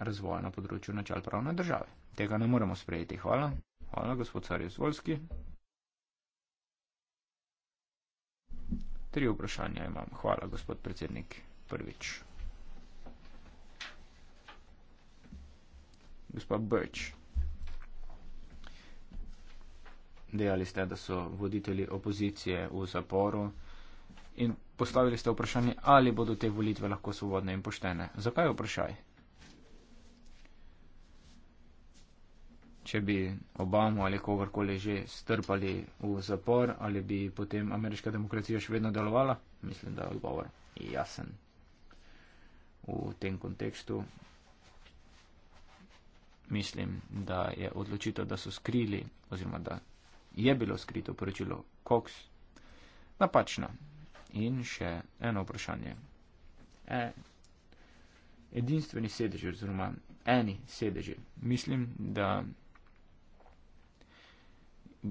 razvoja na področju načal pravne države. Tega ne moremo sprejeti. Hvala. Hvala, gospod Carjev Zvolski. Tri vprašanja imam. Hvala, gospod predsednik. Prvič. Gospod Birch. dejali ste, da so voditelji opozicije v zaporu in postavili ste vprašanje, ali bodo te volitve lahko svobodne in poštene. Zakaj vprašaj? Če bi Obamo ali kogarkoli že strpali v zapor, ali bi potem ameriška demokracija še vedno delovala? Mislim, da je odgovor jasen v tem kontekstu. Mislim, da je odločitev, da so skrili oziroma da je bilo skrito poročilo Cox napačno. In še eno vprašanje. E, edinstveni sedež, oziroma eni sedeži. Mislim, da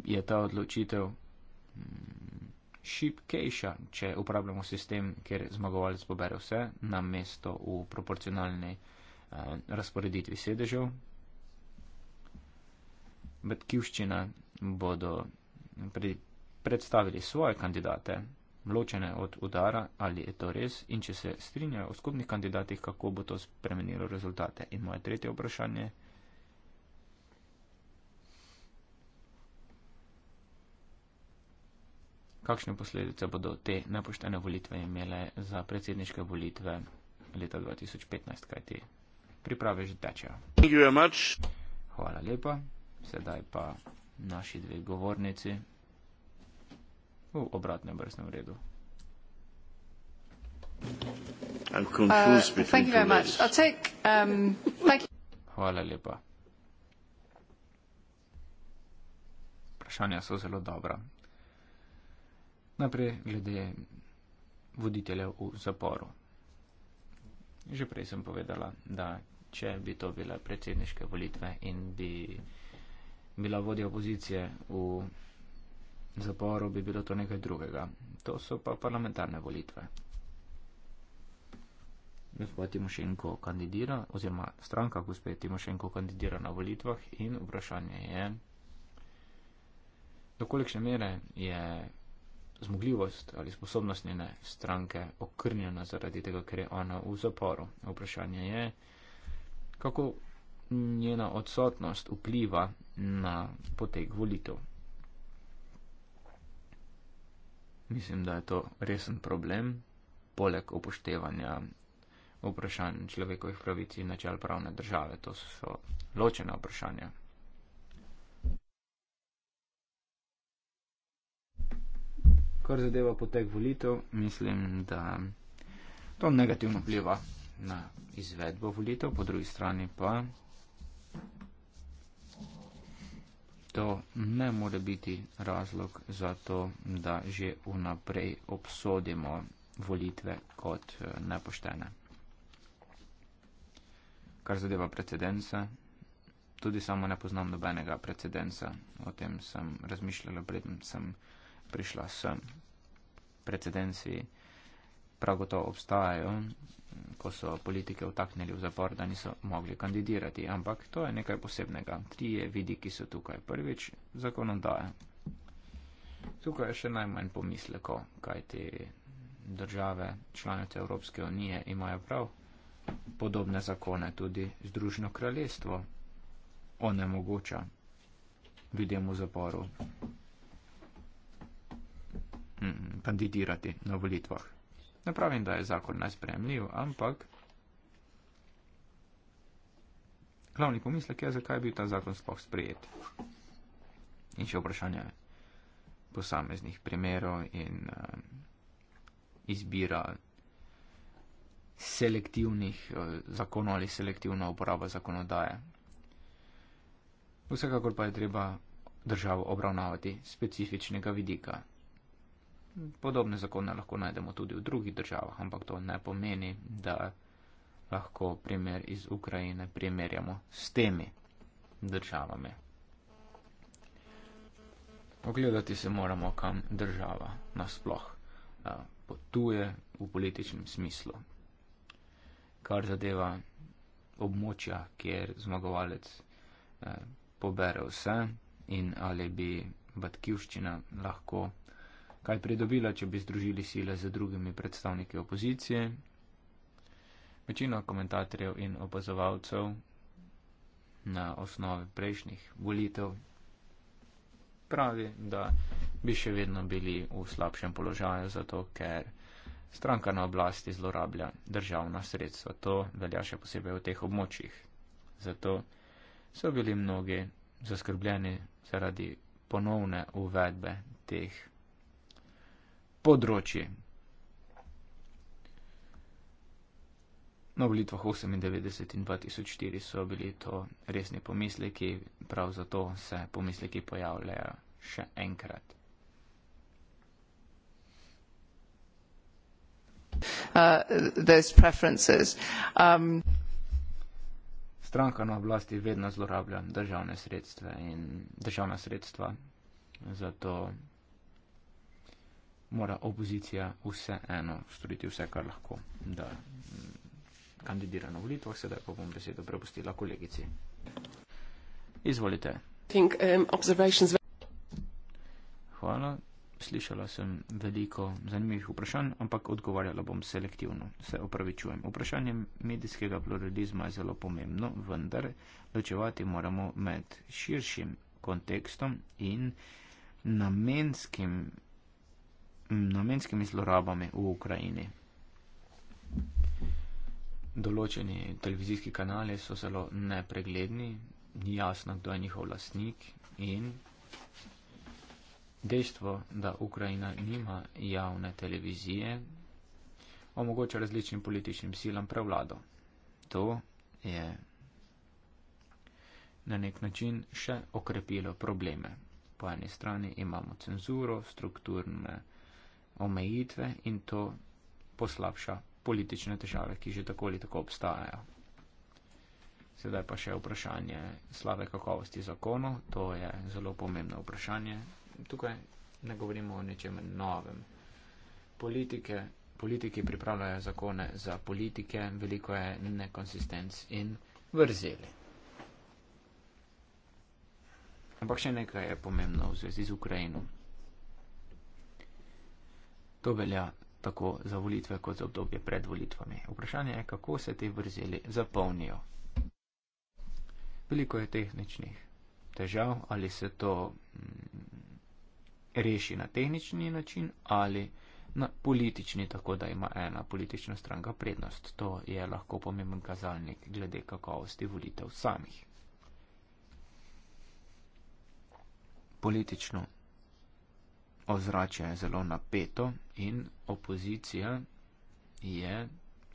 je ta odločitev mm, šipkejša, če uporabljamo sistem, kjer zmagovalec pobere vse na mesto v proporcionalni eh, razporeditvi sedežev. Bet kivščina bodo pri, predstavili svoje kandidate, ločene od udara, ali je to res in če se strinjajo o skupnih kandidatih, kako bo to spremenilo rezultate. In moje tretje vprašanje. Kakšne posledice bodo te nepoštene volitve imele za predsedniške volitve leta 2015, kaj ti priprave že tečejo? Hvala lepa, sedaj pa naši dve govornici. V obratnem vrstnem redu. Uh, um, Hvala lepa. Vprašanja so zelo dobra. Najprej glede voditeljev v zaporu. Že prej sem povedala, da če bi to bile predsedniške volitve in bi bila vodja opozicije v zaporu, bi bilo to nekaj drugega. To so pa parlamentarne volitve. Gospod Timošenko kandidira, oziroma stranka gospod Timošenko kandidira na volitvah in vprašanje je, dokolikšne mere je zmogljivost ali sposobnost njene stranke okrnjena zaradi tega, ker je ona v zaporu. Vprašanje je, kako njena odsotnost vpliva na potek volitev. Mislim, da je to resen problem, poleg upoštevanja vprašanj človekovih pravic in načel pravne države. To so ločena vprašanja. Kar zadeva potek volitev, mislim, da to negativno vpliva na izvedbo volitev, po drugi strani pa to ne more biti razlog za to, da že vnaprej obsodimo volitve kot eh, nepoštene. Kar zadeva precedensa, tudi samo ne poznam nobenega precedensa, o tem sem razmišljala, preden sem prišla sem. Precedensi prav gotovo obstajajo, ko so politike vtaknili v zapor, da niso mogli kandidirati. Ampak to je nekaj posebnega. Trije vidiki so tukaj. Prvič, zakonodaja. Tukaj je še najmanj pomisleko, kaj te države, članice Evropske unije imajo prav podobne zakone. Tudi Združno kraljestvo onemogoča ljudem v zaporu mm, kandidirati na volitvah. Ne pravim, da je zakon nespremljiv, ampak glavni pomislek je, zakaj je bil ta zakon sploh sprejet. In še vprašanje posameznih primerov in uh, izbira selektivnih uh, zakonov ali selektivna uporaba zakonodaje. Vsekakor pa je treba državo obravnavati specifičnega vidika. Podobne zakone lahko najdemo tudi v drugih državah, ampak to ne pomeni, da lahko primer iz Ukrajine primerjamo s temi državami. Ogledati se moramo, kam država nasploh potuje v političnem smislu. Kar zadeva območja, kjer zmagovalec pobere vse in ali bi Batkivščina lahko kaj pridobila, če bi združili sile z drugimi predstavniki opozicije. Večina komentatorjev in opazovalcev na osnovi prejšnjih volitev pravi, da bi še vedno bili v slabšem položaju, zato ker stranka na oblasti zlorablja državna sredstva. To velja še posebej v teh območjih. Zato so bili mnogi zaskrbljeni zaradi ponovne uvedbe teh področje. Na volitvah 98 in 2004 so bili to resni pomisleki, prav zato se pomisleki pojavljajo še enkrat. Uh, um, Stranka na oblasti vedno zlorablja državne sredstva in državna sredstva, zato mora opozicija vse eno storiti vse, kar lahko, da mm, kandidira na volitvah. Sedaj pa bom besedo prepustila kolegici. Izvolite. Think, um, observations... Hvala. Slišala sem veliko zanimivih vprašanj, ampak odgovarjala bom selektivno. Se opravičujem. Vprašanje medijskega pluralizma je zelo pomembno, vendar ločevati moramo med širšim kontekstom in namenskim namenskimi zlorabami v Ukrajini. Določeni televizijski kanali so zelo nepregledni, ni jasno, kdo je njihov lasnik in dejstvo, da Ukrajina nima javne televizije, omogoča različnim političnim silam prevlado. To je na nek način še okrepilo probleme. Po eni strani imamo cenzuro, strukturne omejitve in to poslabša politične težave, ki že tako ali tako obstajajo. Sedaj pa še vprašanje slabe kakovosti zakonov, to je zelo pomembno vprašanje. Tukaj ne govorimo o nečem novem. Politike, politiki pripravljajo zakone za politike, veliko je nekonsistenc in vrzeli. Ampak še nekaj je pomembno v zvezi z Ukrajino. To velja tako za volitve, kot za obdobje pred volitvami. Vprašanje je, kako se te vrzeli zapolnijo. Veliko je tehničnih težav, ali se to m, mm, reši na tehnični način ali na politični, tako da ima ena politična stranka prednost. To je lahko pomemben kazalnik glede kakovosti volitev samih. Politično ozračje je zelo napeto in opozicija je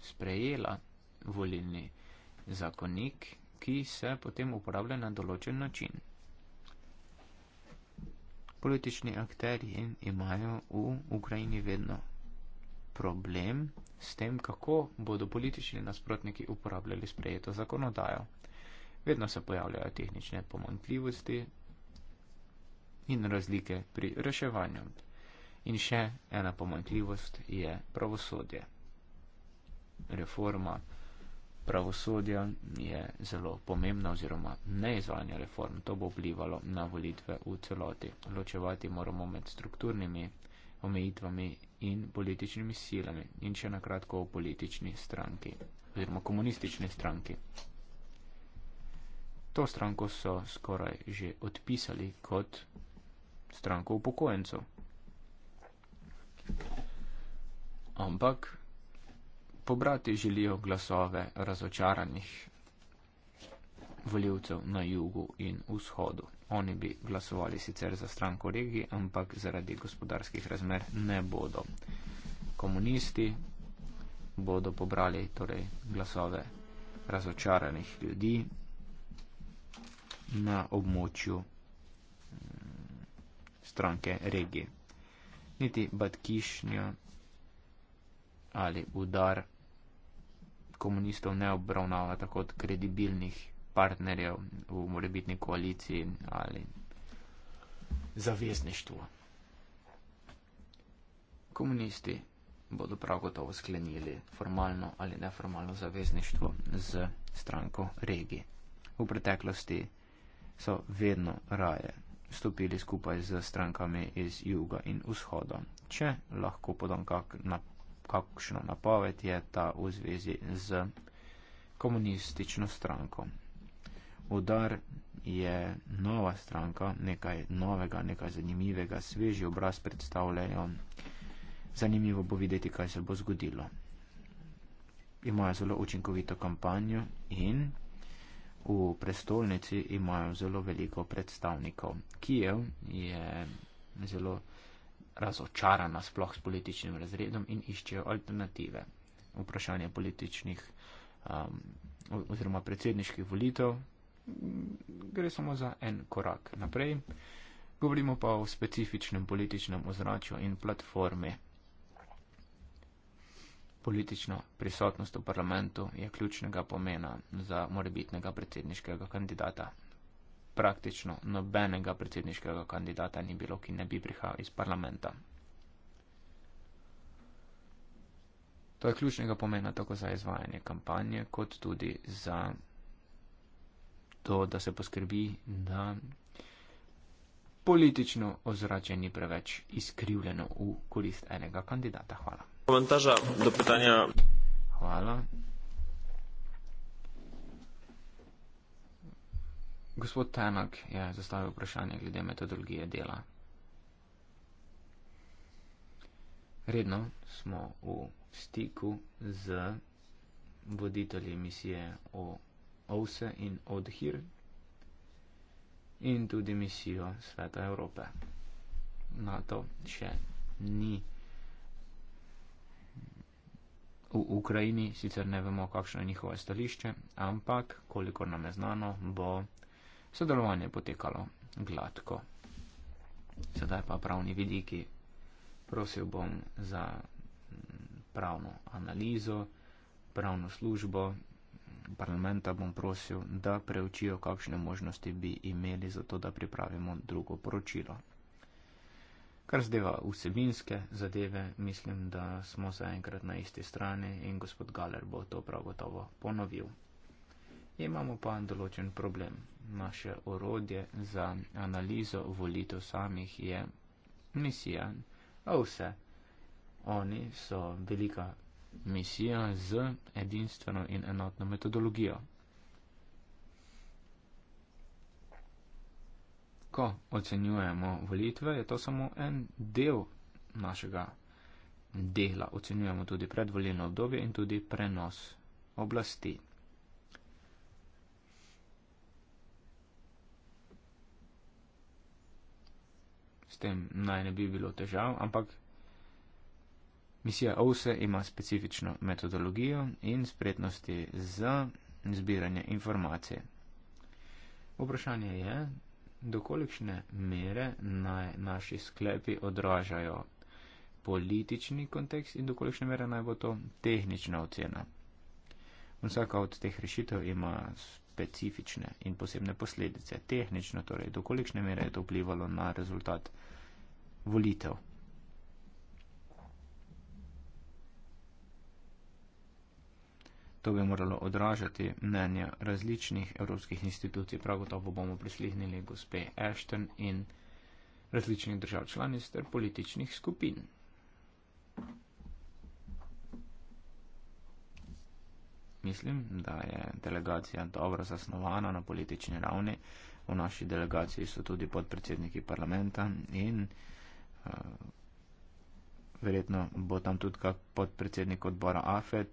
sprejela volilni zakonik, ki se potem uporablja na določen način. Politični akteri imajo v Ukrajini vedno problem s tem, kako bodo politični nasprotniki uporabljali sprejeto zakonodajo. Vedno se pojavljajo tehnične pomankljivosti, in razlike pri reševanju. In še ena pomankljivost je pravosodje. Reforma pravosodja je zelo pomembna oziroma neizvajanje reform. To bo vplivalo na volitve v celoti. Ločevati moramo med strukturnimi omejitvami in političnimi silami in še nakratko o politični stranki oziroma komunistični stranki. To stranko so skoraj že odpisali kot stranko upokojencev. Ampak pobrati želijo glasove razočaranih voljivcev na jugu in vzhodu. Oni bi glasovali sicer za stranko regije, ampak zaradi gospodarskih razmer ne bodo. Komunisti bodo pobrali torej, glasove razočaranih ljudi na območju stranke regi. Niti Batkišnja ali udar komunistov ne obravnava tako od kredibilnih partnerjev v morebitni koaliciji ali zavezništvu. Komunisti bodo prav gotovo sklenili formalno ali neformalno zavezništvo z stranko regi. V preteklosti so vedno raje stopili skupaj z strankami iz juga in vzhoda. Če lahko podam kak, na, kakšno napoved, je ta v zvezi z komunistično stranko. Udar je nova stranka, nekaj novega, nekaj zanimivega, sveži obraz predstavljajo. Zanimivo bo videti, kaj se bo zgodilo. Imajo zelo učinkovito kampanjo in V prestolnici imajo zelo veliko predstavnikov. Kijev je zelo razočarana sploh s političnim razredom in iščejo alternative. Vprašanje političnih um, oziroma predsedniških volitev mm, gre samo za en korak naprej. Govorimo pa o specifičnem političnem ozračju in platformi. Politična prisotnost v parlamentu je ključnega pomena za morebitnega predsedniškega kandidata. Praktično nobenega predsedniškega kandidata ni bilo, ki ne bi prihajal iz parlamenta. To je ključnega pomena tako za izvajanje kampanje, kot tudi za to, da se poskrbi, da politično ozračje ni preveč izkrivljeno v korist enega kandidata. Hvala komentarza do pytania. Hvala. Gospod Tenak je zastavil vprašanje glede metodologije dela. Redno smo v stiku z voditelji misije o OSE in ODHIR in tudi misijo Sveta Evrope. Na to še ni. V Ukrajini sicer ne vemo, kakšno je njihovo stališče, ampak, kolikor nam je znano, bo sodelovanje potekalo gladko. Sedaj pa pravni vidiki. Prosil bom za mm, pravno analizo, pravno službo parlamenta bom prosil, da preučijo, kakšne možnosti bi imeli za to, da pripravimo drugo poročilo. Kar zdeva vsebinske zadeve, mislim, da smo zaenkrat na isti strani in gospod Galer bo to prav gotovo ponovil. Imamo pa en določen problem. Naše orodje za analizo volitev samih je misija OVSE. Oni so velika misija z edinstveno in enotno metodologijo. ko ocenjujemo volitve, je to samo en del našega dela. Ocenjujemo tudi predvoljeno obdobje in tudi prenos oblasti. S tem naj ne bi bilo težav, ampak misija OVSE ima specifično metodologijo in spretnosti za zbiranje informacije. Vprašanje je, do kolikšne mere naj naši sklepi odražajo politični kontekst in do kolikšne mere naj bo to tehnična ocena. Vsaka od teh rešitev ima specifične in posebne posledice. Tehnično torej, do kolikšne mere je to vplivalo na rezultat volitev. To bi moralo odražati mnenja različnih evropskih institucij. Prav gotovo bomo prislihnili gospe Ashton in različnih držav članic ter političnih skupin. Mislim, da je delegacija dobro zasnovana na politični ravni. V naši delegaciji so tudi podpredsedniki parlamenta in uh, verjetno bo tam tudi kak podpredsednik odbora AFED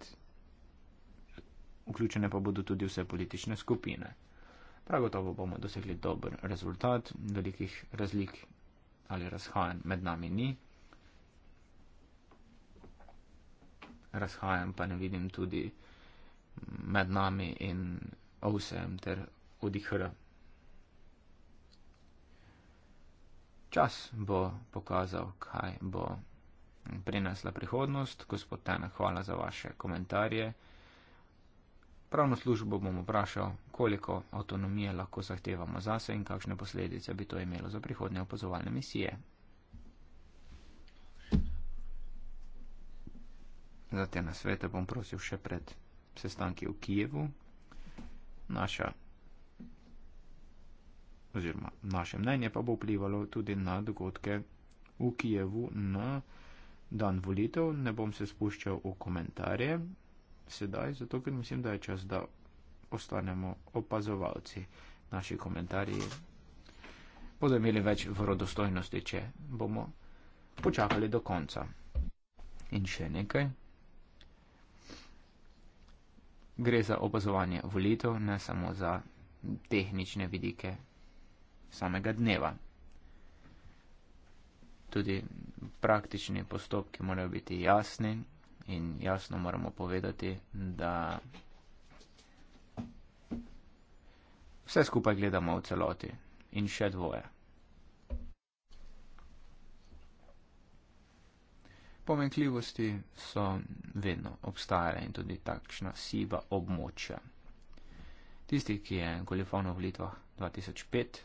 vključene pa bodo tudi vse politične skupine. Prav gotovo bomo dosegli dober rezultat, velikih razlik ali razhajanj med nami ni. Razhajanj pa ne vidim tudi med nami in OSEM ter ODIHR. Čas bo pokazal, kaj bo prinesla prihodnost. Gospod Tena, hvala za vaše komentarje. Pravno službo bom vprašal, koliko avtonomije lahko zahtevamo zase in kakšne posledice bi to imelo za prihodnje opazovalne misije. Za te nasvete bom prosil še pred sestanki v Kijevu. Naša oziroma naše mnenje pa bo vplivalo tudi na dogodke v Kijevu na dan volitev. Ne bom se spuščal v komentarje, sedaj, zato ker mislim, da je čas, da ostanemo opazovalci naši komentarji. Bodo imeli več vrodostojnosti, če bomo počakali do konca. In še nekaj. Gre za opazovanje volitev, ne samo za tehnične vidike samega dneva. Tudi praktični postopki morajo biti jasni, in jasno moramo povedati, da vse skupaj gledamo v celoti in še dvoje. Pomenkljivosti so vedno obstajale in tudi takšna siva območja. Tisti, ki je golifovno v Litvah 2005,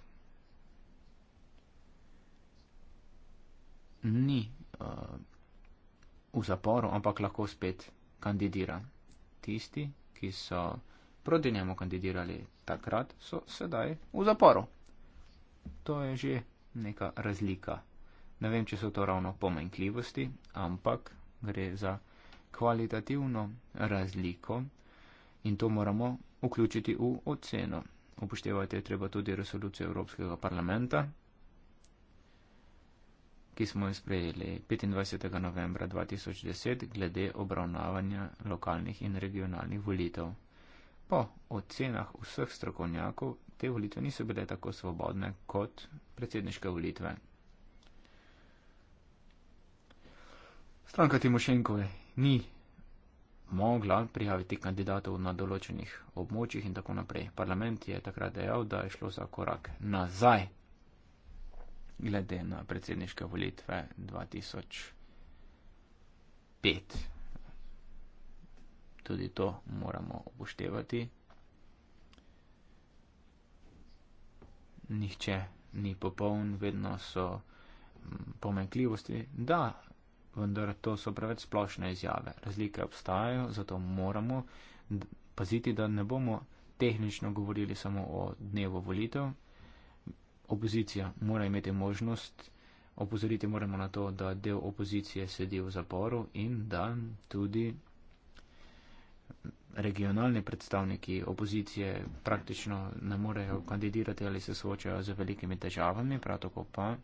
ni uh, v zaporu, ampak lahko spet kandidira. Tisti, ki so proti njemu kandidirali takrat, so sedaj v zaporu. To je že neka razlika. Ne vem, če so to ravno pomenkljivosti, ampak gre za kvalitativno razliko in to moramo vključiti v oceno. Upoštevati je treba tudi resolucijo Evropskega parlamenta, ki smo jo sprejeli 25. novembra 2010 glede obravnavanja lokalnih in regionalnih volitev. Po ocenah vseh strokovnjakov te volitve niso bile tako svobodne kot predsedniške volitve. Stranka Timošenkove ni mogla prijaviti kandidatov na določenih območjih in tako naprej. Parlament je takrat dejal, da je šlo za korak nazaj glede na predsedniške volitve 2005. Tudi to moramo upoštevati. Nihče ni popoln, vedno so pomenkljivosti. Da, vendar to so preveč splošne izjave. Razlike obstajajo, zato moramo paziti, da ne bomo tehnično govorili samo o dnevu volitev, opozicija mora imeti možnost opozoriti moramo na to, da del opozicije sedi v zaporu in da tudi regionalni predstavniki opozicije praktično ne morejo kandidirati ali se soočajo z velikimi težavami, prav tako pa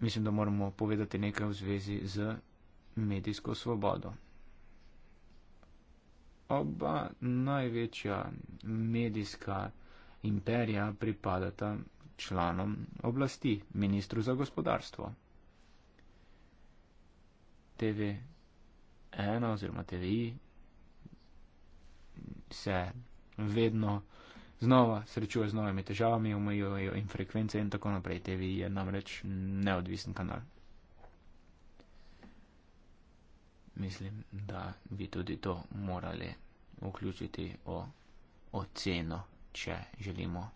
mislim, da moramo povedati nekaj v zvezi z medijsko svobodo. Oba največja medijska predstavnika imperija pripadata članom oblasti, ministru za gospodarstvo. TV1 oziroma TVI se vedno znova srečuje z novimi težavami, omejujejo in frekvence in tako naprej. TVI je namreč neodvisen kanal. Mislim, da bi tudi to morali vključiti v oceno če želimo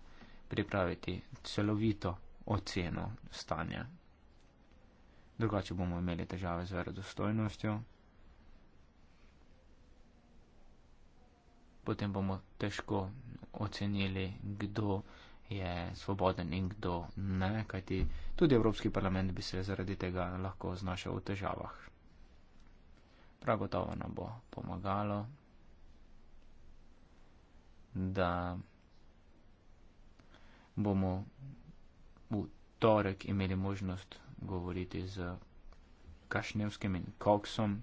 pripraviti celovito oceno stanja. Drugače bomo imeli težave z verodostojnostjo, potem bomo težko ocenili, kdo je svoboden in kdo ne, kajti tudi Evropski parlament bi se zaradi tega lahko znašel v težavah. Prav gotovo nam bo pomagalo, da bomo v torek imeli možnost govoriti z Kašnevskim in Koksom.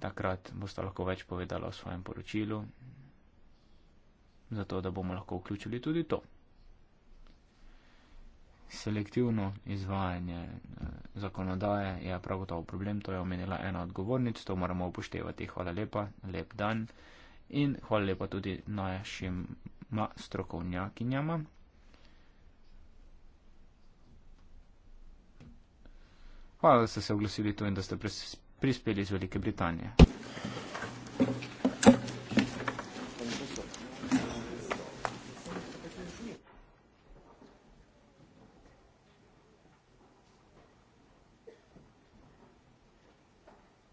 Takrat boste lahko več povedali o svojem poročilu, zato da bomo lahko vključili tudi to. Selektivno izvajanje eh, zakonodaje je prav gotovo problem, to je omenila ena odgovornic, to moramo upoštevati. Hvala lepa, lep dan in hvala lepa tudi našim dvema strokovnjakinjama. Hvala, da ste se oglasili tu in da ste prispeli iz Velike Britanije.